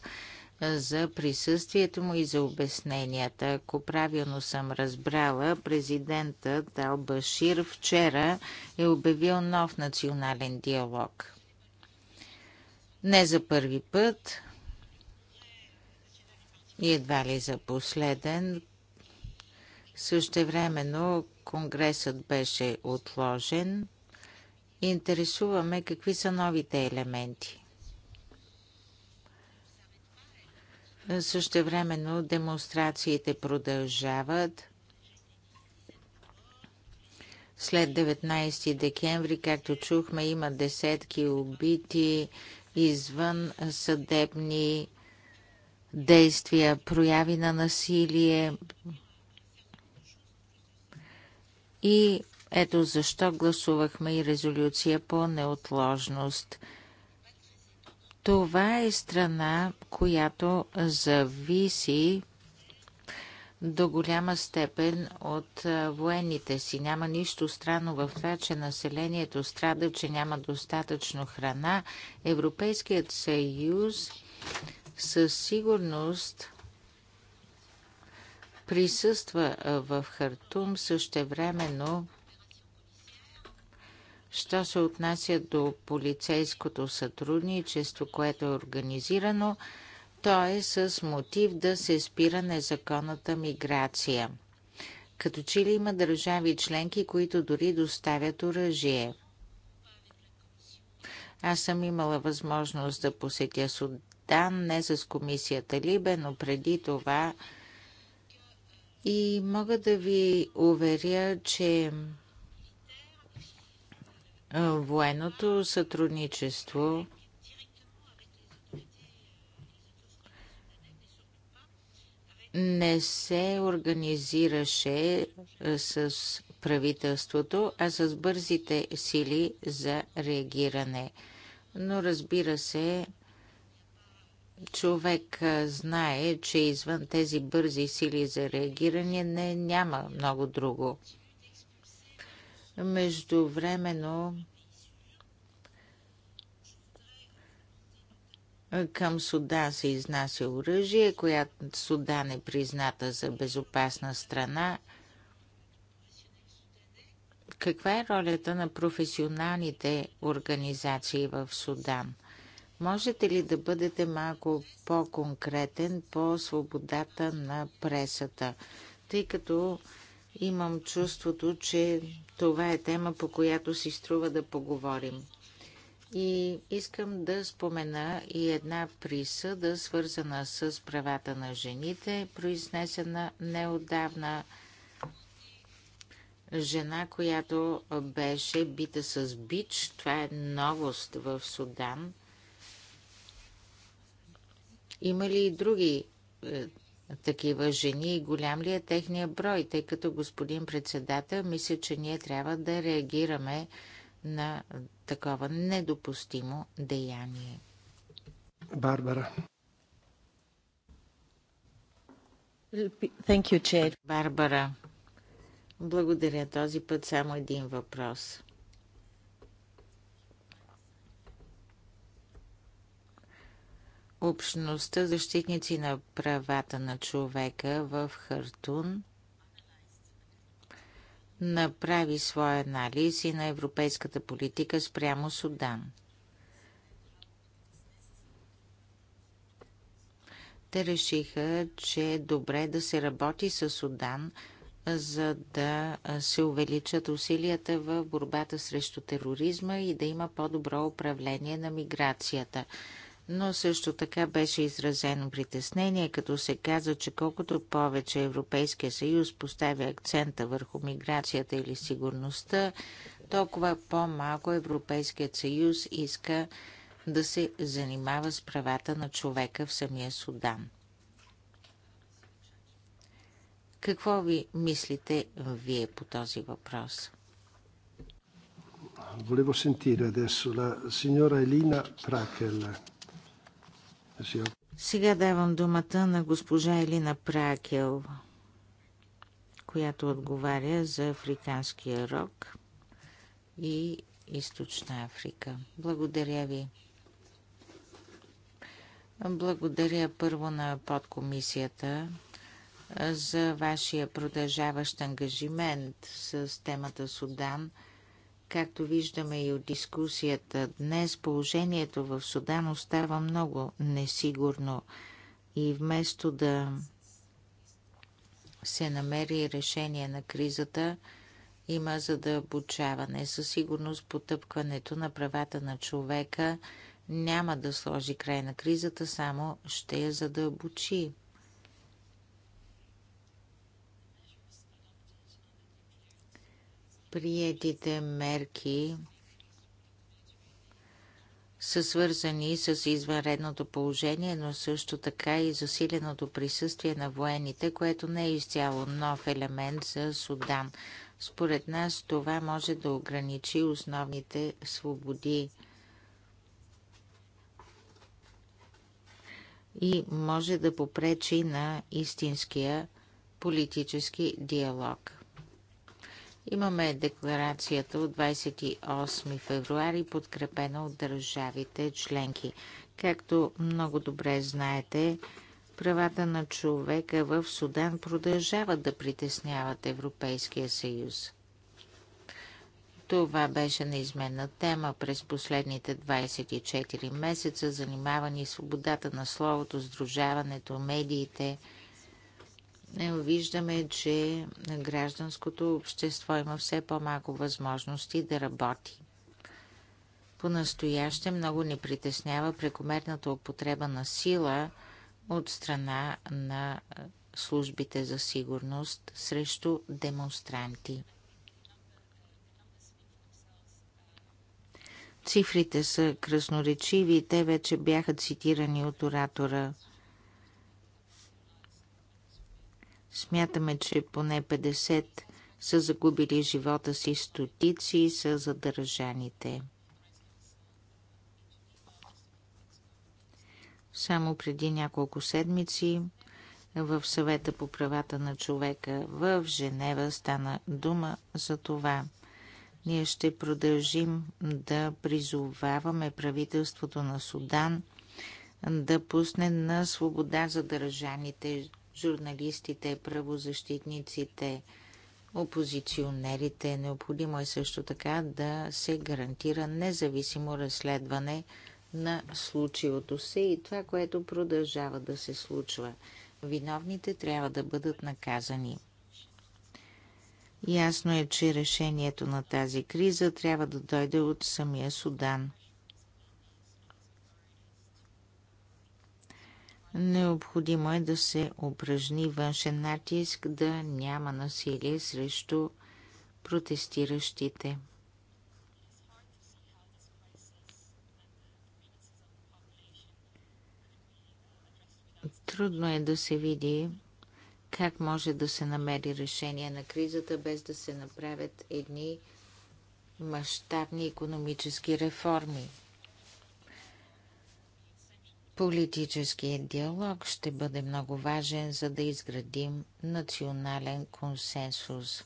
за присъствието му и за обясненията. Ако правилно съм разбрала, президентът Албашир вчера е обявил нов национален диалог не за първи път и едва ли за последен. Същевременно Конгресът беше отложен. Интересуваме какви са новите елементи. Същевременно демонстрациите продължават. След 19 декември, както чухме, има десетки убити, извън съдебни действия, прояви на насилие. И ето защо гласувахме и резолюция по неотложност. Това е страна, която зависи до голяма степен от военните си. Няма нищо странно в това, че населението страда, че няма достатъчно храна. Европейският съюз със сигурност присъства в Хартум същевременно Що се отнася до полицейското сътрудничество, което е организирано, той е с мотив да се спира незаконната миграция. Като че ли има държави членки, които дори доставят оръжие. Аз съм имала възможност да посетя Судан, не с комисията Либе, но преди това и мога да ви уверя, че военното сътрудничество не се организираше с правителството, а с бързите сили за реагиране. Но разбира се, човек знае, че извън тези бързи сили за реагиране не, няма много друго. Междувременно Е, към Судан се изнася оръжие, която Судан е призната за безопасна страна. Каква е ролята на професионалните организации в Судан? Можете ли да бъдете малко по-конкретен по свободата на пресата? Тъй като имам чувството, че това е тема, по която си струва да поговорим. И искам да спомена и една присъда, свързана с правата на жените, произнесена неодавна жена, която беше бита с бич. Това е новост в Судан. Има ли и други е, такива жени и голям ли е техния брой? Тъй като господин председател, мисля, че ние трябва да реагираме на такова недопустимо деяние. Барбара. Thank you, Chair. Барбара, благодаря. Този път само един въпрос. Общността защитници на правата на човека в Хартун – направи своя анализ и на европейската политика спрямо Судан. Те решиха, че е добре да се работи с Судан, за да се увеличат усилията в борбата срещу тероризма и да има по-добро управление на миграцията но също така беше изразено притеснение, като се каза, че колкото повече Европейския съюз поставя акцента върху миграцията или сигурността, толкова по-малко Европейският съюз иска да се занимава с правата на човека в самия Судан. Какво ви мислите вие по този въпрос? Volevo sentire adesso la signora Elina Prakel. Сега давам думата на госпожа Елина Пракел, която отговаря за африканския рок и източна Африка. Благодаря ви. Благодаря първо на подкомисията за вашия продължаващ ангажимент с темата Судан – Както виждаме и от дискусията днес, положението в Судан остава много несигурно и вместо да се намери решение на кризата, има задълбочаване. Със сигурност потъпкването на правата на човека няма да сложи край на кризата, само ще я задълбочи. Приетите мерки са свързани с извънредното положение, но също така и засиленото присъствие на военните, което не е изцяло нов елемент за Судан. Според нас това може да ограничи основните свободи и може да попречи на истинския политически диалог. Имаме декларацията от 28 февруари, подкрепена от държавите членки. Както много добре знаете, правата на човека в Судан продължават да притесняват Европейския съюз. Това беше неизменна тема през последните 24 месеца, занимавани свободата на словото, сдружаването, медиите – виждаме, че гражданското общество има все по-малко възможности да работи. По-настояще много ни притеснява прекомерната употреба на сила от страна на службите за сигурност срещу демонстранти. Цифрите са красноречиви и те вече бяха цитирани от оратора – Смятаме, че поне 50 са загубили живота си, стотици са задържаните. Само преди няколко седмици в съвета по правата на човека в Женева стана дума за това. Ние ще продължим да призоваваме правителството на Судан да пусне на свобода задържаните журналистите, правозащитниците, опозиционерите. Необходимо е също така да се гарантира независимо разследване на случилото се и това, което продължава да се случва. Виновните трябва да бъдат наказани. Ясно е, че решението на тази криза трябва да дойде от самия Судан – Необходимо е да се упражни външен натиск, да няма насилие срещу протестиращите. Трудно е да се види как може да се намери решение на кризата, без да се направят едни мащабни економически реформи. Политическият диалог ще бъде много важен, за да изградим национален консенсус.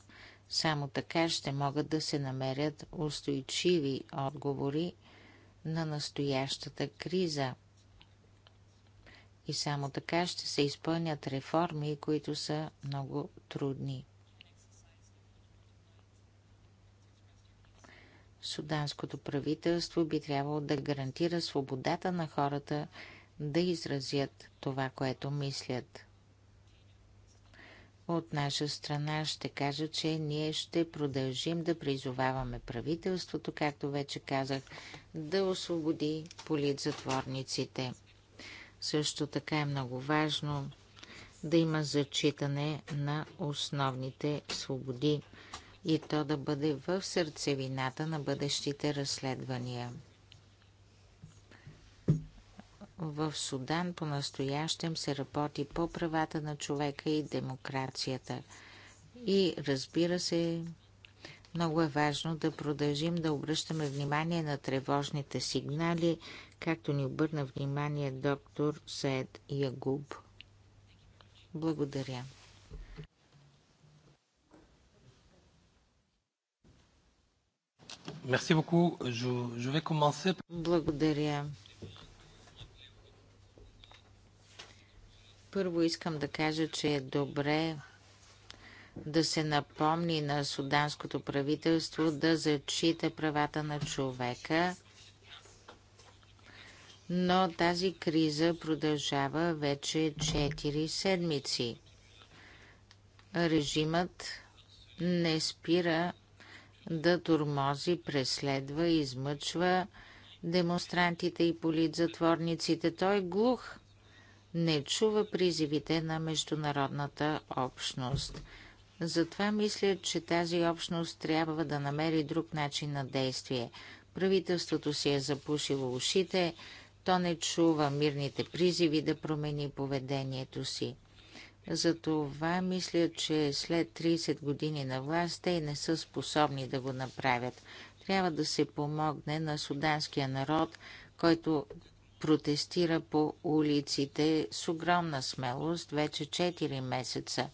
Само така ще могат да се намерят устойчиви отговори на настоящата криза. И само така ще се изпълнят реформи, които са много трудни. Суданското правителство би трябвало да гарантира свободата на хората да изразят това, което мислят. От наша страна ще кажа, че ние ще продължим да призоваваме правителството, както вече казах, да освободи политзатворниците. Също така е много важно да има зачитане на основните свободи и то да бъде в сърцевината на бъдещите разследвания. В Судан по-настоящем се работи по правата на човека и демокрацията. И разбира се, много е важно да продължим да обръщаме внимание на тревожните сигнали, както ни обърна внимание доктор Сед Ягуб. Благодаря. Благодаря. Първо искам да кажа, че е добре да се напомни на суданското правителство да зачита правата на човека, но тази криза продължава вече 4 седмици. Режимът не спира да турмози, преследва, измъчва демонстрантите и политзатворниците. Той е глух – не чува призивите на международната общност. Затова мисля, че тази общност трябва да намери друг начин на действие. Правителството си е запушило ушите, то не чува мирните призиви да промени поведението си. Затова мисля, че след 30 години на власт те не са способни да го направят. Трябва да се помогне на суданския народ, който протестира по улиците с огромна смелост вече 4 месеца.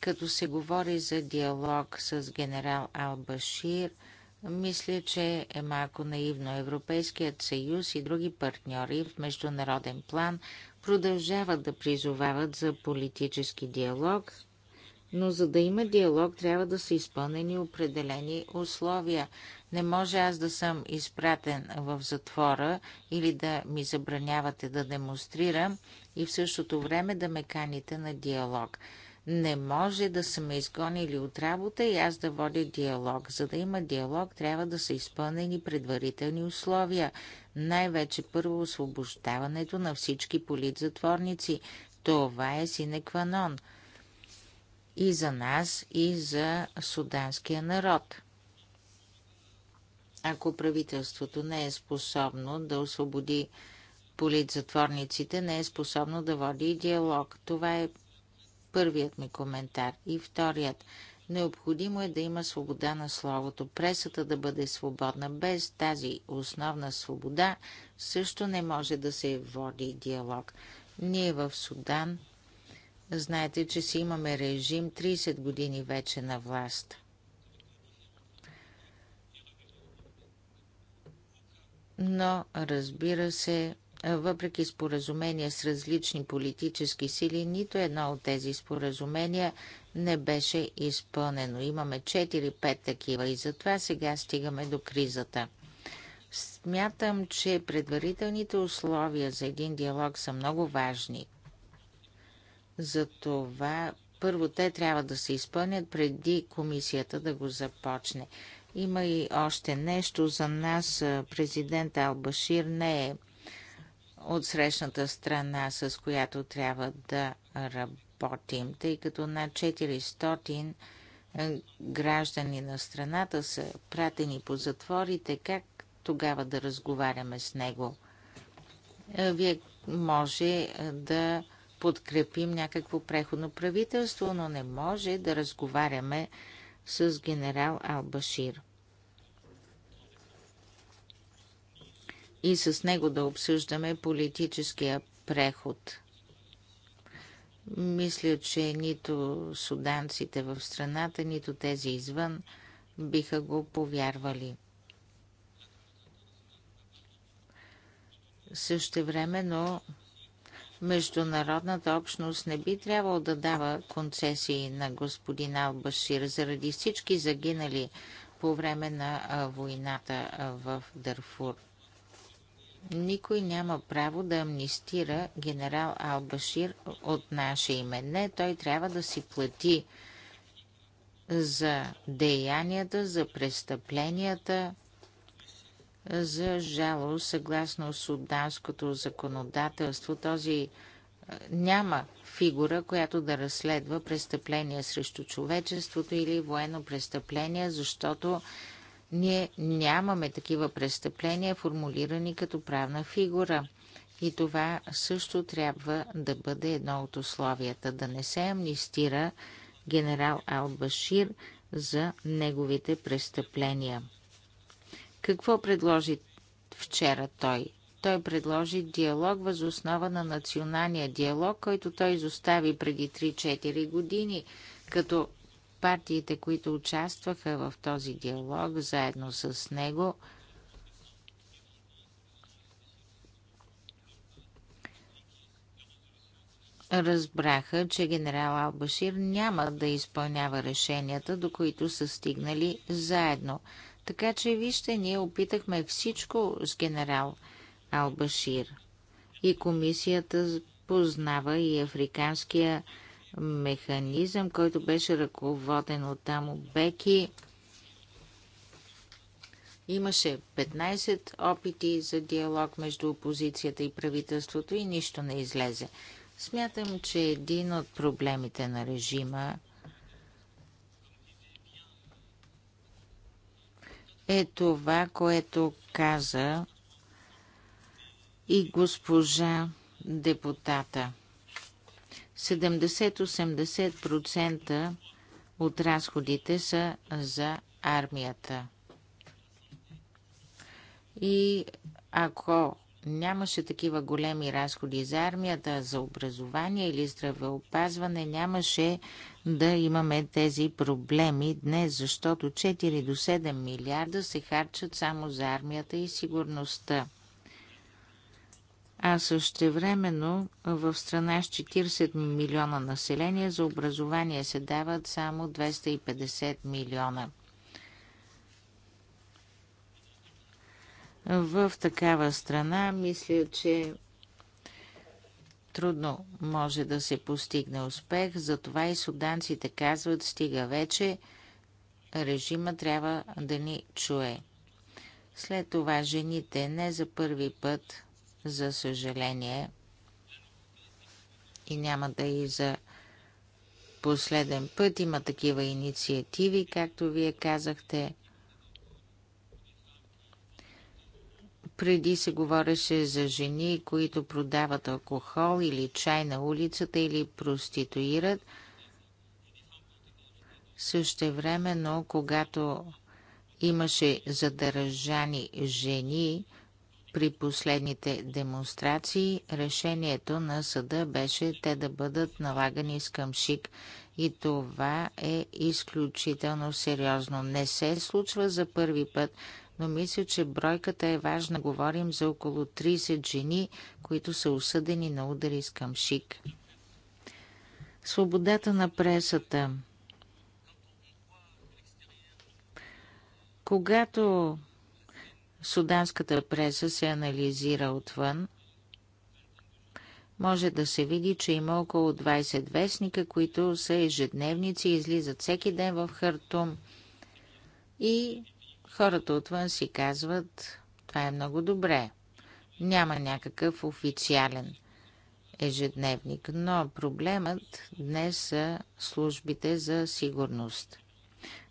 Като се говори за диалог с генерал Албашир, мисля, че е малко наивно. Европейският съюз и други партньори в международен план продължават да призовават за политически диалог, но за да има диалог трябва да са изпълнени определени условия. Не може аз да съм изпратен в затвора или да ми забранявате да демонстрирам и в същото време да ме каните на диалог. Не може да са ме изгонили от работа и аз да водя диалог. За да има диалог, трябва да са изпълнени предварителни условия. Най-вече първо освобождаването на всички политзатворници. Това е синекванон. И за нас, и за суданския народ. Ако правителството не е способно да освободи политзатворниците, не е способно да води и диалог. Това е първият ми коментар. И вторият. Необходимо е да има свобода на словото, пресата да бъде свободна. Без тази основна свобода също не може да се води диалог. Ние в Судан, знаете, че си имаме режим 30 години вече на власт – но разбира се, въпреки споразумения с различни политически сили, нито едно от тези споразумения не беше изпълнено. Имаме 4-5 такива и затова сега стигаме до кризата. Смятам, че предварителните условия за един диалог са много важни. Затова първо те трябва да се изпълнят преди комисията да го започне. Има и още нещо за нас. Президент Албашир не е от срещната страна, с която трябва да работим, тъй като над 400 граждани на страната са пратени по затворите. Как тогава да разговаряме с него? Вие може да подкрепим някакво преходно правителство, но не може да разговаряме с генерал Албашир. И с него да обсъждаме политическия преход. Мисля, че нито суданците в страната, нито тези извън биха го повярвали. Също но Международната общност не би трябвало да дава концесии на господин Албашир заради всички загинали по време на войната в Дарфур. Никой няма право да амнистира генерал Албашир от наше име. Не, той трябва да си плати за деянията, за престъпленията, за жало, съгласно суданското законодателство, този е, няма фигура, която да разследва престъпления срещу човечеството или военно престъпление, защото ние нямаме такива престъпления, формулирани като правна фигура. И това също трябва да бъде едно от условията да не се амнистира генерал Ал-Башир за неговите престъпления. Какво предложи вчера той? Той предложи диалог въз основа на националния диалог, който той изостави преди 3-4 години, като партиите, които участваха в този диалог заедно с него, разбраха, че генерал Албашир няма да изпълнява решенията, до които са стигнали заедно. Така че, вижте, ние опитахме всичко с генерал Албашир. И комисията познава и африканския механизъм, който беше ръководен от там Беки. Имаше 15 опити за диалог между опозицията и правителството и нищо не излезе. Смятам, че един от проблемите на режима е това, което каза и госпожа депутата. 70-80% от разходите са за армията. И ако нямаше такива големи разходи за армията, за образование или здравеопазване, нямаше да имаме тези проблеми днес, защото 4 до 7 милиарда се харчат само за армията и сигурността. А също времено в страна с 40 милиона население за образование се дават само 250 милиона. В такава страна мисля, че трудно може да се постигне успех, затова и суданците казват, стига вече, режима трябва да ни чуе. След това жените не за първи път, за съжаление, и няма да и за последен път има такива инициативи, както вие казахте – Преди се говореше за жени, които продават алкохол или чай на улицата или проституират. Същевременно, когато имаше задържани жени при последните демонстрации, решението на съда беше те да бъдат налагани с къмшик и това е изключително сериозно. Не се случва за първи път но мисля, че бройката е важна. Говорим за около 30 жени, които са осъдени на удари с камшик. Свободата на пресата. Когато суданската преса се анализира отвън, може да се види, че има около 20 вестника, които са ежедневници, излизат всеки ден в Хартум и Хората отвън си казват, това е много добре. Няма някакъв официален ежедневник, но проблемът днес са службите за сигурност.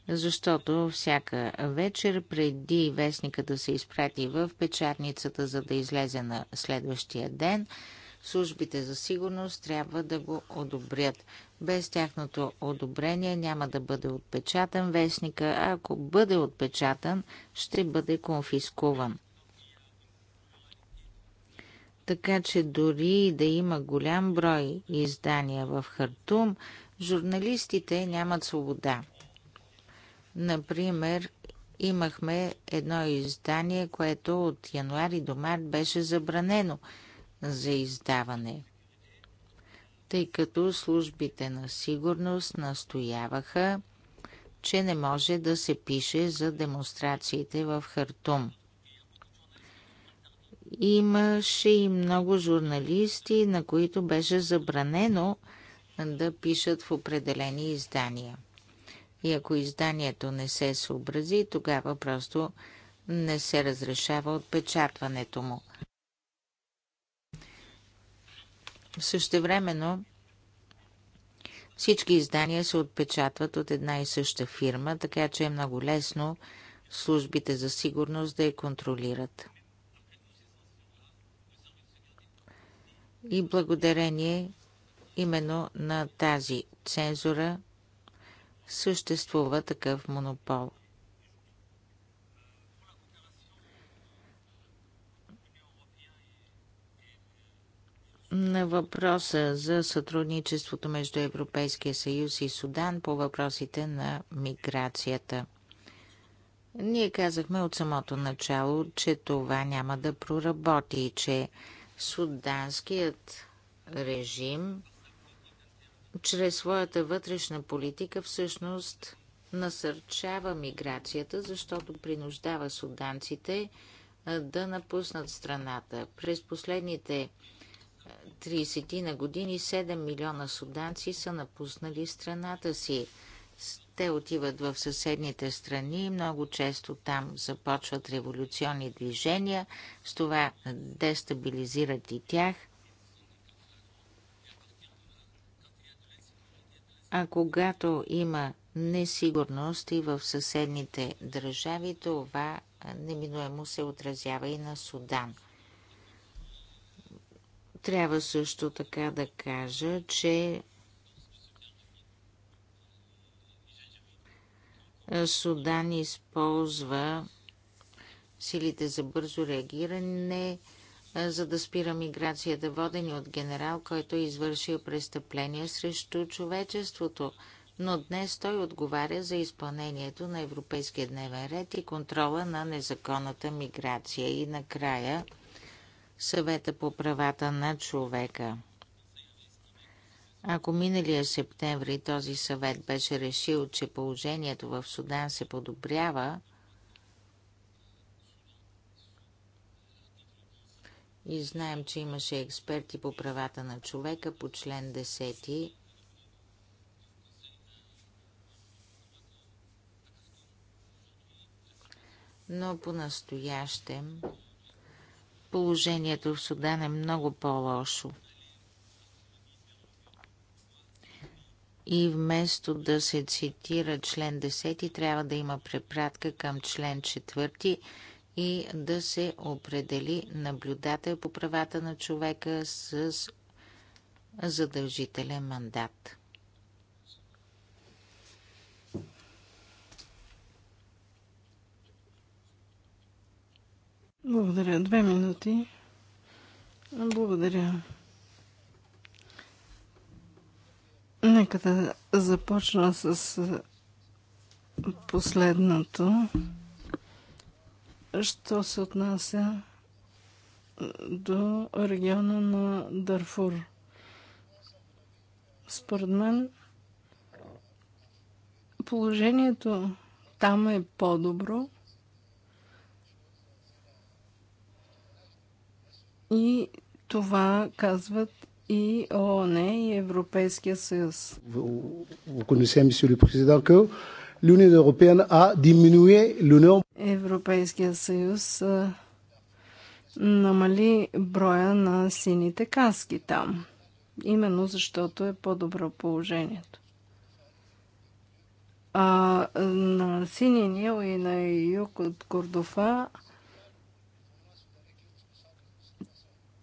Защото всяка вечер преди вестника да се изпрати в печатницата, за да излезе на следващия ден, службите за сигурност трябва да го одобрят. Без тяхното одобрение няма да бъде отпечатан вестника, а ако бъде отпечатан, ще бъде конфискуван. Така че дори да има голям брой издания в Хартум, журналистите нямат свобода. Например, имахме едно издание, което от януари до март беше забранено за издаване тъй като службите на сигурност настояваха, че не може да се пише за демонстрациите в Хартум. Имаше и много журналисти, на които беше забранено да пишат в определени издания. И ако изданието не се съобрази, тогава просто не се разрешава отпечатването му. Същевременно всички издания се отпечатват от една и съща фирма, така че е много лесно службите за сигурност да я контролират. И благодарение именно на тази цензура съществува такъв монопол. На въпроса за сътрудничеството между Европейския съюз и Судан по въпросите на миграцията. Ние казахме от самото начало, че това няма да проработи и че суданският режим чрез своята вътрешна политика всъщност насърчава миграцията, защото принуждава суданците да напуснат страната. През последните 30 на години 7 милиона суданци са напуснали страната си. Те отиват в съседните страни и много често там започват революционни движения, с това дестабилизират и тях. А когато има несигурност и в съседните държави, това неминуемо се отразява и на Судан – трябва също така да кажа, че Судан използва силите за бързо реагиране, за да спира миграцията, водени от генерал, който е извършил престъпления срещу човечеството. Но днес той отговаря за изпълнението на Европейския дневен ред и контрола на незаконната миграция. И накрая съвета по правата на човека. Ако миналия септември този съвет беше решил, че положението в Судан се подобрява, и знаем, че имаше експерти по правата на човека по член 10 но по-настоящем Положението в Судан е много по-лошо. И вместо да се цитира член 10, трябва да има препратка към член 4 и да се определи наблюдател по правата на човека с задължителен мандат. Благодаря. Две минути. Благодаря. Нека да започна с последното. Що се отнася до региона на Дарфур. Според мен положението там е по-добро, И това казват и ООН и Европейския съюз. Европейския съюз намали броя на сините каски там. Именно защото е по-добро положението. А на Сининил и на юг от Кордофа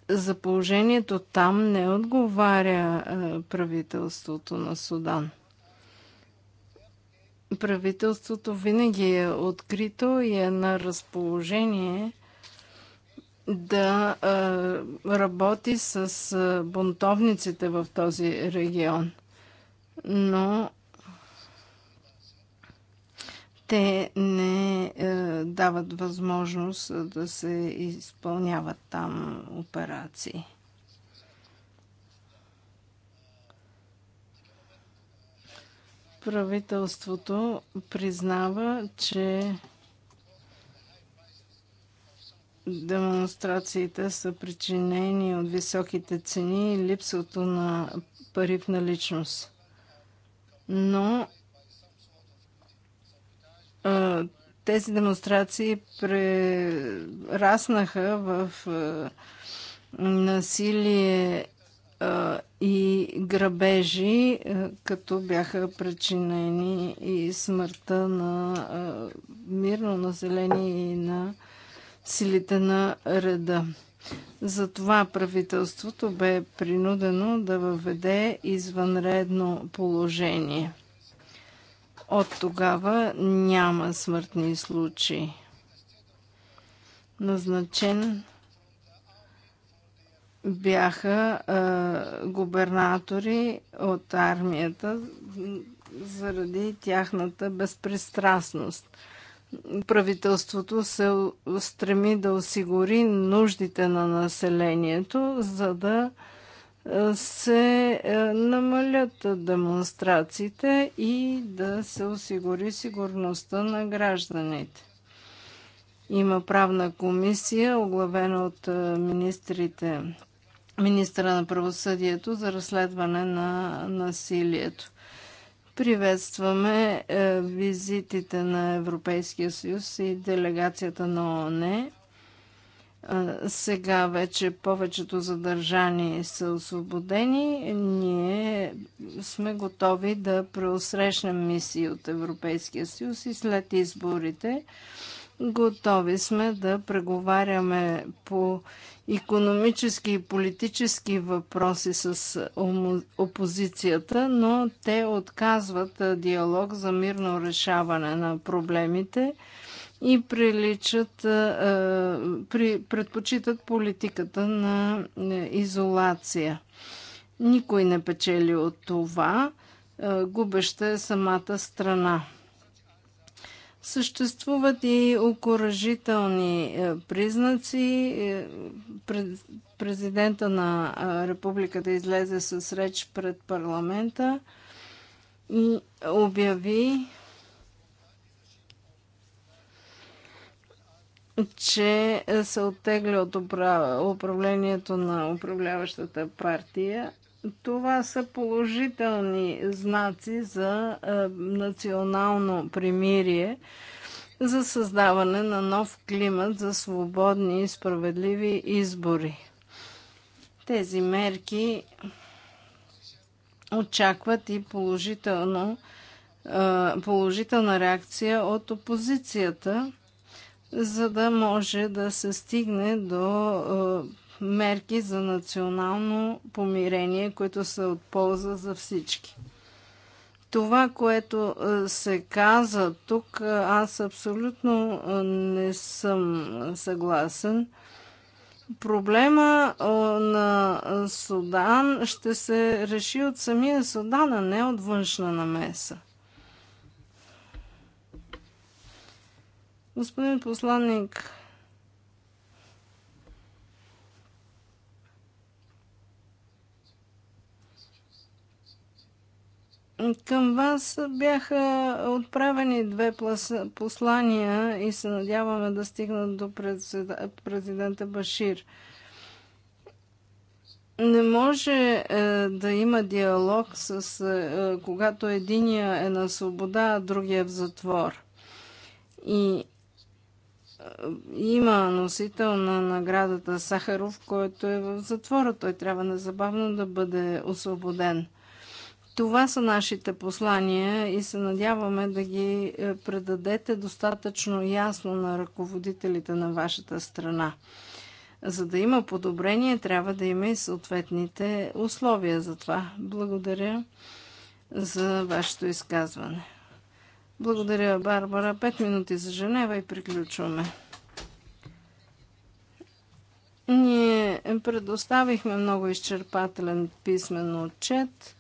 за положението там не отговаря е, правителството на Судан. Правителството винаги е открито и е на разположение да е, работи с е, бунтовниците в този регион. Но те не е, дават възможност да се изпълняват там операции. Правителството признава, че демонстрациите са причинени от високите цени и липсото на пари в наличност. Но тези демонстрации прераснаха в насилие и грабежи, като бяха причинени и смъртта на мирно население и на силите на реда. Затова правителството бе принудено да въведе извънредно положение – от тогава няма смъртни случаи. Назначен бяха е, губернатори от армията заради тяхната безпристрастност. Правителството се стреми да осигури нуждите на населението, за да е, се е, намалят демонстрациите и да се осигури сигурността на гражданите. Има правна комисия, оглавена от е, министрите, министра на правосъдието за разследване на насилието. Приветстваме е, визитите на Европейския съюз и делегацията на ОНЕ. Сега вече повечето задържани са освободени. Ние сме готови да преосрещнем мисии от Европейския съюз и след изборите готови сме да преговаряме по економически и политически въпроси с опозицията, но те отказват диалог за мирно решаване на проблемите и приличат, при, предпочитат политиката на изолация. Никой не печели от това, губеща е самата страна. Съществуват и окоръжителни признаци. Президента на републиката излезе с реч пред парламента и обяви че е, се оттегля от управлението на управляващата партия. Това са положителни знаци за е, национално примирие, за създаване на нов климат за свободни и справедливи избори. Тези мерки очакват и положително, е, положителна реакция от опозицията – за да може да се стигне до мерки за национално помирение, които са от полза за всички. Това, което се каза тук, аз абсолютно не съм съгласен. Проблема на Судан ще се реши от самия Судан, а не от външна намеса. Господин посланник, Към вас бяха отправени две послания и се надяваме да стигнат до президента Башир. Не може е, да има диалог с е, когато единия е на свобода, а другия е в затвор. И има носител на наградата Сахаров, който е в затвора. Той трябва незабавно да бъде освободен. Това са нашите послания и се надяваме да ги е, предадете достатъчно ясно на ръководителите на вашата страна. За да има подобрение, трябва да има и съответните условия за това. Благодаря за вашето изказване. Благодаря, Барбара. Пет минути за Женева и приключваме. Ние предоставихме много изчерпателен писмен отчет.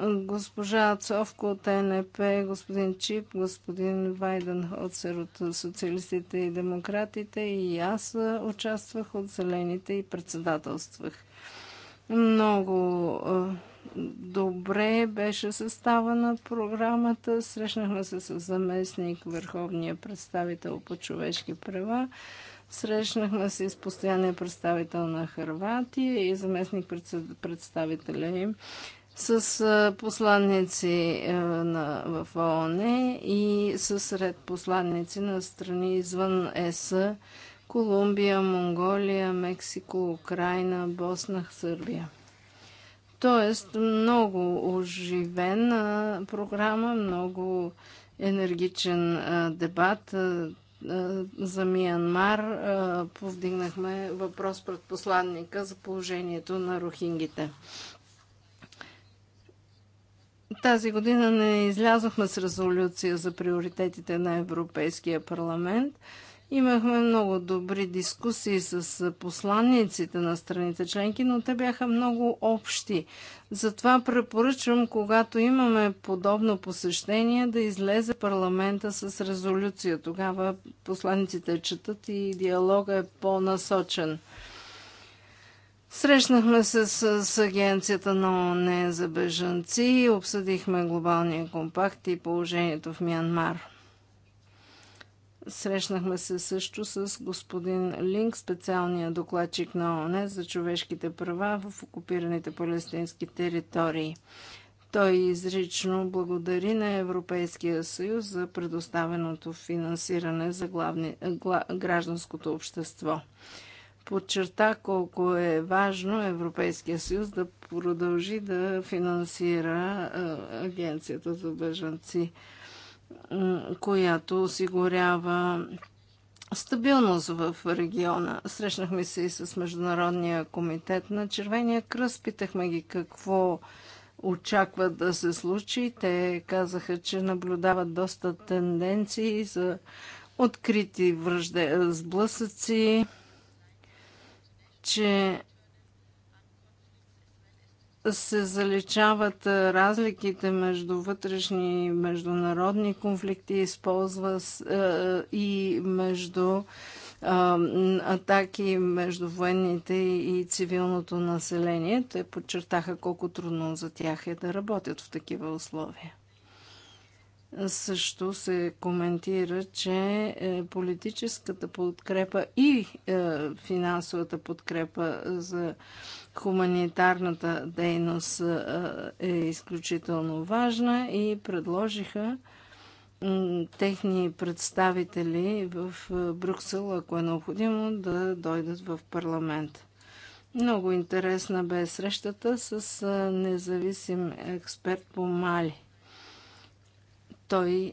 Госпожа Цовко от НП, господин Чип, господин Вайден Хоцер от Социалистите и Демократите и аз участвах от Зелените и председателствах. Много добре беше съставена програмата. Срещнахме се с заместник Върховния представител по човешки права. Срещнахме се с постоянния представител на Харватия и заместник представителя им с посланници в ООН и с сред посланници на страни извън ЕС Колумбия, Монголия, Мексико, Украина, Босна, Сърбия. Тоест, много оживена програма, много енергичен дебат за Миянмар. Повдигнахме въпрос пред посланника за положението на рухингите. Тази година не излязохме с резолюция за приоритетите на Европейския парламент – Имахме много добри дискусии с посланниците на страните членки, но те бяха много общи. Затова препоръчвам, когато имаме подобно посещение, да излезе парламента с резолюция. Тогава посланниците четат и диалога е по-насочен. Срещнахме се с, с агенцията на ОНЕ за бежанци, обсъдихме глобалния компакт и положението в Мянмар. Срещнахме се също с господин Линк, специалния докладчик на ООН за човешките права в окупираните палестински територии. Той изрично благодари на Европейския съюз за предоставеното финансиране за главни, гла, гражданското общество. Подчерта колко е важно Европейския съюз да продължи да финансира Агенцията за бежанци която осигурява стабилност в региона. Срещнахме се и с Международния комитет на Червения кръст. Питахме ги какво очакват да се случи. Те казаха, че наблюдават доста тенденции за открити връжде... сблъсъци, че се заличават разликите между вътрешни и международни конфликти, използва и между атаки между военните и цивилното население. Те подчертаха колко трудно за тях е да работят в такива условия. Също се коментира, че е, политическата подкрепа и е, финансовата подкрепа за Хуманитарната дейност е изключително важна и предложиха техни представители в Брюксел, ако е необходимо, да дойдат в парламент. Много интересна бе срещата с независим експерт по Мали. Той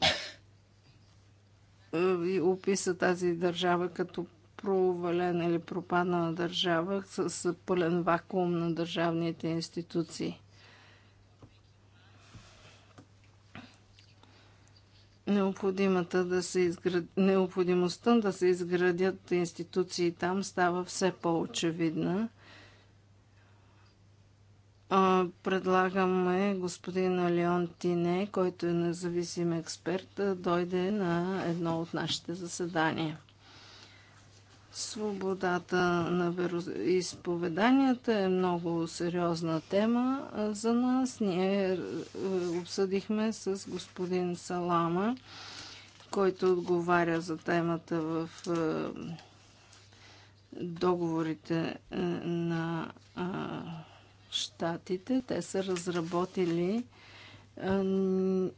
описа тази държава като провалена или пропаднала държава с пълен вакуум на държавните институции. Необходимата да се изград... Необходимостта да се изградят институции там става все по-очевидна. Предлагаме господин Алион Тине, който е независим експерт, да дойде на едно от нашите заседания. Свободата на вероисповеданията е много сериозна тема за нас. Ние е, обсъдихме с господин Салама, който отговаря за темата в е, договорите е, на щатите. Те са разработили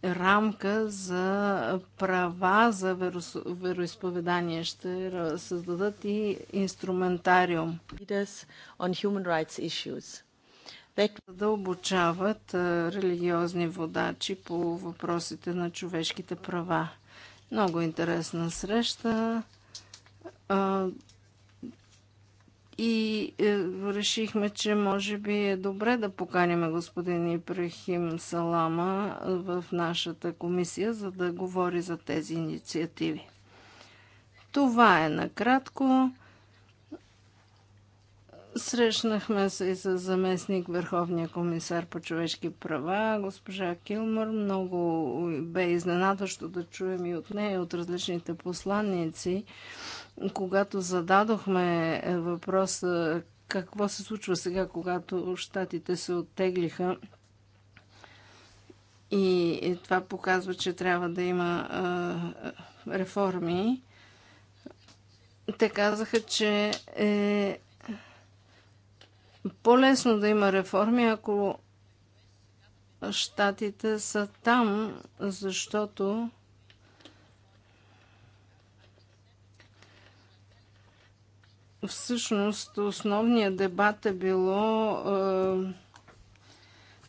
рамка за права за вероисповедание. Ще създадат и инструментариум. Да обучават религиозни водачи по въпросите на човешките права. Много интересна среща. И е, решихме, че може би е добре да поканим господин Ибрахим Салама е, в нашата комисия, за да говори за тези инициативи. Това е накратко. Срещнахме се и с заместник Върховния комисар по човешки права, госпожа Килмър. Много бе изненадващо да чуем и от нея, и от различните посланници когато зададохме въпроса какво се случва сега, когато щатите се оттеглиха, и това показва, че трябва да има а, реформи. Те казаха, че е по-лесно да има реформи, ако щатите са там, защото всъщност основният дебат е било. Е,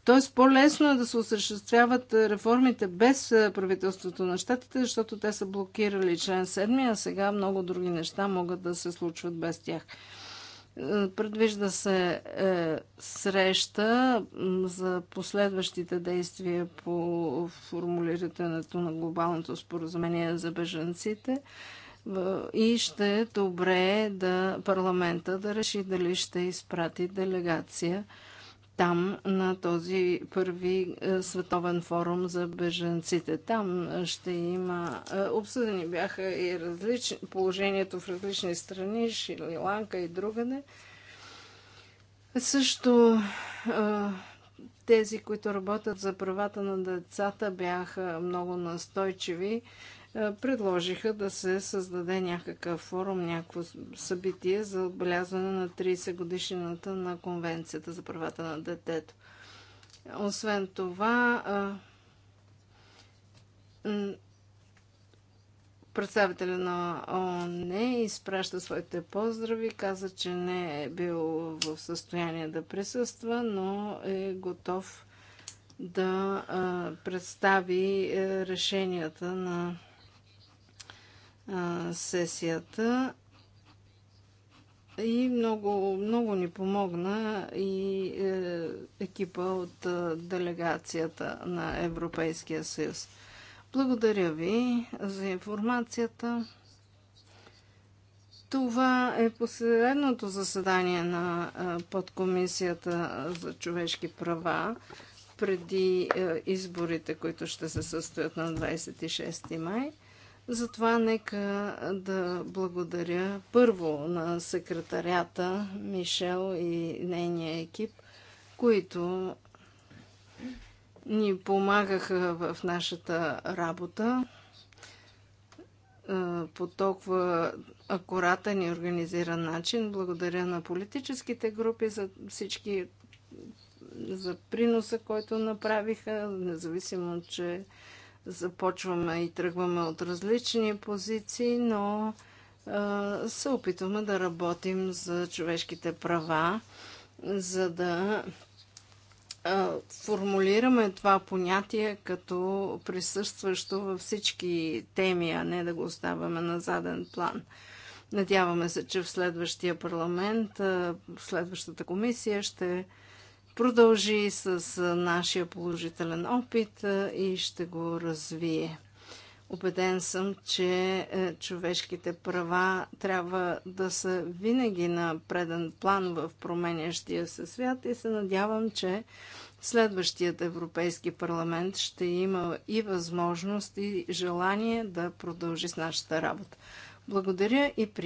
тоест по-лесно е да се осъществяват реформите без е, правителството на щатите, защото те са блокирали член 7, а сега много други неща могат да се случват без тях. Е, предвижда се е, среща за последващите действия по формулирането на глобалното споразумение за бежанците. Е, и ще е добре да парламента да реши дали ще изпрати делегация там на този първи е, световен форум за беженците. Там ще има... Е, обсъдени бяха и различни... положението в различни страни, Шри-Ланка и другаде. Също е, тези, които работят за правата на децата, бяха много настойчиви е, предложиха да се създаде някакъв форум, някакво събитие за отбелязване на 30 годишнината на Конвенцията за правата на детето. Освен това, представителя на ООН изпраща своите поздрави, каза, че не е бил в състояние да присъства, но е готов да представи е, решенията на сесията и много, много ни помогна и е, екипа от е, делегацията на Европейския съюз. Благодаря ви за информацията. Това е последното заседание на е, подкомисията за човешки права преди изборите, които ще се състоят на 26 май. Затова нека да благодаря първо на секретарята Мишел и нейния екип, които ни помагаха в нашата работа по толкова акуратен и организиран начин. Благодаря на политическите групи за всички за приноса, който направиха, независимо, че започваме и тръгваме от различни позиции, но се опитваме да работим за човешките права, за да формулираме това понятие като присъстващо във всички теми, а не да го оставяме на заден план. Надяваме се, че в следващия парламент, в следващата комисия ще продължи с нашия положителен опит и ще го развие. Обеден съм, че е, човешките права трябва да са винаги на преден план в променящия се свят и се надявам, че следващият Европейски парламент ще има и възможност и желание да продължи с нашата работа. Благодаря и приятно.